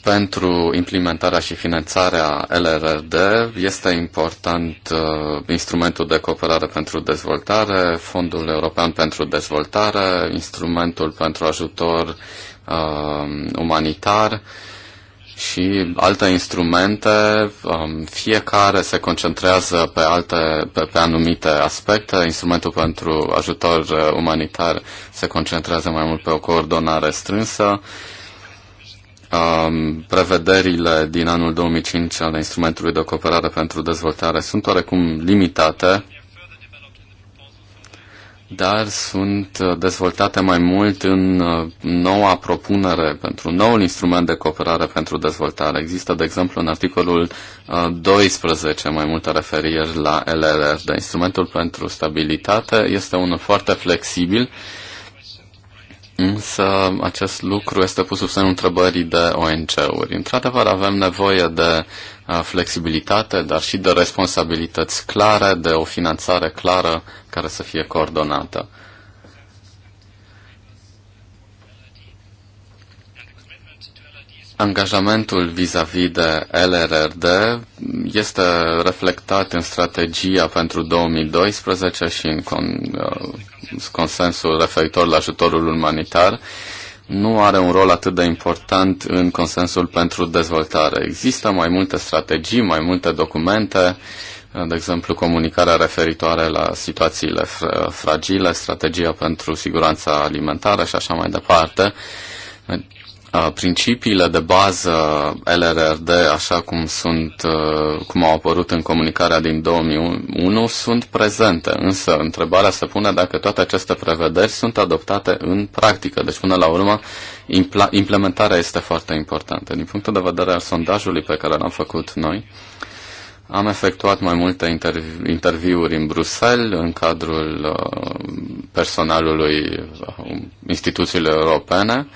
Pentru implementarea și finanțarea LRD este important uh, instrumentul de cooperare pentru dezvoltare, Fondul European pentru Dezvoltare, instrumentul pentru ajutor uh, umanitar, uh, și alte instrumente, um, fiecare se concentrează pe, alte, pe, pe anumite aspecte. Instrumentul pentru ajutor uh, umanitar se concentrează mai mult pe o coordonare strânsă. Um, prevederile din anul 2005 ale instrumentului de cooperare pentru dezvoltare sunt oarecum limitate dar sunt uh, dezvoltate mai mult în uh, noua propunere pentru noul instrument de cooperare pentru dezvoltare. Există, de exemplu, în articolul 12 uh, mai multe referiri la LRR. De instrumentul pentru stabilitate este unul foarte flexibil, însă acest lucru este pus sub semnul întrebării de ONG-uri. Într-adevăr, avem nevoie de uh, flexibilitate, dar și de responsabilități clare, de o finanțare clară care să fie coordonată. Angajamentul vis-a-vis -vis de LRRD este reflectat în strategia pentru 2012 și în uh, consensul referitor la ajutorul umanitar nu are un rol atât de important în consensul pentru dezvoltare. Există mai multe strategii, mai multe documente, de exemplu comunicarea referitoare la situațiile fragile, strategia pentru siguranța alimentară și așa mai departe principiile de bază LRRD, așa cum, sunt, cum au apărut în comunicarea din 2001, sunt prezente, însă întrebarea se pune dacă toate aceste prevederi sunt adoptate în practică. Deci, până la urmă, implementarea este foarte importantă. Din punctul de vedere al sondajului pe care l-am făcut noi, am efectuat mai multe intervi- interviuri în Bruxelles, în cadrul personalului instituțiilor europene,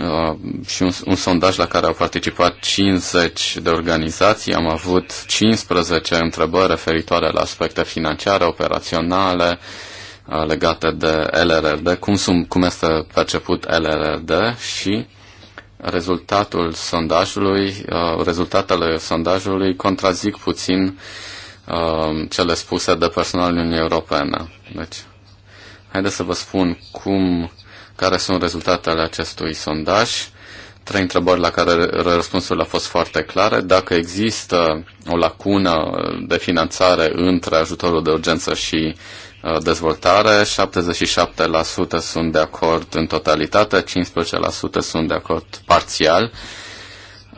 Uh, și un, un sondaj la care au participat 50 de organizații. Am avut 15 întrebări referitoare la aspecte financiare, operaționale, uh, legate de LRRD, cum, sunt, cum este perceput LRRD și rezultatul sondajului, uh, rezultatele sondajului contrazic puțin cele spuse de personalul Uniunii Europene. Deci, haideți să vă spun cum care sunt rezultatele acestui sondaj. Trei întrebări la care răspunsul a fost foarte clare. Dacă există o lacună de finanțare între ajutorul de urgență și uh, dezvoltare, 77% sunt de acord în totalitate, 15% sunt de acord parțial.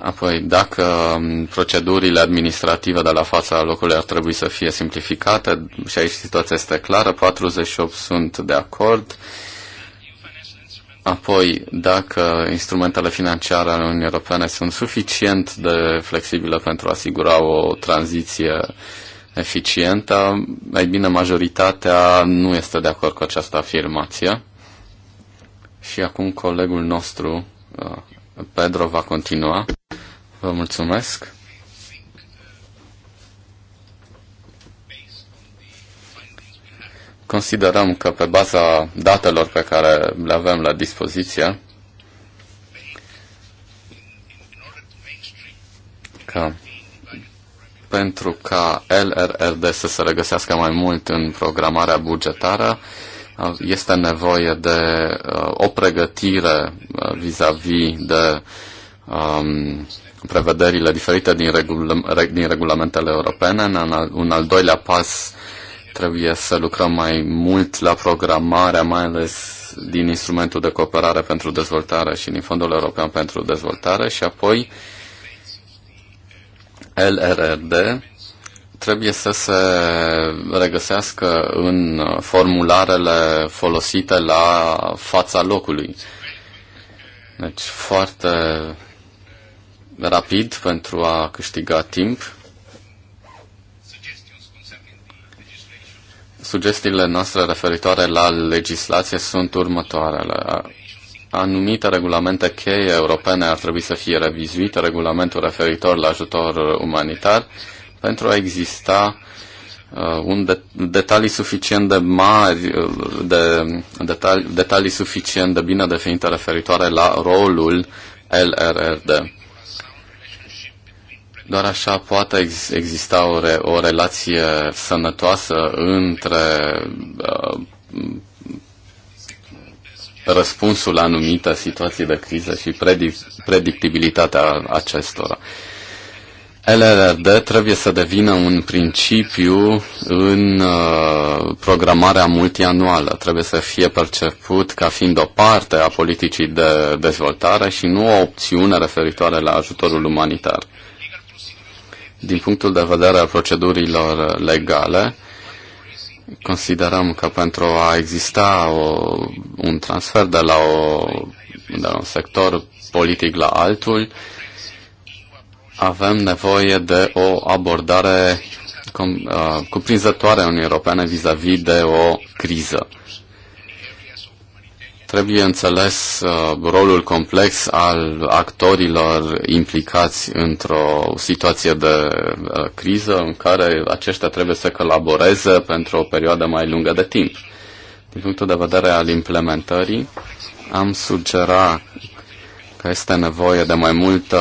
Apoi, dacă um, procedurile administrative de la fața locului ar trebui să fie simplificate, și aici situația este clară, 48 sunt de acord, Apoi, dacă instrumentele financiare ale Uniunii Europene sunt suficient de flexibile pentru a asigura o tranziție eficientă, mai bine, majoritatea nu este de acord cu această afirmație. Și acum colegul nostru, uh, Pedro, va continua. Vă mulțumesc. Considerăm că pe baza datelor pe care le avem la dispoziție, că pentru ca LRRD să se regăsească mai mult în programarea bugetară, este nevoie de uh, o pregătire uh, vis-a-vis -vis de um, prevederile diferite din, regul- din regulamentele europene. În un al doilea pas trebuie să lucrăm mai mult la programarea, mai ales din instrumentul de cooperare pentru dezvoltare și din Fondul European pentru Dezvoltare și apoi LRRD trebuie să se regăsească în formularele folosite la fața locului. Deci foarte rapid pentru a câștiga timp sugestiile noastre referitoare la legislație sunt următoarele. Anumite regulamente cheie europene ar trebui să fie revizuite, regulamentul referitor la ajutor umanitar, pentru a exista uh, un de- detalii suficient de mari, uh, de, detalii, detalii suficient de bine definite referitoare la rolul LRRD. Doar așa poate ex- exista o, re- o relație sănătoasă între uh, răspunsul la anumite situații de criză și predi- predictibilitatea acestora. LRD trebuie să devină un principiu în uh, programarea multianuală. Trebuie să fie perceput ca fiind o parte a politicii de dezvoltare și nu o opțiune referitoare la ajutorul umanitar. Din punctul de vedere al procedurilor legale, considerăm că pentru a exista o, un transfer de la, o, de la un sector politic la altul, avem nevoie de o abordare uh, cuprinzătoare în Europeană vis-a-vis de o criză trebuie înțeles uh, rolul complex al actorilor implicați într-o situație de uh, criză în care aceștia trebuie să colaboreze pentru o perioadă mai lungă de timp. Din punctul de vedere al implementării, am sugera că este nevoie de mai multă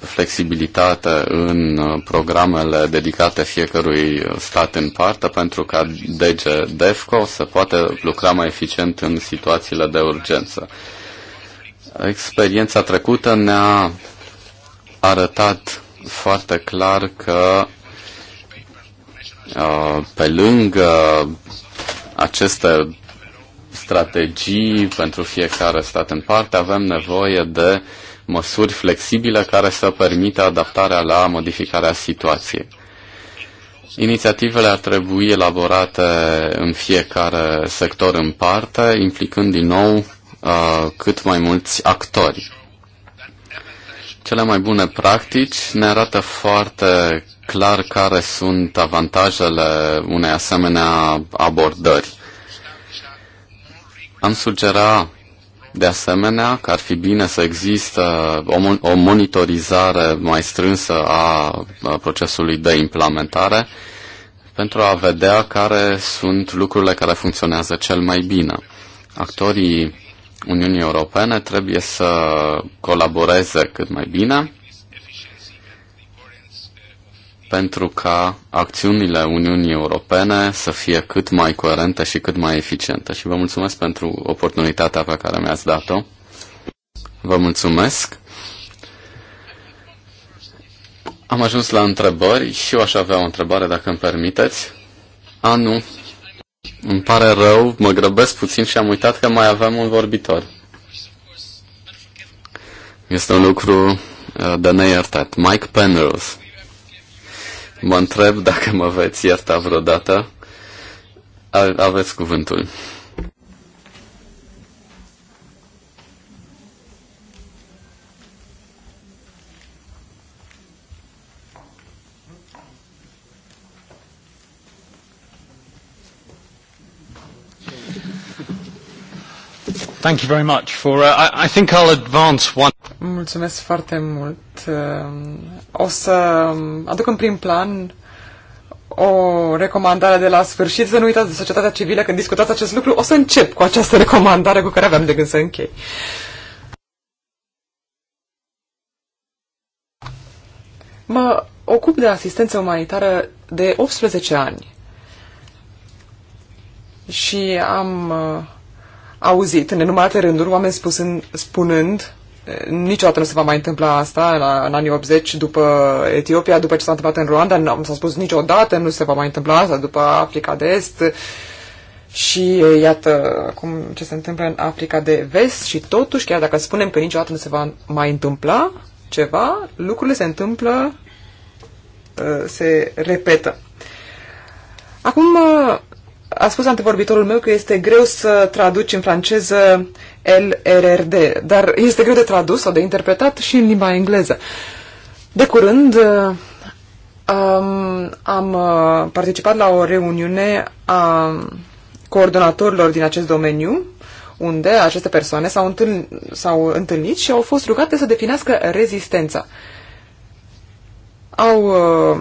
flexibilitate în uh, programele dedicate fiecărui stat în parte pentru ca DG DEFCO să poate lucra mai eficient în situațiile de urgență. Experiența trecută ne-a arătat foarte clar că uh, pe lângă aceste strategii pentru fiecare stat în parte, avem nevoie de măsuri flexibile care să permită adaptarea la modificarea situației. Inițiativele ar trebui elaborate în fiecare sector în parte, implicând din nou uh, cât mai mulți actori. Cele mai bune practici ne arată foarte clar care sunt avantajele unei asemenea abordări. Am sugera de asemenea că ar fi bine să există o, o monitorizare mai strânsă a procesului de implementare pentru a vedea care sunt lucrurile care funcționează cel mai bine. Actorii Uniunii Europene trebuie să colaboreze cât mai bine pentru ca acțiunile Uniunii Europene să fie cât mai coerente și cât mai eficiente. Și vă mulțumesc pentru oportunitatea pe care mi-ați dat-o. Vă mulțumesc. Am ajuns la întrebări și eu aș avea o întrebare, dacă îmi permiteți. A, nu. Îmi pare rău, mă grăbesc puțin și am uitat că mai aveam un vorbitor. Este un lucru uh, de neiertat. Mike Penrose. Mă întreb dacă mă veți ierta vreodată. Aveți cuvântul. Thank you very much for. Uh, I, I think I'll advance one. Mulțumesc foarte mult. Um, o să um, aduc în prim plan o recomandare de la sfârșit. Să nu uitați de societatea civilă când discutați acest lucru. O să încep cu această recomandare cu care aveam de gând să închei. Mă ocup de asistență umanitară de 18 ani și am uh, auzit în nenumărate rânduri oameni în, spunând niciodată nu se va mai întâmpla asta la, în anii 80 după Etiopia, după ce s-a întâmplat în Rwanda, nu s-a spus niciodată nu se va mai întâmpla asta după Africa de Est și iată cum ce se întâmplă în Africa de Vest și totuși, chiar dacă spunem că niciodată nu se va mai întâmpla ceva, lucrurile se întâmplă, se repetă. Acum a spus antevorbitorul meu că este greu să traduci în franceză LRRD, er, er, dar este greu de tradus sau de interpretat și în limba engleză. De curând um, am uh, participat la o reuniune a coordonatorilor din acest domeniu, unde aceste persoane s-au, întâln- s-au întâlnit și au fost rugate să definească rezistența. Au uh,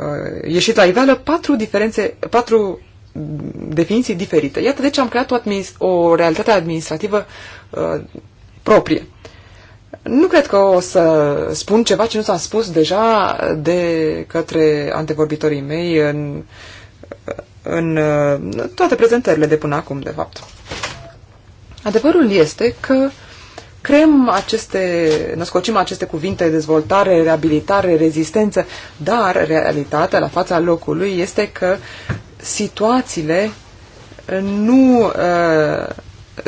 uh, ieșit la iveală patru diferențe, patru definiții diferite. Iată de ce am creat o, o realitate administrativă uh, proprie. Nu cred că o să spun ceva ce nu s-a spus deja de către antevorbitorii mei în, în uh, toate prezentările de până acum, de fapt. Adevărul este că uh, creăm aceste, născocim aceste cuvinte, dezvoltare, reabilitare, rezistență, dar realitatea la fața locului este că situațiile uh, nu uh,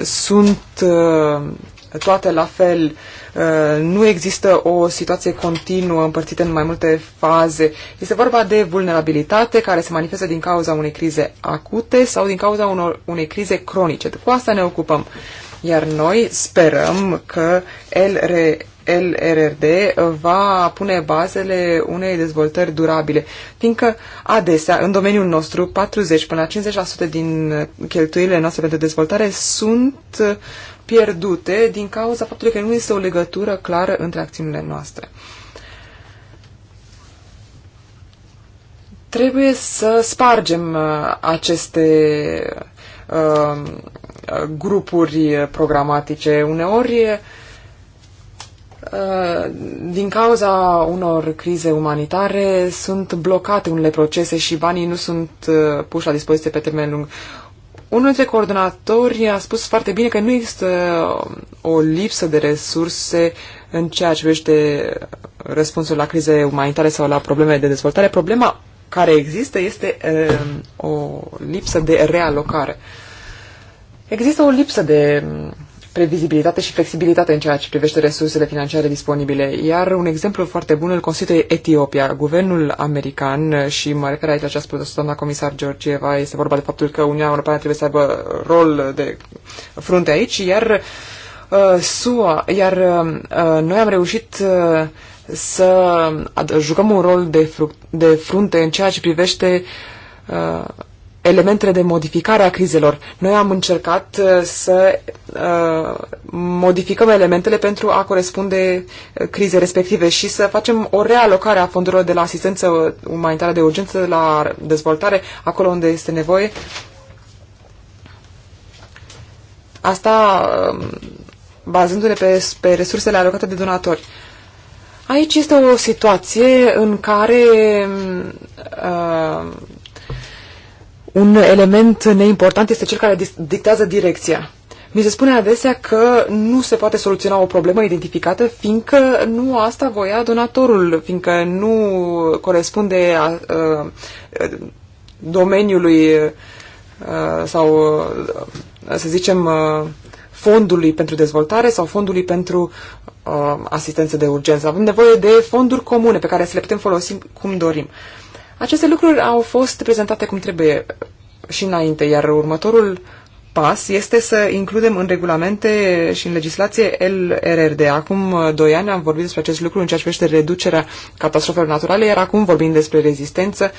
sunt uh, toate la fel. Uh, nu există o situație continuă împărțită în mai multe faze. Este vorba de vulnerabilitate care se manifestă din cauza unei crize acute sau din cauza unor, unei crize cronice. Cu asta ne ocupăm. Uh, iar noi sperăm că LR, LRRD va pune bazele unei dezvoltări durabile, fiindcă adesea, în domeniul nostru, 40 până la 50% din cheltuielile noastre pentru dezvoltare sunt pierdute din cauza faptului că nu este o legătură clară între acțiunile noastre. Trebuie să spargem uh, aceste uh, grupuri programatice. Uneori, din cauza unor crize umanitare, sunt blocate unele procese și banii nu sunt puși la dispoziție pe termen lung. Unul dintre coordonatori a spus foarte bine că nu există o lipsă de resurse în ceea ce privește răspunsul la crize umanitare sau la probleme de dezvoltare. Problema care există este uh, o lipsă de realocare. Uh, Există o lipsă de previzibilitate și flexibilitate în ceea ce privește resursele financiare disponibile, iar un exemplu foarte bun îl constituie Etiopia. Guvernul american, și mă refer aici la ce a spus doamna comisar Georgieva, este vorba de faptul că Uniunea Europeană trebuie să aibă rol de frunte aici, iar uh, SUA, iar uh, uh, noi am reușit uh, să jucăm un rol de, de frunte în ceea ce privește uh, elementele de modificare a crizelor. Noi am încercat uh, să uh, modificăm elementele pentru a corespunde uh, crize respective și să facem o realocare a fondurilor de la asistență umanitară de urgență la dezvoltare, acolo unde este nevoie. Asta um, bazându-ne pe, pe resursele alocate de donatori. Aici este o situație în care um, uh, un element neimportant este cel care dictează direcția. Mi se spune adesea că nu se poate soluționa o problemă identificată, fiindcă nu asta voia donatorul, fiindcă nu corespunde a, a, a domeniului a, sau, a, să zicem, a, fondului pentru dezvoltare sau fondului pentru a, asistență de urgență. Avem nevoie de fonduri comune pe care să le putem folosi cum dorim. Aceste lucruri au fost prezentate cum trebuie și înainte, iar următorul pas este să includem în regulamente și în legislație LRRD. Acum uh, doi ani am vorbit despre acest lucru în ceea ce privește reducerea catastrofelor naturale, iar acum vorbim despre rezistență,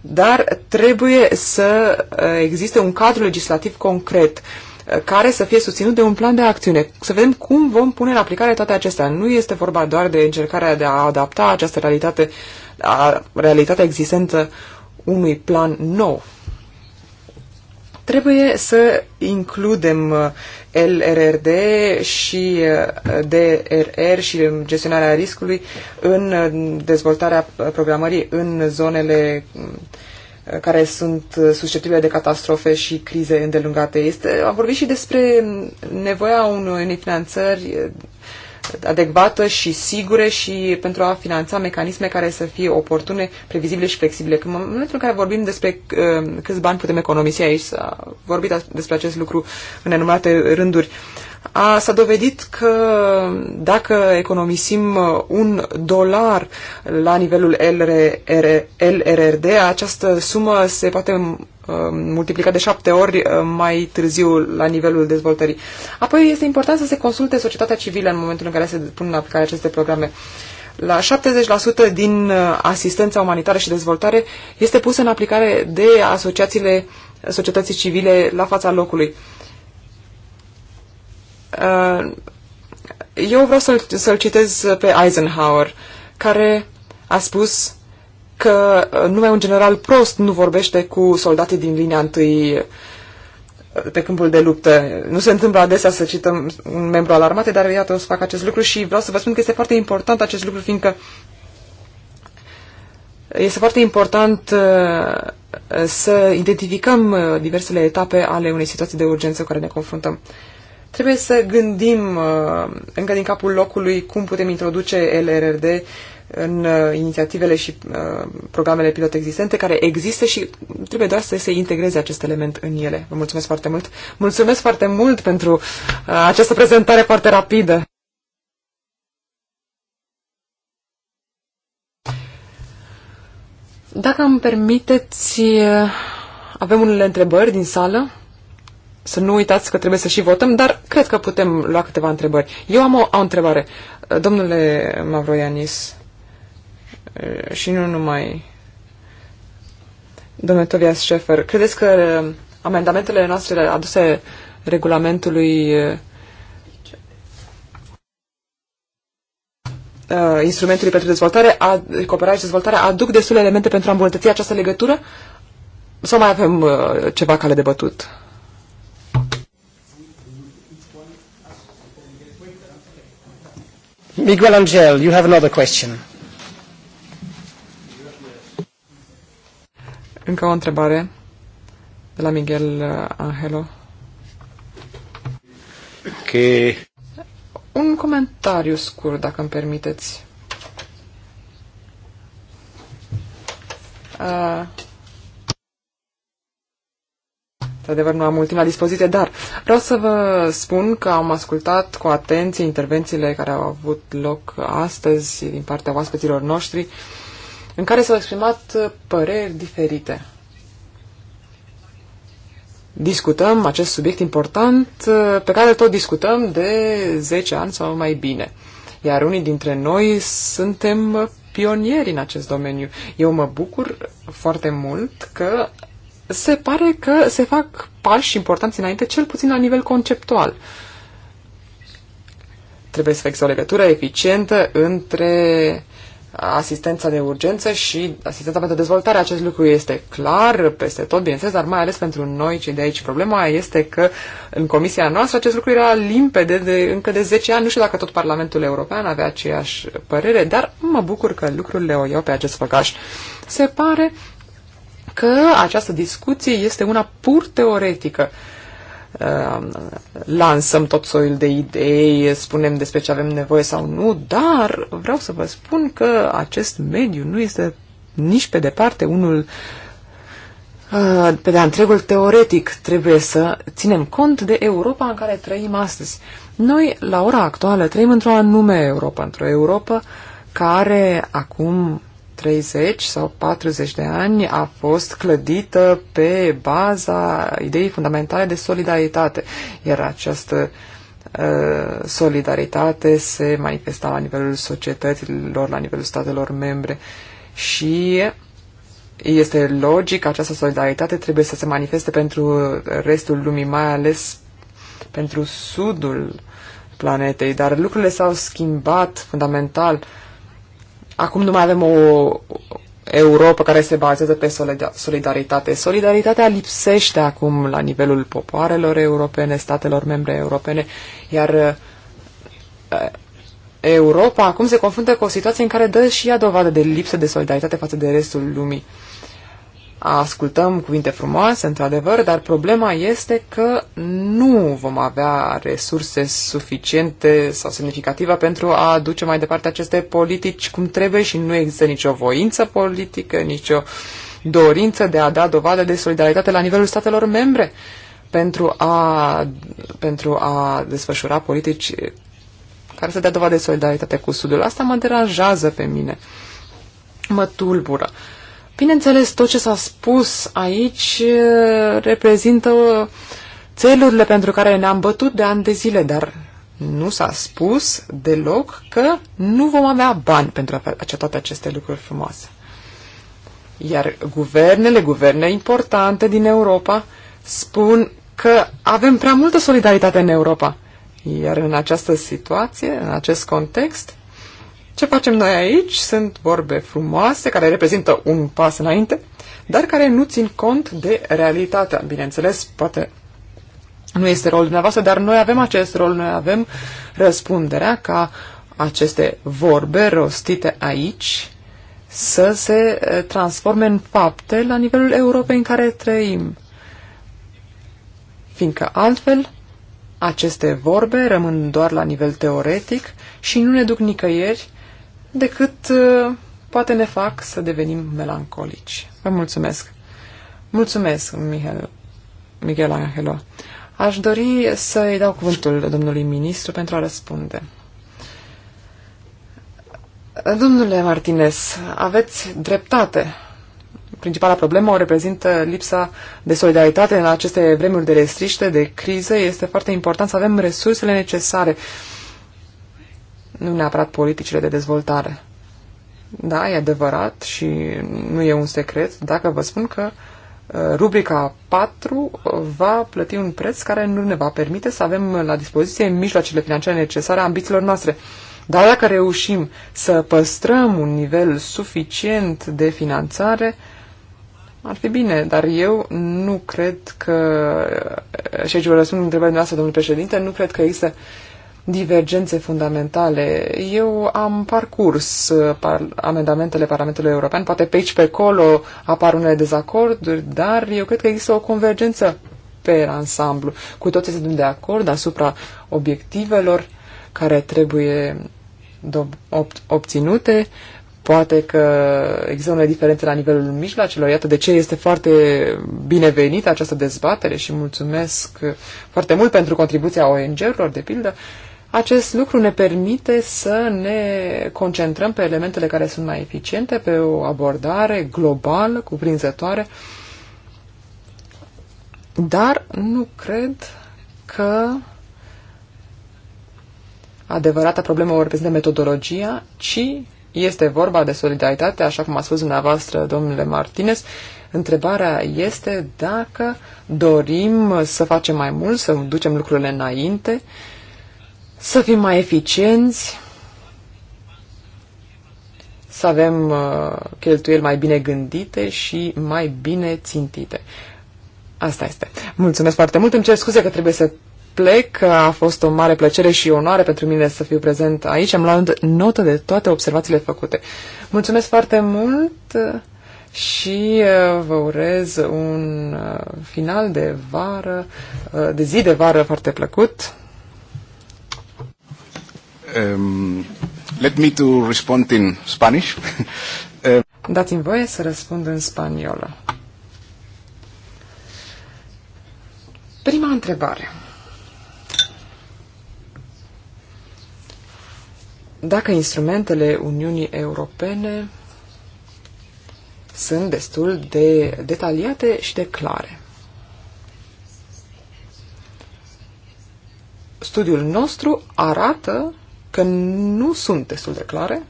dar trebuie să uh, existe un cadru legislativ concret uh, care să fie susținut de un plan de acțiune. Să vedem cum vom pune în aplicare toate acestea. Nu este vorba doar de încercarea de a adapta această realitate uh, la realitatea existentă unui plan nou. Trebuie să includem uh, LRRD și uh, DRR și gestionarea riscului în uh, dezvoltarea programării în zonele care sunt susceptibile de catastrofe și crize îndelungate. Este, am vorbit și despre nevoia unei finanțări adecvată și sigure și pentru a finanța mecanisme care să fie oportune, previzibile și flexibile. Când, în momentul în care vorbim despre uh, câți bani putem economisi aici, s-a vorbit despre acest lucru în enumerate rânduri, a, s-a dovedit că dacă economisim uh, un dolar la nivelul LRRD, această sumă se poate Um, multiplicat de șapte ori uh, mai târziu la nivelul dezvoltării. Apoi este important să se consulte societatea civilă în momentul în care se pun în aplicare aceste programe. La 70% din uh, asistența umanitară și dezvoltare este pusă în aplicare de asociațiile societății civile la fața locului. Uh, eu vreau să-l, să, să -l citez pe Eisenhower, care a spus că uh, numai un general prost nu vorbește cu soldații din linia întâi uh, pe câmpul de luptă. Nu se întâmplă adesea să cităm un membru al armatei, dar iată, o să fac acest lucru și vreau să vă spun că este foarte important acest lucru, fiindcă este foarte important uh, să identificăm diversele etape ale unei situații de urgență cu care ne confruntăm. Trebuie să gândim încă din capul locului cum putem introduce LRRD în uh, inițiativele și uh, programele pilot existente care există și trebuie doar să se integreze acest element în ele. Vă mulțumesc foarte mult. Mulțumesc foarte mult pentru uh, această prezentare foarte rapidă. Dacă îmi permiteți, uh, avem unele întrebări din sală. Să nu uitați că trebuie să și votăm, dar cred că putem lua câteva întrebări. Eu am o, o întrebare. Domnule Mavroianis, Eh, și nu numai domnul Tobias Schaeffer. Credeți că eh, amendamentele noastre aduse regulamentului uh, instrumentului pentru dezvoltare, a, cooperare și dezvoltare, aduc destule elemente pentru a îmbunătăți această legătură? Sau mai avem uh, ceva cale de bătut? Miguel Angel, you have another question. Încă o întrebare de la Miguel uh, Angelo. Ok. Un comentariu scurt, dacă îmi permiteți. Uh, adevăr nu am mult timp la dispoziție, dar vreau să vă spun că am ascultat cu atenție intervențiile care au avut loc astăzi din partea oaspeților noștri. Uh, în care s-au exprimat uh, păreri diferite. Discutăm acest subiect important uh, pe care tot discutăm de 10 ani sau mai bine. Iar unii dintre noi suntem pionieri în acest domeniu. Eu mă bucur foarte mult că se pare că se fac pași importanți înainte, cel puțin la nivel conceptual. Trebuie să fie o legătură eficientă între asistența de urgență și asistența pentru dezvoltare. Acest lucru este clar peste tot, bineînțeles, dar mai ales pentru noi cei de aici. Problema este că în comisia noastră acest lucru era limpede de, încă de 10 ani. Nu știu dacă tot Parlamentul European avea aceeași părere, dar mă bucur că lucrurile o iau pe acest făcaș. Se pare că această discuție este una pur teoretică. Uh, Uh, lansăm tot soiul de idei, spunem despre ce avem nevoie sau nu, dar vreau să vă spun că acest mediu nu este nici pe departe unul uh, pe de întregul teoretic trebuie să ținem cont de Europa în care trăim astăzi. Noi, la ora actuală, trăim într-o anume Europa, într-o Europa care acum 30 sau 40 de ani a fost clădită pe baza ideii fundamentale de solidaritate, iar această uh, solidaritate se manifesta la nivelul societăților, la nivelul statelor membre și este logic că această solidaritate trebuie să se manifeste pentru restul lumii, mai ales pentru sudul planetei, dar lucrurile s-au schimbat fundamental uh, Acum nu mai avem o Europa care se bazează pe solidaritate. Solidaritatea lipsește acum la nivelul popoarelor europene, statelor membre europene, iar eh, Europa acum se confruntă cu o situație în care dă și ea dovadă de lipsă de solidaritate față de restul lumii ascultăm cuvinte frumoase, într-adevăr, dar problema este că nu vom avea resurse suficiente sau semnificative pentru a duce mai departe aceste politici cum trebuie și nu există nicio voință politică, nicio dorință de a da dovadă de solidaritate la nivelul statelor membre pentru a, pentru a desfășura politici care să dea dovadă de solidaritate cu Sudul. Asta mă deranjează pe mine, mă tulbură. Uh, Bineînțeles, tot ce s-a spus aici reprezintă țelurile pentru care ne-am bătut de ani de zile, dar nu s-a spus deloc că nu vom avea bani pentru a face toate aceste lucruri frumoase. Iar guvernele, guverne importante din Europa, spun că avem prea multă solidaritate în Europa. Iar în această situație, în acest context, ce facem noi aici sunt vorbe frumoase care reprezintă un pas înainte, dar care nu țin cont de realitatea. Bineînțeles, poate nu este rolul dumneavoastră, dar noi avem acest rol, noi avem răspunderea ca aceste vorbe rostite aici să se transforme în fapte la nivelul Europei în care trăim. Fiindcă altfel, aceste vorbe rămân doar la nivel teoretic și nu ne duc nicăieri decât uh, poate ne fac să devenim melancolici. Vă mulțumesc! Mulțumesc, Mihail, Miguel Angelo. Aș dori să-i dau cuvântul domnului ministru pentru a răspunde. Domnule Martinez, aveți dreptate. Principala problemă o reprezintă lipsa de solidaritate în aceste vremuri de restriște, de criză. Este foarte important să avem resursele necesare uh, nu neapărat politicile de dezvoltare. Da, e adevărat și nu e un secret dacă vă spun că uh, rubrica 4 uh, va plăti un preț care nu ne va permite să avem la dispoziție mijloacele financiare necesare ambițiilor noastre. Dar dacă reușim să păstrăm un nivel suficient de finanțare, ar fi bine, dar eu nu cred că, uh, și aici vă răspund întrebările noastre, domnul președinte, nu cred că există divergențe fundamentale. Eu am parcurs uh, par amendamentele Parlamentului European, poate pe aici, pe acolo apar unele dezacorduri, dar eu cred că există o convergență pe ansamblu. Cu toții suntem de acord asupra obiectivelor care trebuie obținute, poate că există unele diferențe la nivelul mijloacelor. Iată de ce este foarte binevenită această dezbatere și mulțumesc foarte mult pentru contribuția ONG-urilor, de pildă. Uh, acest lucru ne permite să ne concentrăm pe elementele care sunt mai eficiente, pe o abordare globală, cuprinzătoare, dar nu cred că adevărata problemă o reprezintă metodologia, ci este vorba de solidaritate, așa cum a spus dumneavoastră, domnule Martinez. Întrebarea este dacă dorim să facem mai mult, să ducem lucrurile înainte, uh, să fim mai eficienți, să avem uh, cheltuieli mai bine gândite și mai bine țintite. Asta este. Mulțumesc foarte mult. Îmi cer scuze că trebuie să plec. A fost o mare plăcere și onoare pentru mine să fiu prezent aici. Am luat notă de toate observațiile făcute. Mulțumesc foarte mult uh, și uh, vă urez un final de vară, de zi de vară foarte plăcut um, let me to respond in Spanish. Um, Dați-mi voie să răspund în spaniolă. Prima întrebare. Dacă instrumentele Uniunii Europene sunt destul de detaliate și de clare. Studiul nostru arată că nu sunt destul de clare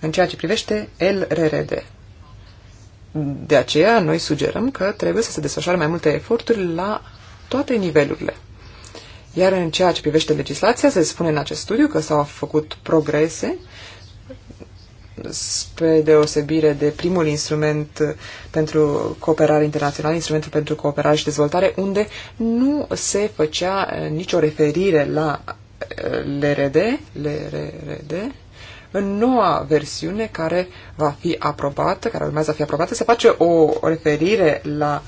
în ceea ce privește LRRD. De aceea, noi sugerăm că trebuie să se desfășoare mai multe eforturi la toate nivelurile. Iar în ceea ce privește legislația, se spune în acest studiu că s-au făcut progrese spre deosebire de primul instrument pentru cooperare internațională, instrumentul pentru cooperare și dezvoltare, unde nu se făcea nicio referire la LRD, LRRD, în noua versiune care va fi aprobată, care urmează a fi aprobată, se face o referire la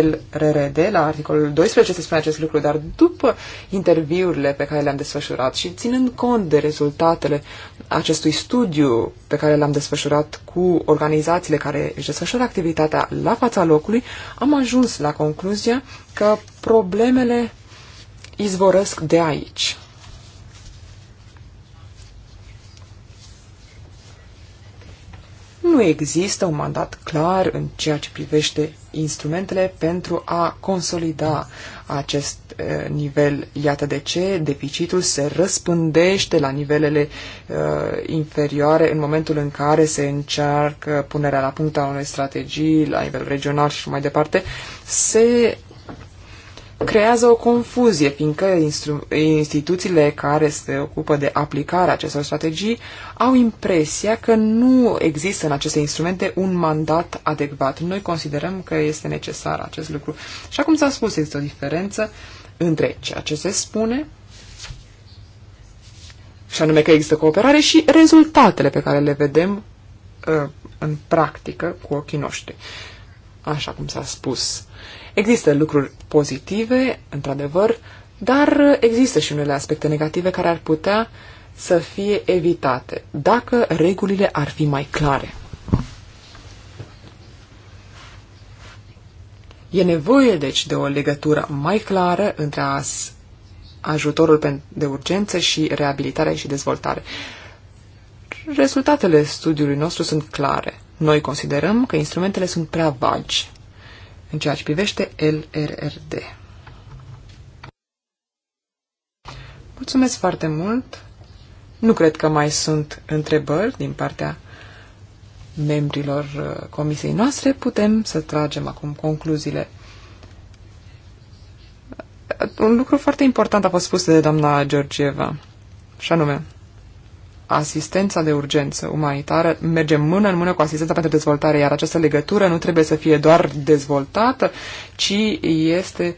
LRRD, la articolul 12 se spune acest lucru, dar după interviurile pe care le-am desfășurat și ținând cont de rezultatele acestui studiu pe care l-am desfășurat cu organizațiile care își desfășură activitatea la fața locului, am ajuns la concluzia că problemele izvorăsc de aici. nu există un mandat clar în ceea ce privește instrumentele pentru a consolida acest uh, nivel. Iată de ce deficitul se răspândește la nivelele uh, inferioare în momentul în care se încearcă punerea la punct a unei strategii la nivel regional și mai departe. Se creează o confuzie, fiindcă instituțiile care se ocupă de aplicarea acestor strategii au impresia că nu există în aceste instrumente un mandat adecvat. Noi considerăm că este necesar acest lucru. Și acum s-a spus, există o diferență între ceea ce se spune și anume că există cooperare și rezultatele pe care le vedem uh, în practică cu ochii noștri. Așa cum s-a spus. Există lucruri pozitive, într-adevăr, dar există și unele aspecte negative care ar putea să fie evitate dacă regulile ar fi mai clare. E nevoie, deci, de o legătură mai clară între ajutorul de urgență și reabilitare și dezvoltare. Rezultatele studiului nostru sunt clare. Noi considerăm că instrumentele sunt prea vagi în ceea ce privește LRRD. Mulțumesc foarte mult! Nu cred că mai sunt întrebări din partea membrilor uh, comisiei noastre. Putem să tragem acum concluziile. Un lucru foarte important a fost spus de doamna Georgieva, și anume, asistența de urgență umanitară merge mână în mână cu asistența pentru dezvoltare, iar această legătură nu trebuie să fie doar dezvoltată, ci este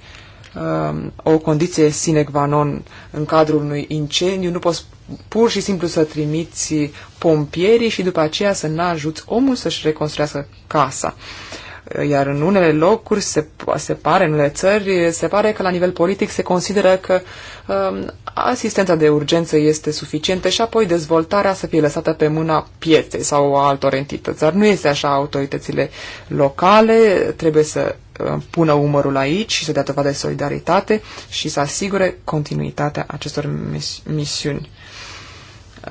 um, o condiție sine qua non în cadrul unui incendiu. Nu poți pur și simplu să trimiți pompierii și după aceea să n-ajuți omul să-și reconstruiască casa. Uh, iar în unele locuri se, se pare, în unele țări, se pare că la nivel politic se consideră că um, asistența de urgență este suficientă și apoi dezvoltarea să fie lăsată pe mâna pieței sau a altor entități. Dar nu este așa. Autoritățile locale trebuie să um, pună umărul aici și să dea dovadă de solidaritate și să asigure continuitatea acestor misi- misiuni.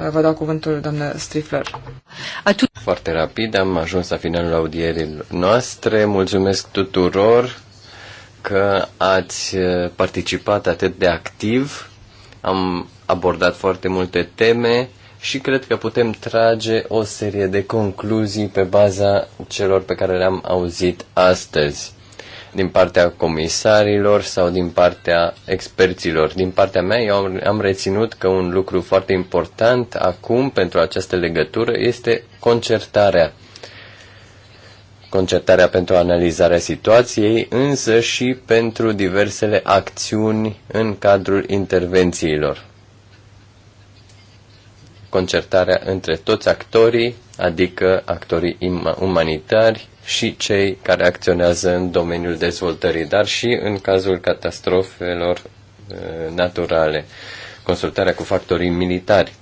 Vă dau cuvântul, doamnă Strifler. Foarte rapid, am ajuns la finalul audierii noastre. Mulțumesc tuturor că ați uh, participat atât de activ. Am abordat foarte multe teme și cred că putem trage o serie de concluzii pe baza celor pe care le-am auzit astăzi din partea comisarilor sau din partea experților. Din partea mea, eu am, am reținut că un lucru foarte important acum pentru această legătură este concertarea. Concertarea pentru analizarea situației, însă și pentru diversele acțiuni în cadrul intervențiilor. Concertarea între toți actorii, adică actorii umanitari, și cei care acționează în domeniul dezvoltării, dar și în cazul catastrofelor uh, naturale, consultarea cu factorii militari.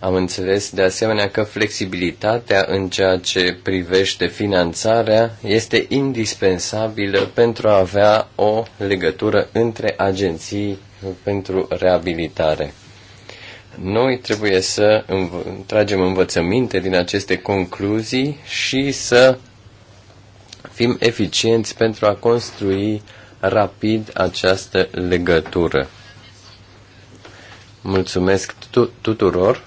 Am înțeles de asemenea că flexibilitatea în ceea ce privește finanțarea este indispensabilă pentru a avea o legătură între agenții pentru reabilitare. Noi trebuie să înv- tragem învățăminte din aceste concluzii și să fim eficienți pentru a construi rapid această legătură. Mulțumesc tu- tuturor.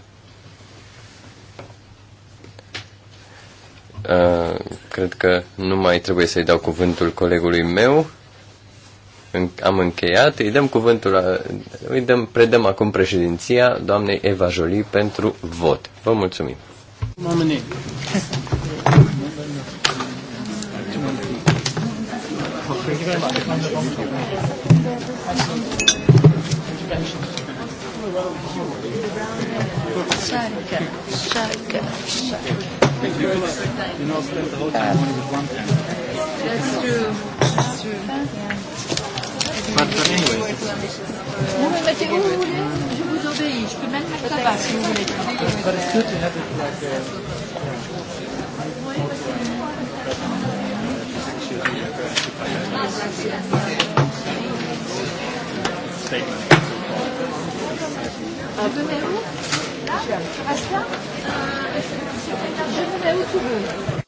Uh, cred că nu mai trebuie să-i dau cuvântul colegului meu am încheiat, îi dăm cuvântul, îi dăm, predăm acum președinția doamnei Eva Jolie pentru vot. Vă mulțumim. Şarkı, şarkı, şarkı. Yeah. Pas de famille, oui. Vous me mettez où vous voulez Je vous obéis. Je peux même mettre là-bas si vous voulez. But it's good to have it like a... Statement. Ah, donnez-vous Là À ça Je me mets où tu veux.